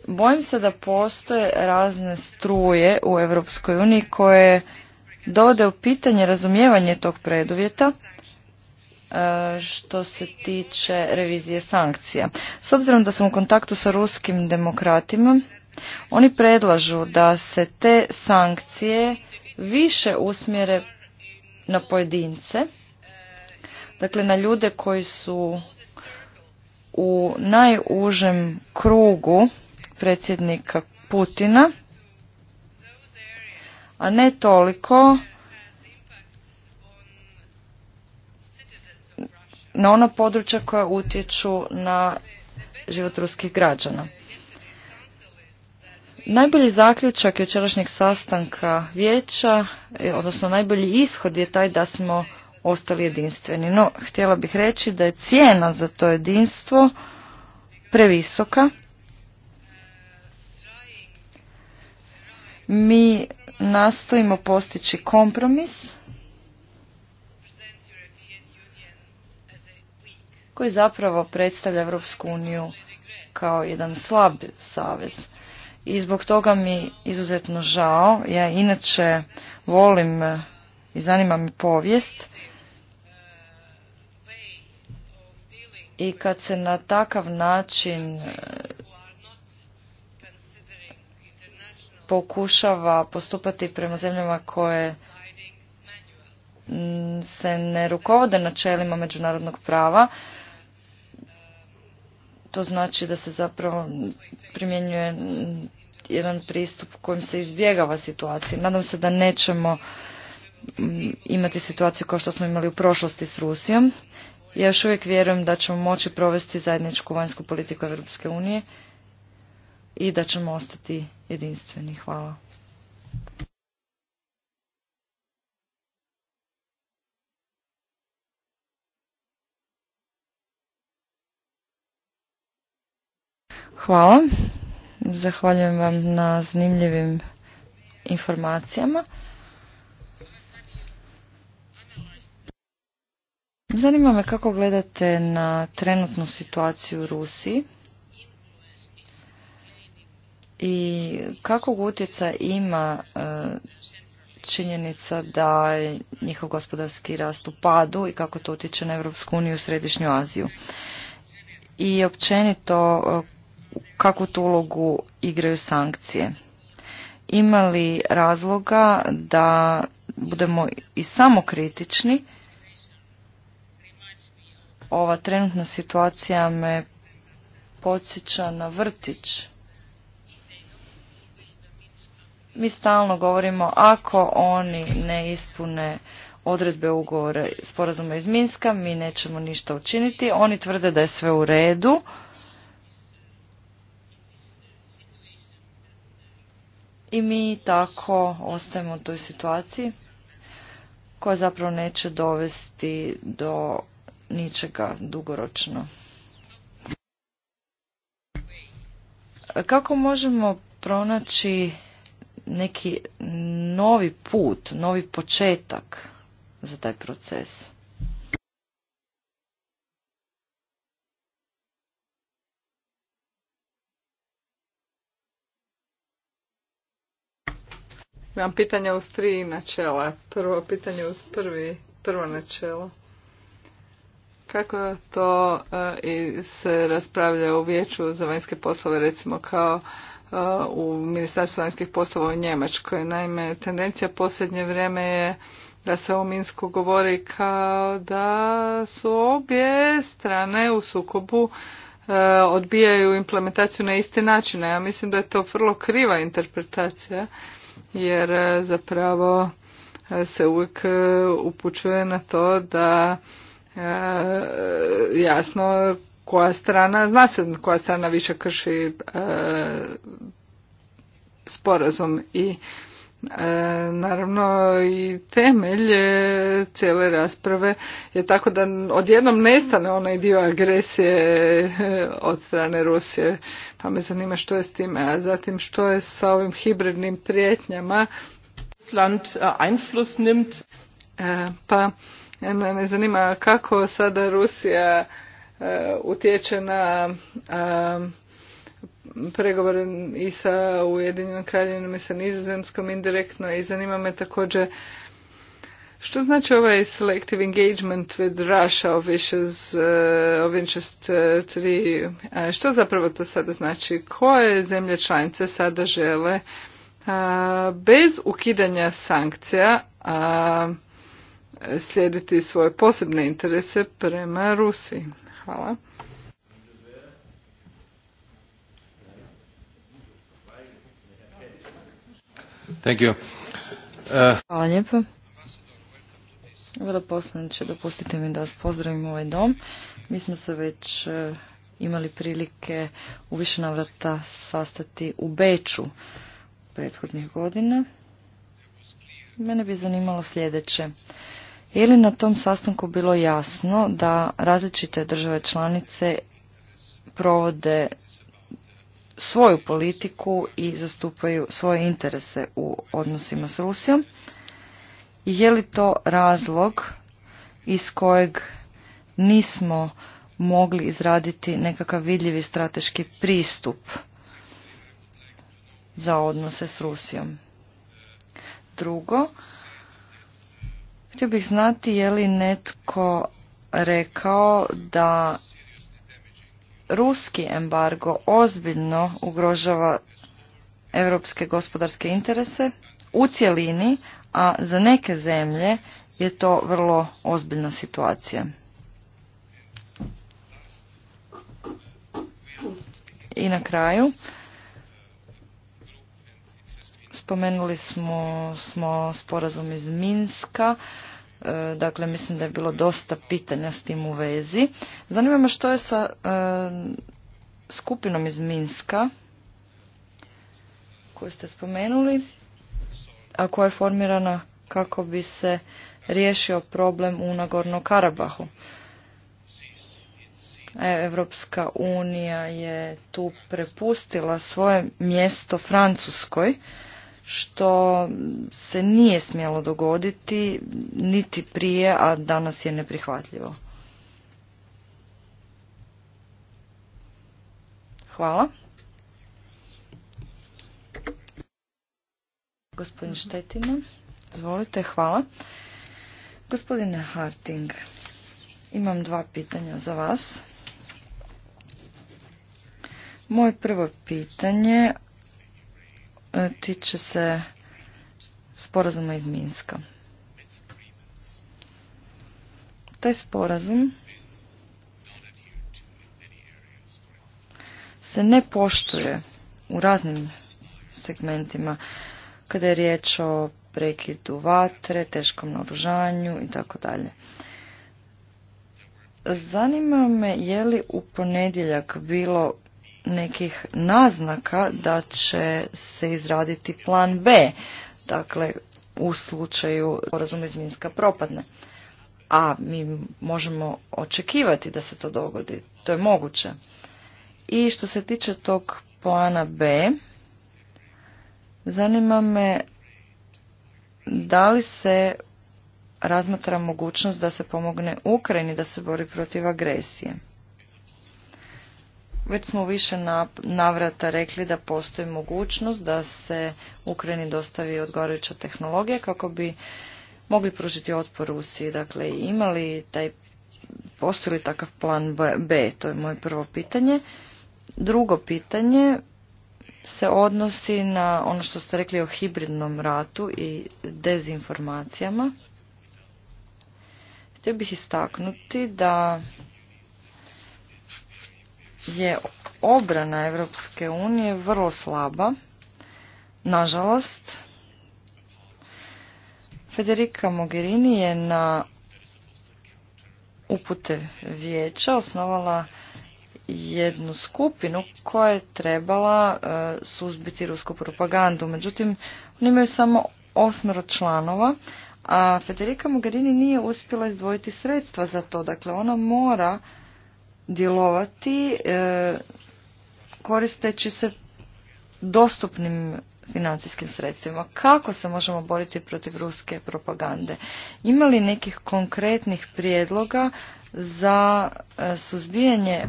Bojim se da postoje razne struje u Europskoj uniji koje dovode u pitanje razumijevanje tog preduvjeta e, što se tiče revizije sankcija. S obzirom da sam u kontaktu sa ruskim demokratima, oni predlažu da se te sankcije više usmjere na pojedince, dakle na ljude koji su u najužem krugu predsjednika Putina, a ne toliko na ona područja koja utječu na život ruskih građana. Najbolji zaključak jučerašnjeg sastanka vijeća, odnosno najbolji ishod je taj da smo ostali jedinstveni. No, htjela bih reći da je cijena za to jedinstvo previsoka. Mi nastojimo postići kompromis koji zapravo predstavlja Europsku uniju kao jedan slab savez. I zbog toga mi izuzetno žao, ja inače volim i zanima mi povijest, i kad se na takav način e, pokušava postupati prema zemljama koje se ne rukovode načelima međunarodnog prava, to znači da se zapravo primjenjuje jedan pristup kojim se izbjegava situacija. Nadam se da nećemo imati situaciju kao što smo imali u prošlosti s Rusijom. Ja još uvijek vjerujem da ćemo moći provesti zajedničku vanjsku politiku Europske unije i da ćemo ostati jedinstveni. Hvala. Hvala. Zahvaljujem vam na zanimljivim informacijama. Zanima me kako gledate na trenutnu situaciju u Rusiji i kakvog utjeca ima e, činjenica da je njihov gospodarski rast u padu i kako to utječe na Europsku uniju i Središnju Aziju. I općenito e, kakvu tu ulogu igraju sankcije. Ima li razloga da budemo i samo kritični ova trenutna situacija me podsjeća na vrtić. Mi stalno govorimo ako oni ne ispune odredbe ugovora sporazuma iz Minska, mi nećemo ništa učiniti. Oni tvrde da je sve u redu. I mi tako ostajemo u toj situaciji koja zapravo neće dovesti do ničega dugoročno. Kako možemo pronaći neki novi put, novi početak za taj proces? Imam pitanja uz tri načela. Prvo pitanje uz prvi, prvo načelo kako to e, i se raspravlja u vijeću za vanjske poslove recimo kao e, u Ministarstvu vanjskih poslova u Njemačkoj. Naime, tendencija posljednje vrijeme je da se o Minsku govori kao da su obje strane u sukobu e, odbijaju implementaciju na isti način. Ja mislim da je to vrlo kriva interpretacija jer zapravo se uvijek upućuje na to da E, jasno koja strana, zna se koja strana više krši e, sporazum i e, naravno i temelj cijele rasprave je tako da odjednom nestane onaj dio agresije od strane Rusije pa me zanima što je s time a zatim što je sa ovim hibridnim prijetnjama pa me zanima kako sada Rusija e, utječe na e, pregovore i sa Ujedinjenom kraljevinom i sa nizozemskom indirektno i zanima me također što znači ovaj selective engagement with Russia of issues e, of interest to što zapravo to sada znači? Koje zemlje članice sada žele bez ukidanja sankcija slijediti svoje posebne interese prema Rusiji. Hvala. Thank you. Uh, Hvala lijepo. dopustite mi da vas pozdravim u ovaj dom. Mi smo se već e, imali prilike u više navrata sastati u Beču prethodnih godina. Mene bi zanimalo sljedeće. Je li na tom sastanku bilo jasno da različite države članice provode svoju politiku i zastupaju svoje interese u odnosima s Rusijom? Je li to razlog iz kojeg nismo mogli izraditi nekakav vidljivi strateški pristup za odnose s Rusijom? Drugo, Htio bih znati je li netko rekao da ruski embargo ozbiljno ugrožava europske gospodarske interese u cjelini, a za neke zemlje je to vrlo ozbiljna situacija. I na kraju, spomenuli smo, smo sporazum iz Minska, e, dakle mislim da je bilo dosta pitanja s tim u vezi. Zanima me što je sa e, skupinom iz Minska koju ste spomenuli, a koja je formirana kako bi se riješio problem u Nagorno-Karabahu. E, Evropska unija je tu prepustila svoje mjesto Francuskoj što se nije smjelo dogoditi niti prije, a danas je neprihvatljivo. Hvala. Gospodin Štetina, izvolite, hvala. Gospodine Harting, imam dva pitanja za vas. Moje prvo pitanje tiče se sporazuma iz Minska. Taj sporazum se ne poštuje u raznim segmentima kada je riječ o prekidu vatre, teškom naružanju i tako dalje. Zanima me je li u ponedjeljak bilo nekih naznaka da će se izraditi plan B, dakle u slučaju porazuma iz Minska propadne. A mi možemo očekivati da se to dogodi, to je moguće. I što se tiče tog plana B, zanima me da li se razmatra mogućnost da se pomogne Ukrajini da se bori protiv agresije. Već smo više navrata rekli da postoji mogućnost da se Ukrajini dostavi odgovarajuća tehnologija kako bi mogli pružiti otpor Rusiji. Dakle, imali taj, postoji takav plan B? To je moje prvo pitanje. Drugo pitanje se odnosi na ono što ste rekli o hibridnom ratu i dezinformacijama. Htio bih istaknuti da je obrana Europske unije vrlo slaba. Nažalost, Federica Mogherini je na upute vijeća osnovala jednu skupinu koja je trebala e, suzbiti rusku propagandu. Međutim, oni imaju samo osmero članova, a Federica Mogherini nije uspjela izdvojiti sredstva za to. Dakle, ona mora djelovati e, koristeći se dostupnim financijskim sredstvima. Kako se možemo boriti protiv ruske propagande? Ima li nekih konkretnih prijedloga za e, suzbijanje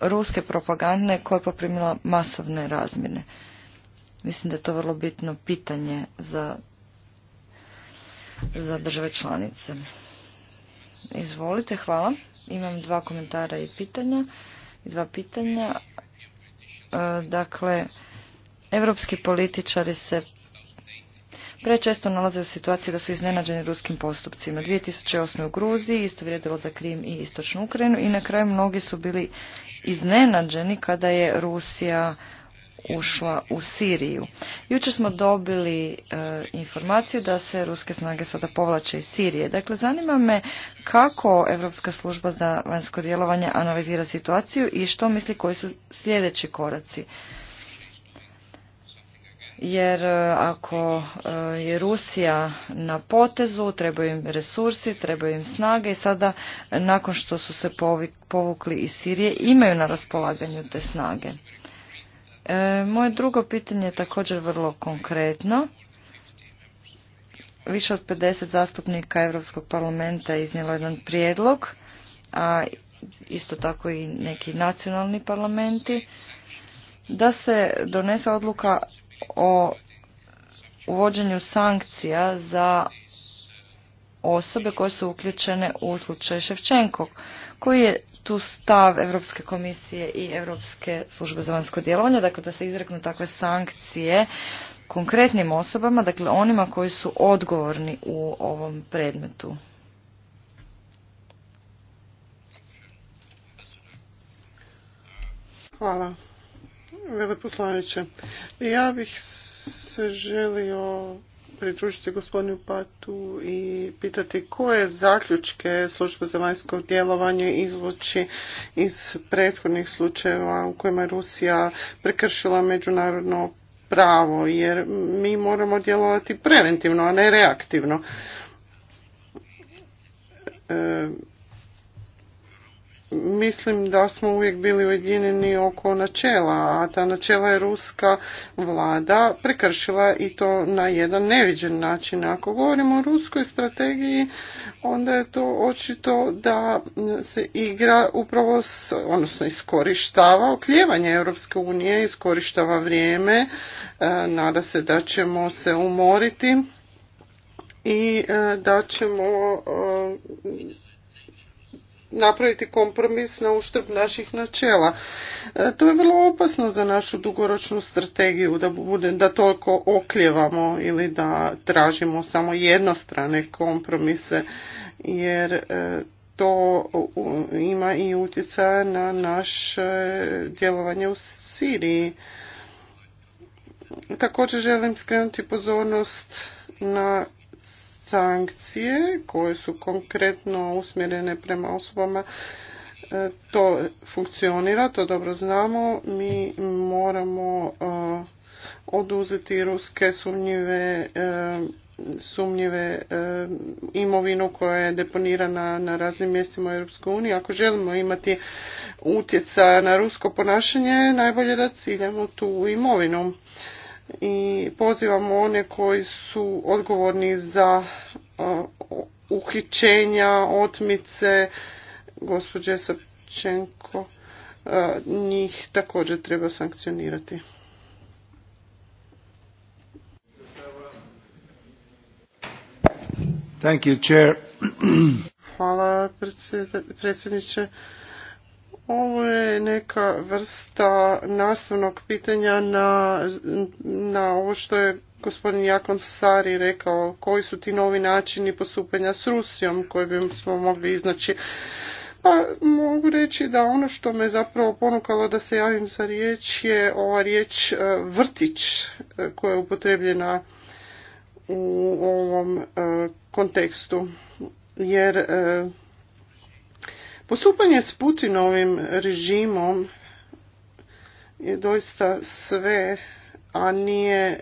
ruske propagande koja je poprimila masovne razmjene? Mislim da je to vrlo bitno pitanje za, za države članice. Izvolite, hvala. Imam dva komentara i pitanja. dva pitanja. E, dakle, evropski političari se prečesto nalaze u situaciji da su iznenađeni ruskim postupcima. 2008. u Gruziji, isto vrijedilo za Krim i Istočnu Ukrajinu i na kraju mnogi su bili iznenađeni kada je Rusija ušla u Siriju. Jučer smo dobili e, informaciju da se ruske snage sada povlače iz Sirije. Dakle, zanima me kako Europska služba za vanjsko djelovanje analizira situaciju i što misli koji su sljedeći koraci. Jer e, ako e, je Rusija na potezu, trebaju im resursi, trebaju im snage i sada nakon što su se povukli iz Sirije imaju na raspolaganju te snage. E, moje drugo pitanje je također vrlo konkretno. Više od 50 zastupnika Europskog parlamenta iznijelo jedan prijedlog, a isto tako i neki nacionalni parlamenti, da se donese odluka o uvođenju sankcija za osobe koje su uključene u slučaj Ševčenkog, koji je tu stav Europske komisije i Europske službe za vanjsko djelovanje, dakle da se izreknu takve sankcije konkretnim osobama, dakle onima koji su odgovorni u ovom predmetu. Hvala. poslaniće. ja bih se želio pridružiti gospodinu Patu i pitati koje zaključke službe za vanjsko djelovanje izvući iz prethodnih slučajeva u kojima je Rusija prekršila međunarodno pravo, jer mi moramo djelovati preventivno, a ne reaktivno. E, mislim da smo uvijek bili ujedinjeni oko načela, a ta načela je ruska vlada prekršila i to na jedan neviđen način. Ako govorimo o ruskoj strategiji, onda je to očito da se igra upravo, odnosno iskorištava okljevanje Europske unije, iskorištava vrijeme, e, nada se da ćemo se umoriti i e, da ćemo e, napraviti kompromis na uštrb naših načela. E, to je vrlo opasno za našu dugoročnu strategiju da, bude, da toliko okljevamo ili da tražimo samo jednostrane kompromise jer e, to ima i utjecaja na naše djelovanje u Siriji. Također želim skrenuti pozornost na sankcije koje su konkretno usmjerene prema osobama e, to funkcionira, to dobro znamo. Mi moramo e, oduzeti ruske sumnjive e, sumnjive imovinu koja je deponirana na raznim mjestima u EU. Ako želimo imati utjecaj na rusko ponašanje, najbolje da ciljamo tu imovinu i pozivamo one koji su odgovorni za e, uhićenja, otmice, gospođe Sapčenko, e, njih također treba sankcionirati. Hvala predsjedniče. Ovo je neka vrsta nastavnog pitanja na, na ovo što je gospodin Jakon Sari rekao, koji su ti novi načini postupanja s Rusijom koje bi smo mogli iznaći. Pa mogu reći da ono što me zapravo ponukalo da se javim za riječ je ova riječ e, vrtić e, koja je upotrebljena u ovom e, kontekstu. Jer Postupanje s Putinovim režimom je doista sve, a nije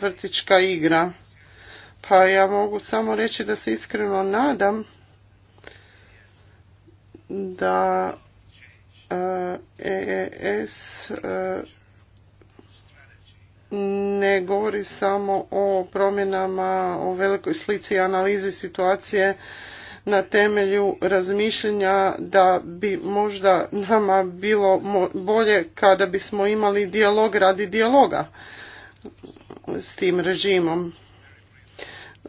vrtička igra. Pa ja mogu samo reći da se iskreno nadam da EES e e, ne govori samo o promjenama, o velikoj slici i analizi situacije na temelju razmišljanja da bi možda nama bilo bolje kada bismo imali dijalog radi dijaloga s tim režimom.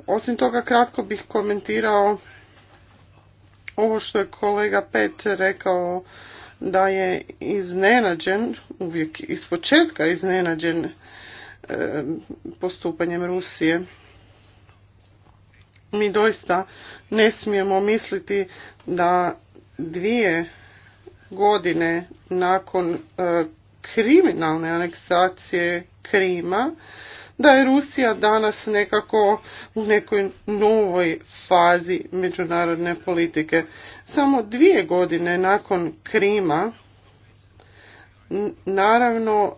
Osim toga kratko bih komentirao ovo što je kolega Pet rekao da je iznenađen, uvijek iz početka iznenađen e, postupanjem Rusije. Mi doista ne smijemo misliti da dvije godine nakon e, kriminalne aneksacije Krima, da je Rusija danas nekako u nekoj novoj fazi međunarodne politike. Samo dvije godine nakon Krima, naravno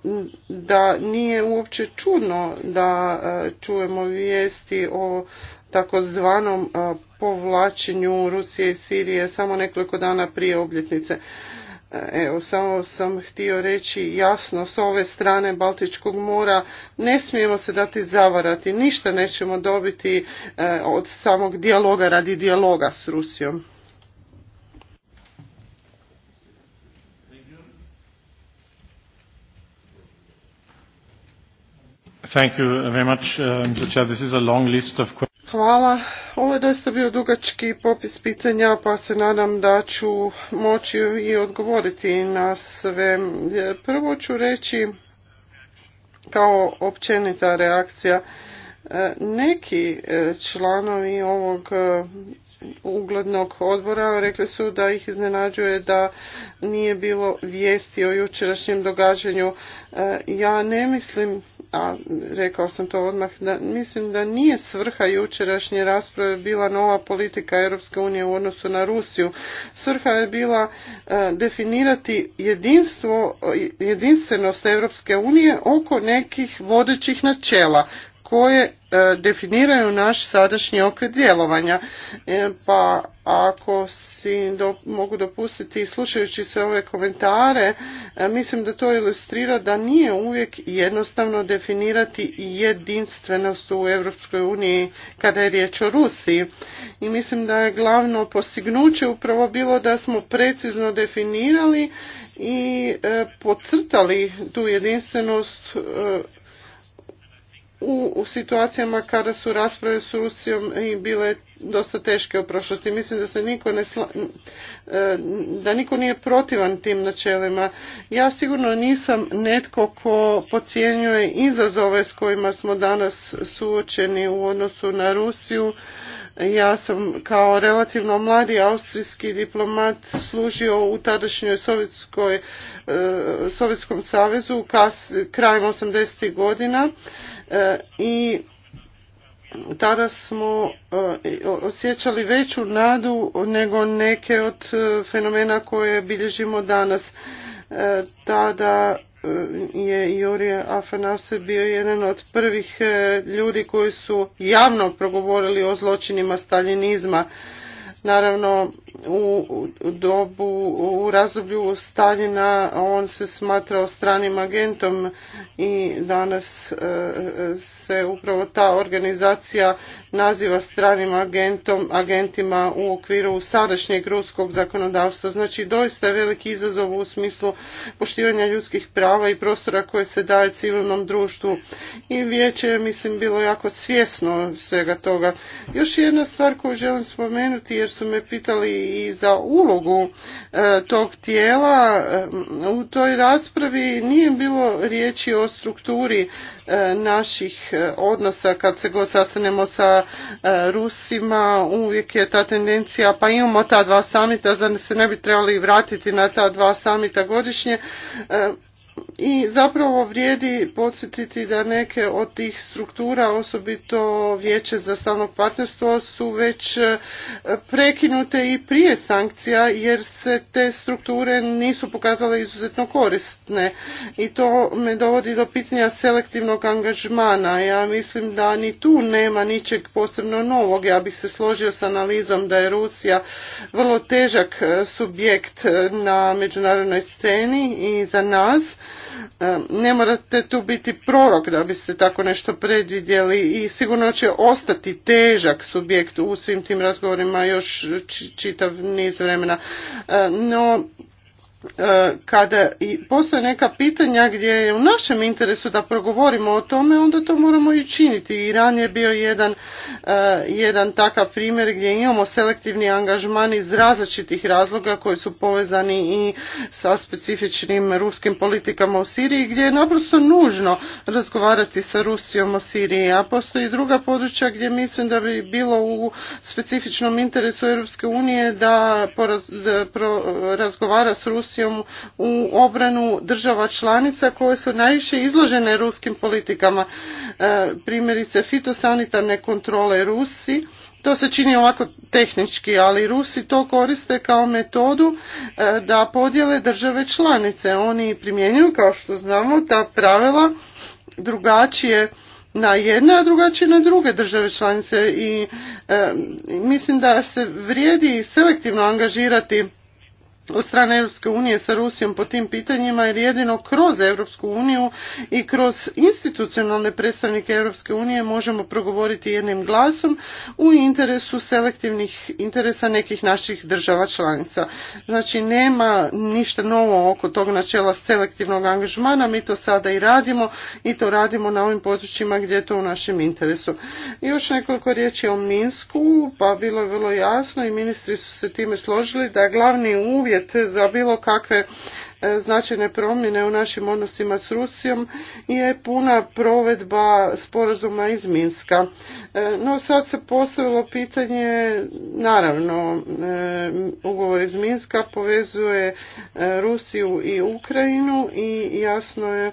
da nije uopće čudno da e, čujemo vijesti o takozvanom e, povlačenju Rusije i Sirije samo nekoliko dana prije obljetnice. E, evo, samo sam htio reći jasno, s ove strane Baltičkog mora ne smijemo se dati zavarati, ništa nećemo dobiti e, od samog dijaloga radi dijaloga s Rusijom. Thank you very much, uh, Mr. This is a long list of Hvala. Ovo je dosta bio dugački popis pitanja, pa se nadam da ću moći i odgovoriti na sve. Prvo ću reći kao općenita reakcija E, neki e, članovi ovog e, uglednog odbora rekli su da ih iznenađuje da nije bilo vijesti o jučerašnjem događanju. Ja ne mislim, a rekao sam to odmah, da mislim da nije svrha jučerašnje rasprave bila nova politika Europske unije u odnosu na Rusiju. Svrha je bila definirati jedinstvo, jedinstvenost Europske unije oko nekih vodećih načela koje e, definiraju naš sadašnji okvir djelovanja. E, pa ako si mogu dopustiti slušajući sve ove komentare, e, mislim da to ilustrira da nije uvijek jednostavno definirati jedinstvenost u Europskoj uniji kada je riječ o Rusiji. I mislim da je glavno postignuće upravo bilo da smo precizno definirali i pocrtali tu jedinstvenost u, situacijama kada su rasprave s Rusijom i bile dosta teške u prošlosti. Mislim da se niko ne sla, e, da niko nije protivan tim načelima. Ja sigurno nisam netko ko pocijenjuje izazove s kojima smo danas suočeni u odnosu na Rusiju ja sam kao relativno mladi austrijski diplomat služio u tadašnjoj Sovjetskoj, e, Sovjetskom savezu kas, krajem 80. godina e, i tada smo e, osjećali veću nadu nego neke od fenomena koje bilježimo danas. Tada je Jurije Afanase bio jedan od prvih e, ljudi koji su javno progovorili o zločinima staljinizma. Naravno, u dobu, u razdoblju Staljina on se smatrao stranim agentom i danas e, se upravo ta organizacija naziva stranim agentom, agentima u okviru sadašnjeg ruskog zakonodavstva. Znači doista je veliki izazov u smislu poštivanja ljudskih prava i prostora koje se daje civilnom društvu i vijeće je mislim bilo jako svjesno svega toga. Još jedna stvar koju želim spomenuti jer su me pitali i za ulogu e, tog tijela. E, u toj raspravi nije bilo riječi o strukturi e, naših odnosa kad se god sastanemo sa Rusima. Uvijek je ta tendencija pa imamo ta dva samita, da se ne bi trebali vratiti na ta dva samita godišnje i zapravo vrijedi podsjetiti da neke od tih struktura, osobito vijeće za stalno partnerstvo, su već e, prekinute i prije sankcija jer se te strukture nisu pokazale izuzetno korisne i to me dovodi do pitanja selektivnog angažmana. Ja mislim da ni tu nema ničeg posebno novog. Ja bih se složio s analizom da je Rusija vrlo težak e, subjekt e, na međunarodnoj sceni i za nas E, ne morate tu biti prorok da biste tako nešto predvidjeli i sigurno će ostati težak subjekt u svim tim razgovorima još čitav niz vremena. E, no, E, kada i postoje neka pitanja gdje je u našem interesu da progovorimo o tome, onda to moramo i činiti. Iran je bio jedan, e, jedan takav primjer gdje imamo selektivni angažman iz različitih razloga koji su povezani i sa specifičnim ruskim politikama u Siriji gdje je naprosto nužno razgovarati sa Rusijom o Siriji, a postoji druga područja gdje mislim da bi bilo u specifičnom interesu Europske unije da, razgovara s Rusijom u obranu država članica koje su najviše izložene ruskim politikama. E, primjerice fitosanitarne kontrole Rusi. To se čini ovako tehnički, ali Rusi to koriste kao metodu e, da podjele države članice. Oni primjenjuju, kao što znamo, ta pravila drugačije na jedne, a drugačije na druge države članice i e, mislim da se vrijedi selektivno angažirati od strane Europske unije sa Rusijom po tim pitanjima jer jedino kroz Europsku uniju i kroz institucionalne predstavnike Europske unije možemo progovoriti jednim glasom u interesu selektivnih interesa nekih naših država članica. Znači nema ništa novo oko tog načela selektivnog angažmana, mi to sada i radimo i to radimo na ovim područjima gdje je to u našem interesu. Još nekoliko riječi o Minsku, pa bilo je vrlo jasno i ministri su se time složili da glavni uvjet preduvjet za bilo kakve e, značajne promjene u našim odnosima s Rusijom je puna provedba sporazuma iz Minska. E, no sad se postavilo pitanje, naravno, e, ugovor iz Minska povezuje Rusiju i Ukrajinu i jasno je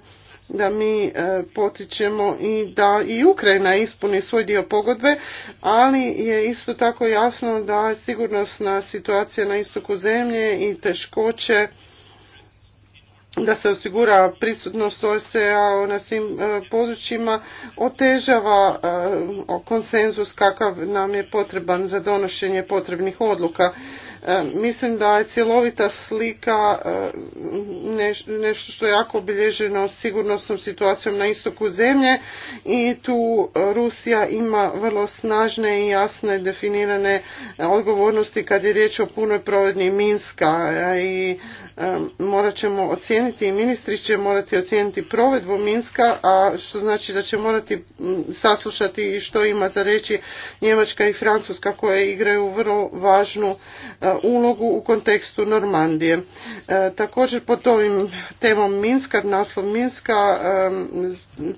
da mi e, potičemo i da i Ukrajina ispuni svoj dio pogodbe, ali je isto tako jasno da sigurnosna situacija na istoku zemlje i teškoće da se osigura prisutnost OSCE-a na svim e, područjima otežava e, konsenzus kakav nam je potreban za donošenje potrebnih odluka. E, mislim da je cjelovita slika e, nešto što je jako obilježeno sigurnosnom situacijom na istoku zemlje i tu Rusija ima vrlo snažne i jasne definirane e, odgovornosti kad je riječ o punoj provedni Minska i morat ćemo ocijeniti i ministri će morati ocijeniti provedbu Minska, a što znači da će morati saslušati i što ima za reći Njemačka i Francuska koje igraju vrlo važnu ulogu u kontekstu Normandije. E, također pod ovim temom Minska, naslov Minska,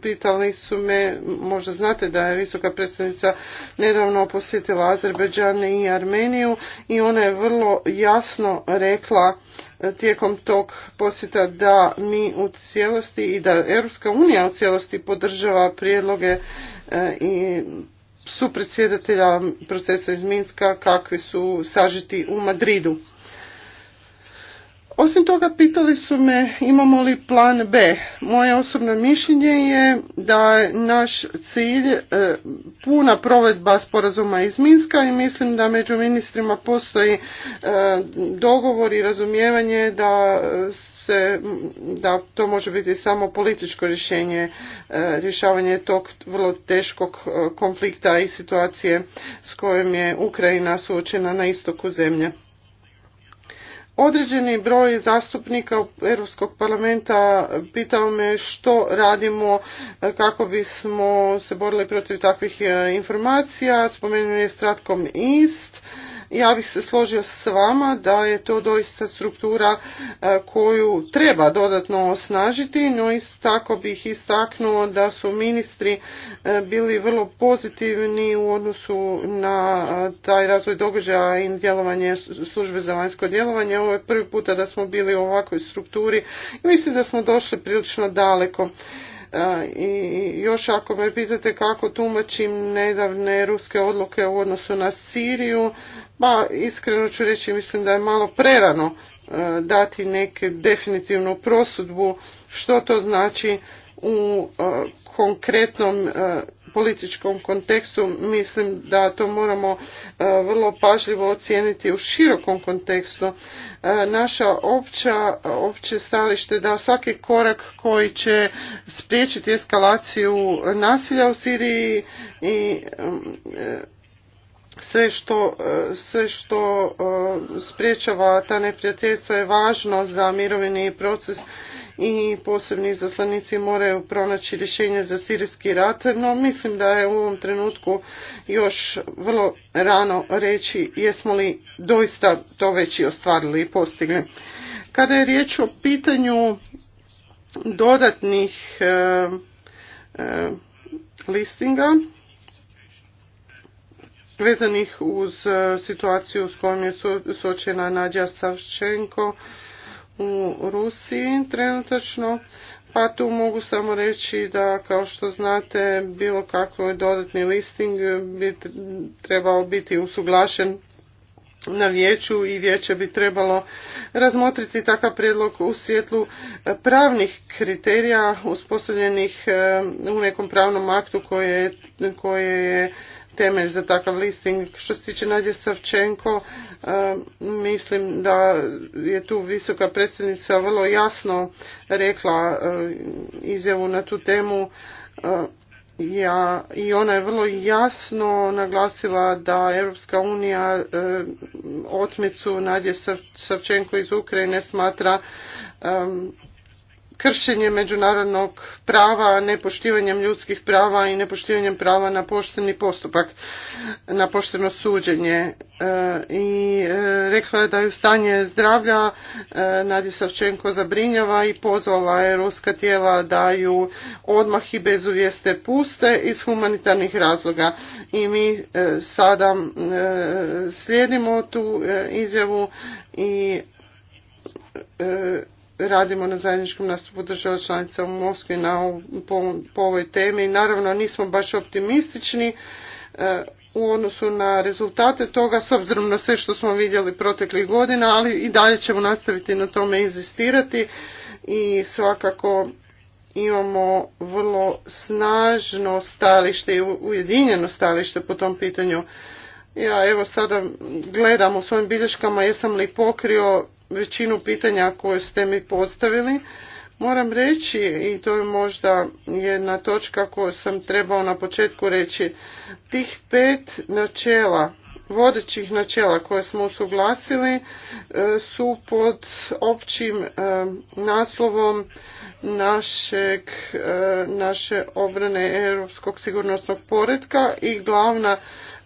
pitali su me, možda znate da je visoka predstavnica nedavno posjetila Azerbeđan i Armeniju i ona je vrlo jasno rekla e, tijekom tog posjeta da mi u cijelosti i da Europska unija u cijelosti podržava prijedloge e, i su predsjedatelja procesa iz Minska kakvi su sažeti u Madridu. Osim toga, pitali su me imamo li plan B. Moje osobno mišljenje je da je naš cilj e, puna provedba sporazuma iz Minska i mislim da među ministrima postoji e, dogovor i razumijevanje da se, da to može biti samo političko rješenje, e, rješavanje tog vrlo teškog konflikta i situacije s kojom je Ukrajina suočena na istoku zemlje. Određeni broj zastupnika Europskog parlamenta pitao me što radimo e, kako bismo se borili protiv takvih e, informacija. Spomenuo je Stratkom East ja bih se složio s vama da je to doista struktura e, koju treba dodatno osnažiti, no isto tako bih istaknuo da su ministri e, bili vrlo pozitivni u odnosu na e, taj razvoj događaja i djelovanje službe za vanjsko djelovanje. Ovo je prvi puta da smo bili u ovakvoj strukturi i mislim da smo došli prilično daleko. I još ako me pitate kako tumačim nedavne ruske odluke u odnosu na Siriju, ba pa iskreno ću reći mislim da je malo prerano e, dati neke definitivnu prosudbu što to znači u e, konkretnom e, političkom kontekstu mislim da to moramo e, vrlo pažljivo ocijeniti u širokom kontekstu. E, naša opća, opće stalište da svaki korak koji će spriječiti eskalaciju nasilja u Siriji i e, sve što, sve što spriječava ta neprijateljstva je važno za mirovini proces i posebni izaslanici moraju pronaći rješenje za sirijski rat, no mislim da je u ovom trenutku još vrlo rano reći jesmo li doista to već i ostvarili i postigli. Kada je riječ o pitanju dodatnih e, e, listinga vezanih uz e, situaciju s kojom je suočena Nadja Savčenko, u Rusiji trenutačno, pa tu mogu samo reći da kao što znate bilo kakav dodatni listing bi trebao biti usuglašen na vijeću i vijeće bi trebalo razmotriti takav prijedlog u svjetlu pravnih kriterija uspostavljenih eh, u nekom pravnom aktu koje koje je temelj za takav listing. Što se tiče Nadje Savčenko, e, mislim da je tu visoka predsjednica vrlo jasno rekla e, izjavu na tu temu. E, ja, I ona je vrlo jasno naglasila da Europska unija otmicu Nadje Savčenko iz Ukrajine smatra kršenje međunarodnog prava, nepoštivanjem ljudskih prava i nepoštivanjem prava na pošteni postupak, na pošteno suđenje. E, I e, rekla je da je stanje zdravlja e, Nadi Savčenko zabrinjava i pozvala je ruska tijela da ju odmah i bez uvijeste puste iz humanitarnih razloga. I mi sada slijedimo tu izjavu i radimo na zajedničkom nastupu država članica u Moskvi na, po, po ovoj temi. Naravno nismo baš optimistični e, u odnosu na rezultate toga s obzirom na sve što smo vidjeli proteklih godina, ali i dalje ćemo nastaviti na tome inzistirati i svakako imamo vrlo snažno stalište i ujedinjeno stalište po tom pitanju. Ja evo sada gledam u svojim bilješkama jesam li pokrio većinu pitanja koje ste mi postavili. Moram reći, i to je možda jedna točka koju sam trebao na početku reći, tih pet načela, vodećih načela koje smo usuglasili e, su pod općim e, naslovom našeg, e, naše obrane europskog sigurnosnog poretka i glavna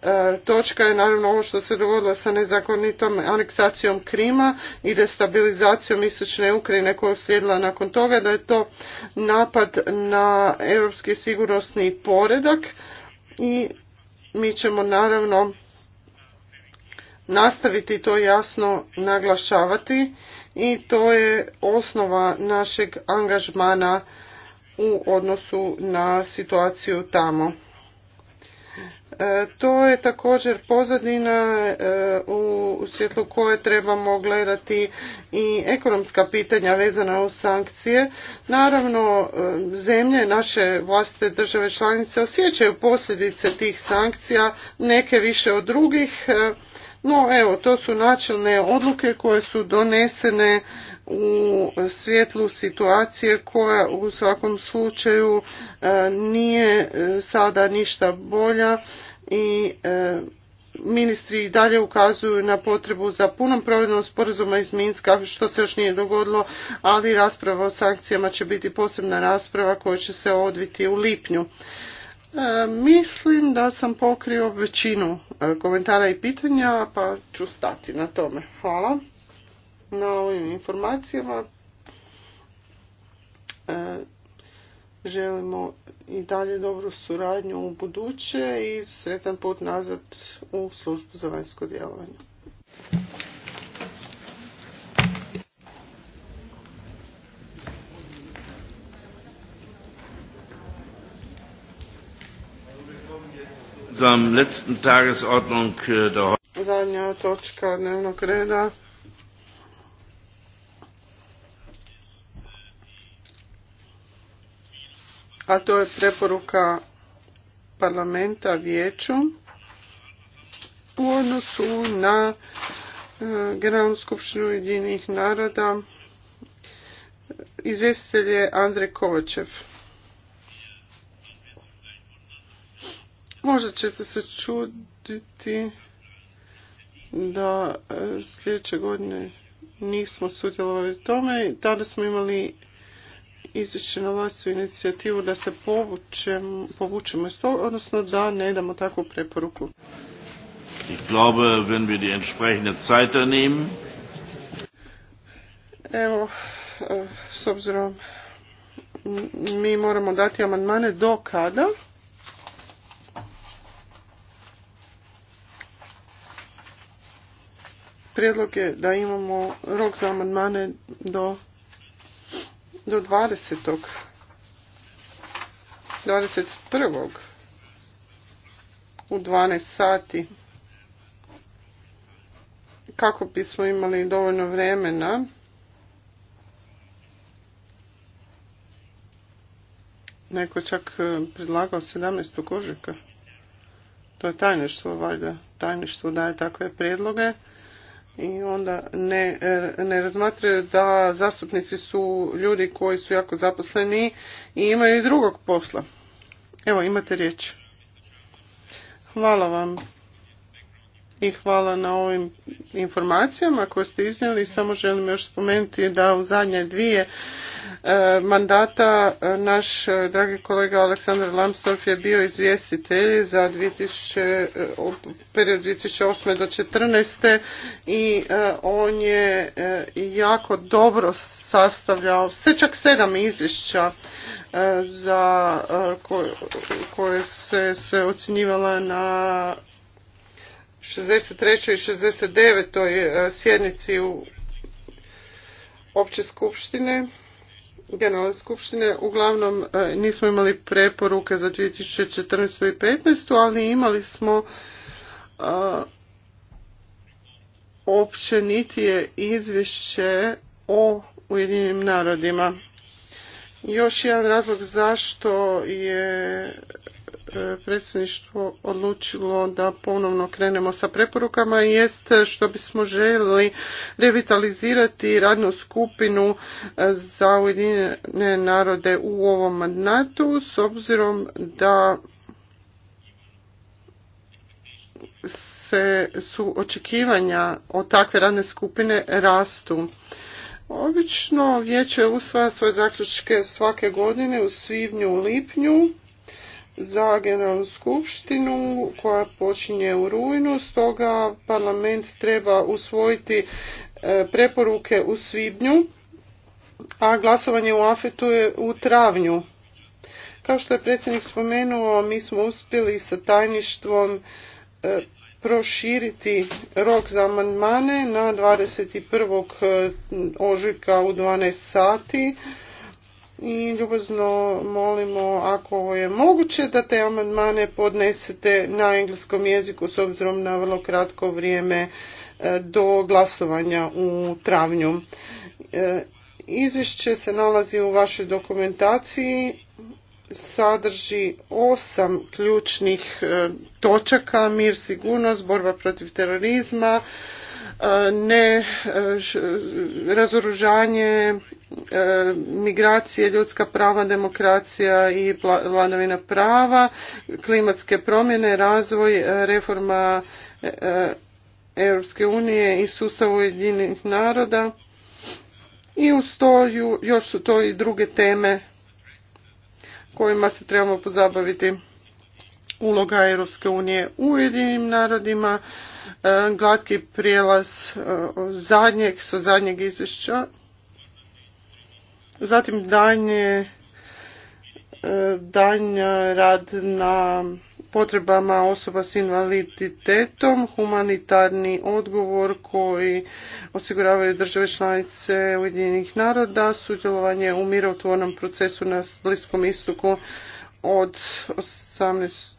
E, točka je naravno ovo što se dogodilo sa nezakonitom aneksacijom Krima i destabilizacijom istočne Ukrajine koja je uslijedila nakon toga, da je to napad na europski sigurnosni poredak i mi ćemo naravno nastaviti to jasno naglašavati i to je osnova našeg angažmana u odnosu na situaciju tamo. E, to je također pozadina e, u svjetlu koje trebamo gledati i ekonomska pitanja vezana uz sankcije. Naravno, e, zemlje, naše vlastite države članice osjećaju posljedice tih sankcija, neke više od drugih, no evo, to su načelne odluke koje su donesene u svjetlu situacije koja u svakom slučaju e, nije e, sada ništa bolja i e, ministri i dalje ukazuju na potrebu za punom provjednom sporazuma iz Minska, što se još nije dogodilo, ali rasprava o sankcijama će biti posebna rasprava koja će se odviti u lipnju. mislim da sam pokrio većinu komentara i pitanja, pa ću stati na tome. Hvala na ovim informacijama. E, želimo i dalje dobru suradnju u buduće i sretan put nazad u službu za vanjsko djelovanje. Äh, Zadnja točka dnevnog reda a to je preporuka parlamenta vijeću u odnosu na e, Generalnu skupštinu Ujedinjenih naroda izvjestitelj je Andrej Kovačev. Možda ćete se čuditi da e, sljedeće godine nismo sudjelovali tome. Tada smo imali izvješće na u inicijativu da se povučemo iz toga, odnosno da ne damo takvu preporuku. Ich glaube, wenn wir die entsprechende Zeit Evo, eh, s obzirom, mi moramo dati amandmane do kada? Prijedlog je da imamo rok za amandmane do do 20. 21. u 12 sati kako bismo imali dovoljno vremena neko čak e, predlagao 17. ožujka to je tajništvo valjda tajništvo daje takve predloge i onda ne, ne razmatraju da zastupnici su ljudi koji su jako zaposleni i imaju i drugog posla. Evo, imate riječ. Hvala vam i hvala na ovim informacijama koje ste iznijeli. Samo želim još spomenuti da u zadnje dvije e, mandata e, naš e, dragi kolega Aleksandar Lamstorf je bio izvjestitelj za 2000, period 2008. do 2014. i on je jako dobro sastavljao sve čak sedam izvješća za koje se, se ocjenjivala na 63. i 69. Eh, sjednici u opće skupštine, generalne skupštine, uglavnom eh, nismo imali preporuke za 2014. i 2015. ali imali smo eh, općenitije izvješće o Ujedinjenim narodima. Još jedan razlog zašto je E, predsjedništvo odlučilo da ponovno krenemo sa preporukama jest što bismo željeli revitalizirati radnu skupinu e, za Ujedinjene narode u ovom mandatu s obzirom da se su očekivanja od takve radne skupine rastu. Obično vijeće usvaja svoje zaključke svake godine u svibnju, u lipnju za generalnu skupštinu koja počinje u rujnu, stoga parlament treba usvojiti e, preporuke u svibnju, a glasovanje u afetu je u travnju. Kao što je predsjednik spomenuo, mi smo uspjeli sa tajništvom e, proširiti rok za amandmane na 21. E, ožujka u 12 sati i ljubazno molimo ako ovo je moguće da te amandmane podnesete na engleskom jeziku s obzirom na vrlo kratko vrijeme e, do glasovanja u travnju. E, izvješće se nalazi u vašoj dokumentaciji, sadrži osam ključnih e, točaka, mir, sigurnost, borba protiv terorizma, E, ne e, razoružanje, e, migracije, ljudska prava, demokracija i vladavina prava, klimatske promjene, razvoj, reforma Europske unije i sustavu Ujedinjenih naroda. I uz to još su to i druge teme kojima se trebamo pozabaviti uloga Europske unije u Ujedinjenim narodima, E, glatki prijelaz e, zadnjeg sa zadnjeg izvješća. Zatim danje e, danja rad na potrebama osoba s invaliditetom, humanitarni odgovor koji osiguravaju države članice Ujedinjenih naroda, sudjelovanje u mirotvornom procesu na Bliskom istoku od 18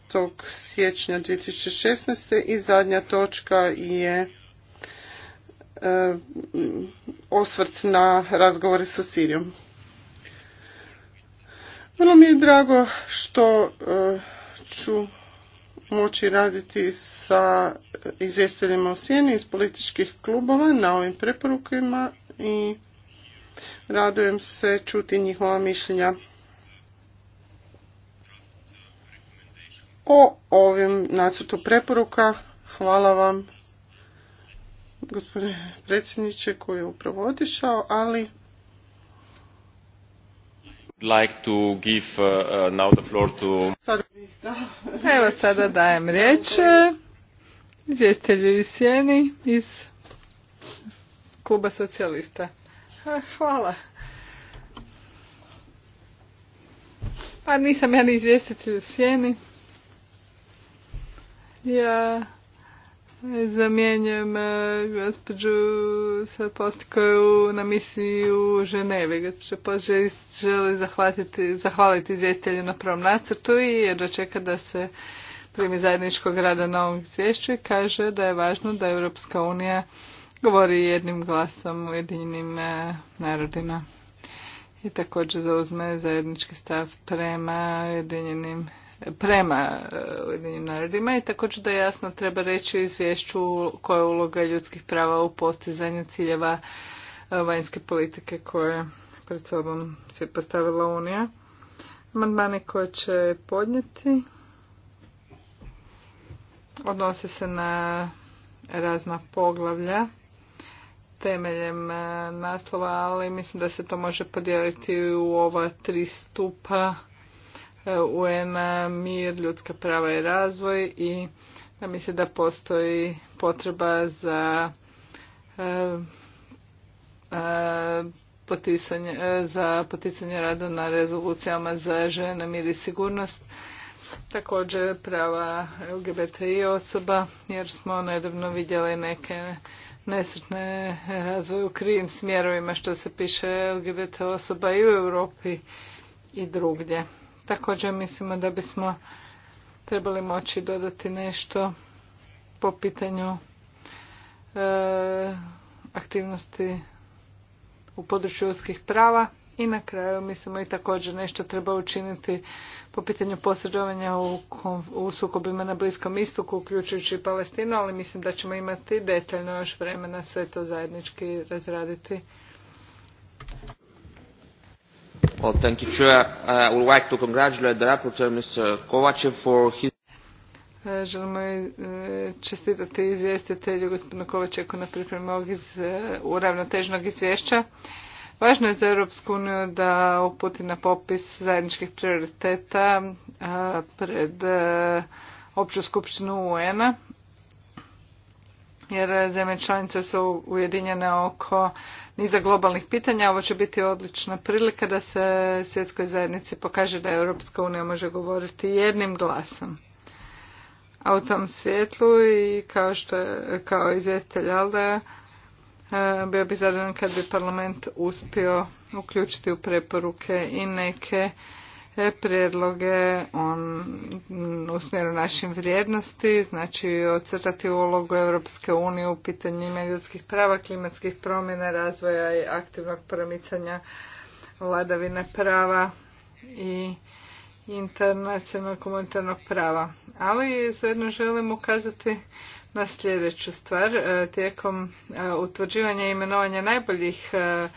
siječnja 2016. i zadnja točka je e, osvrt na razgovore sa Sirijom. Vrlo mi je drago što e, ću moći raditi sa izvjestiteljima u Sijeni iz političkih klubova na ovim preporukama i radujem se čuti njihova mišljenja. o ovim nacrtu preporuka. Hvala vam gospodine predsjedniče koji je upravo otišao, ali like to give uh, uh, now the floor to sada pa Evo sada dajem riječ izvjestitelju iz Sjeni iz kluba socijalista. Hvala. Pa nisam ja ni izvjestitelj u Sjeni. Ja zamjenjujem e, gospođu sa postikoju na misiji u Ženevi. Gospođa Pože želi zahvatiti, zahvaliti izvjestitelju na prvom nacrtu i je dočeka da se primi zajedničkog rada na ovom izvješću i kaže da je važno da Europska unija govori jednim glasom jedinim e, narodima i također zauzme zajednički stav prema ujedinjenim prema e, Ujedinim narodima i također da jasno treba reći u izvješću koja je uloga ljudskih prava u postizanju ciljeva e, vanjske politike koje pred sobom se postavila Unija. Amandmane koje će podnijeti odnose se na razna poglavlja temeljem e, naslova, ali mislim da se to može podijeliti u ova tri stupa E, un mir, ljudska prava i razvoj i da misli da postoji potreba za e, e, poticanje, za poticanje rada na rezolucijama za žene, mir i sigurnost. Također prava LGBTI osoba, jer smo nedavno vidjeli neke nesretne razvoje u krivim smjerovima što se piše LGBT osoba i u Europi i drugdje. Također mislimo da bismo trebali moći dodati nešto po pitanju e, aktivnosti u području ljudskih prava i na kraju mislimo i također nešto treba učiniti po pitanju posredovanja u, u sukobima na Bliskom istoku, uključujući i Palestinu, ali mislim da ćemo imati detaljno još vremena sve to zajednički razraditi. Well, thank uh, to congratulate the rapporteur, Mr. for his... E, Želimo e, čestitati izvjestitelju gospodinu Kovačeku na pripremi ovog iz, e, uravnotežnog izvješća. Važno je za Europsku uniju da uputi na popis zajedničkih prioriteta pred opću skupštinu un jer zemlje članice su ujedinjene oko niza globalnih pitanja. Ovo će biti odlična prilika da se svjetskoj zajednici pokaže da Europska unija može govoriti jednim glasom. A u tom svjetlu i kao, što kao izvjestitelj Alda e, bio bi zadan kad bi parlament uspio uključiti u preporuke i neke prijedloge on, mm, u smjeru našim vrijednosti, znači ocrtati ulogu Europske unije u pitanju ljudskih prava, klimatskih promjena, razvoja i aktivnog promicanja vladavine prava i internacionalnog komunitarnog prava. Ali zajedno želim ukazati na sljedeću stvar. E, tijekom e, utvrđivanja i imenovanja najboljih e,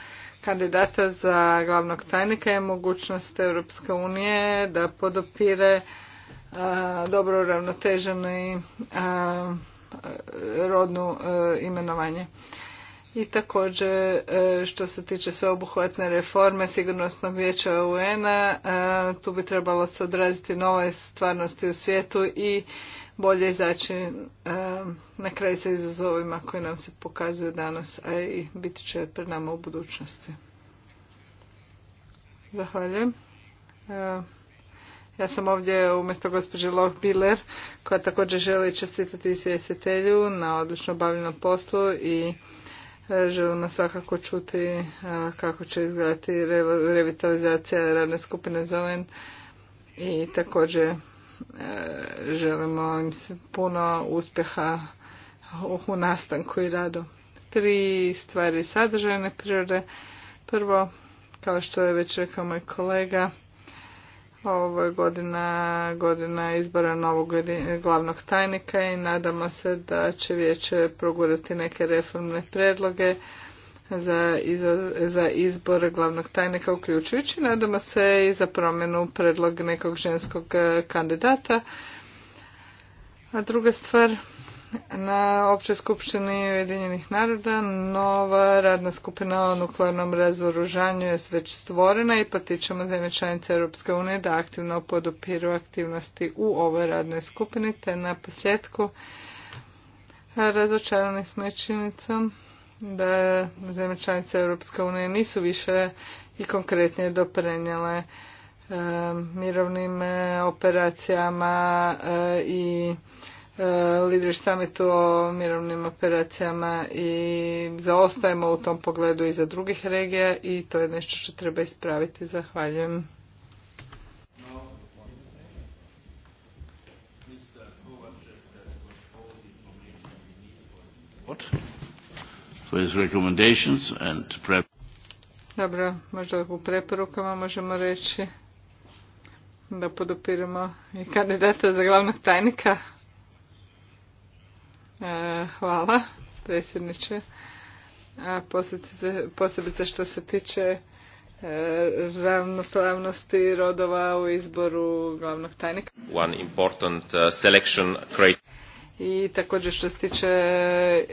kandidata za glavnog tajnika je mogućnost Europske unije da podopire dobro uravnoteženo rodno e, imenovanje. I također e, što se tiče sveobuhvatne reforme sigurnosnog vijeća UN-a, e, tu bi trebalo se odraziti nove stvarnosti u svijetu i bolje izaći e, na kraj sa izazovima koji nam se pokazuju danas, a i biti će pred nama u budućnosti. Zahvaljujem. E, ja sam ovdje umjesto gospođe Biller koja također želi čestitati izvjestitelju na odlično obavljenom poslu i e, želimo svakako čuti kako će izgledati revitalizacija radne skupine Zoven i također želimo im puno uspjeha u nastanku i radu. Tri stvari sadržajne prirode. Prvo, kao što je već rekao moj kolega, ovo je godina, godina izbora novog glavnog tajnika i nadamo se da će vijeće progurati neke reformne predloge za, za izbor glavnog tajnika uključujući nadamo se i za promjenu predlog nekog ženskog e, kandidata. A druga stvar, na Općoj skupštini Ujedinjenih naroda nova radna skupina o nuklearnom razoružanju je već stvorena i potičemo zemlje članice Europske unije da aktivno podupiru aktivnosti u ovoj radnoj skupini, te na posljedku razočarani smo da zemlje članice Europske unije nisu više i konkretnije doprenjele e, mirovnim e, operacijama e, i Leader Summitu o mirovnim operacijama i zaostajemo u tom pogledu i za drugih regija i to je nešto što treba ispraviti. Zahvaljujem his Dobro, možda u preporukama možemo reći da podupiramo i kandidata za glavnog tajnika. E, hvala, predsjedniče. A posebice, što se tiče E, ravnopravnosti rodova u izboru glavnog tajnika. One important uh, i također što se tiče e,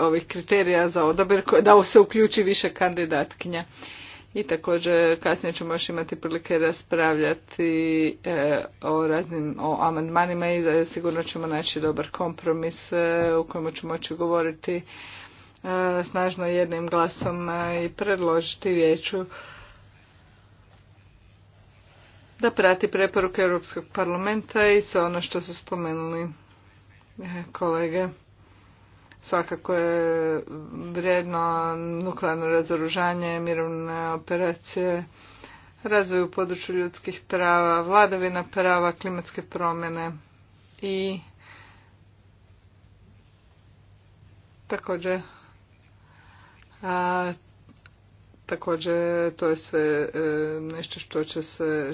ovih kriterija za odabir da se uključi više kandidatkinja. I također kasnije ćemo još imati prilike raspravljati e, o raznim o amandmanima i sigurno ćemo naći dobar kompromis e, u kojemu ćemo moći govoriti snažno jednim glasom i predložiti vijeću da prati preporuke Europskog parlamenta i sve ono što su spomenuli kolege. Svakako je vrijedno nuklearno razoružanje, mirovne operacije, razvoj u području ljudskih prava, vladavina prava, klimatske promjene i također a, također to je sve e, nešto što će se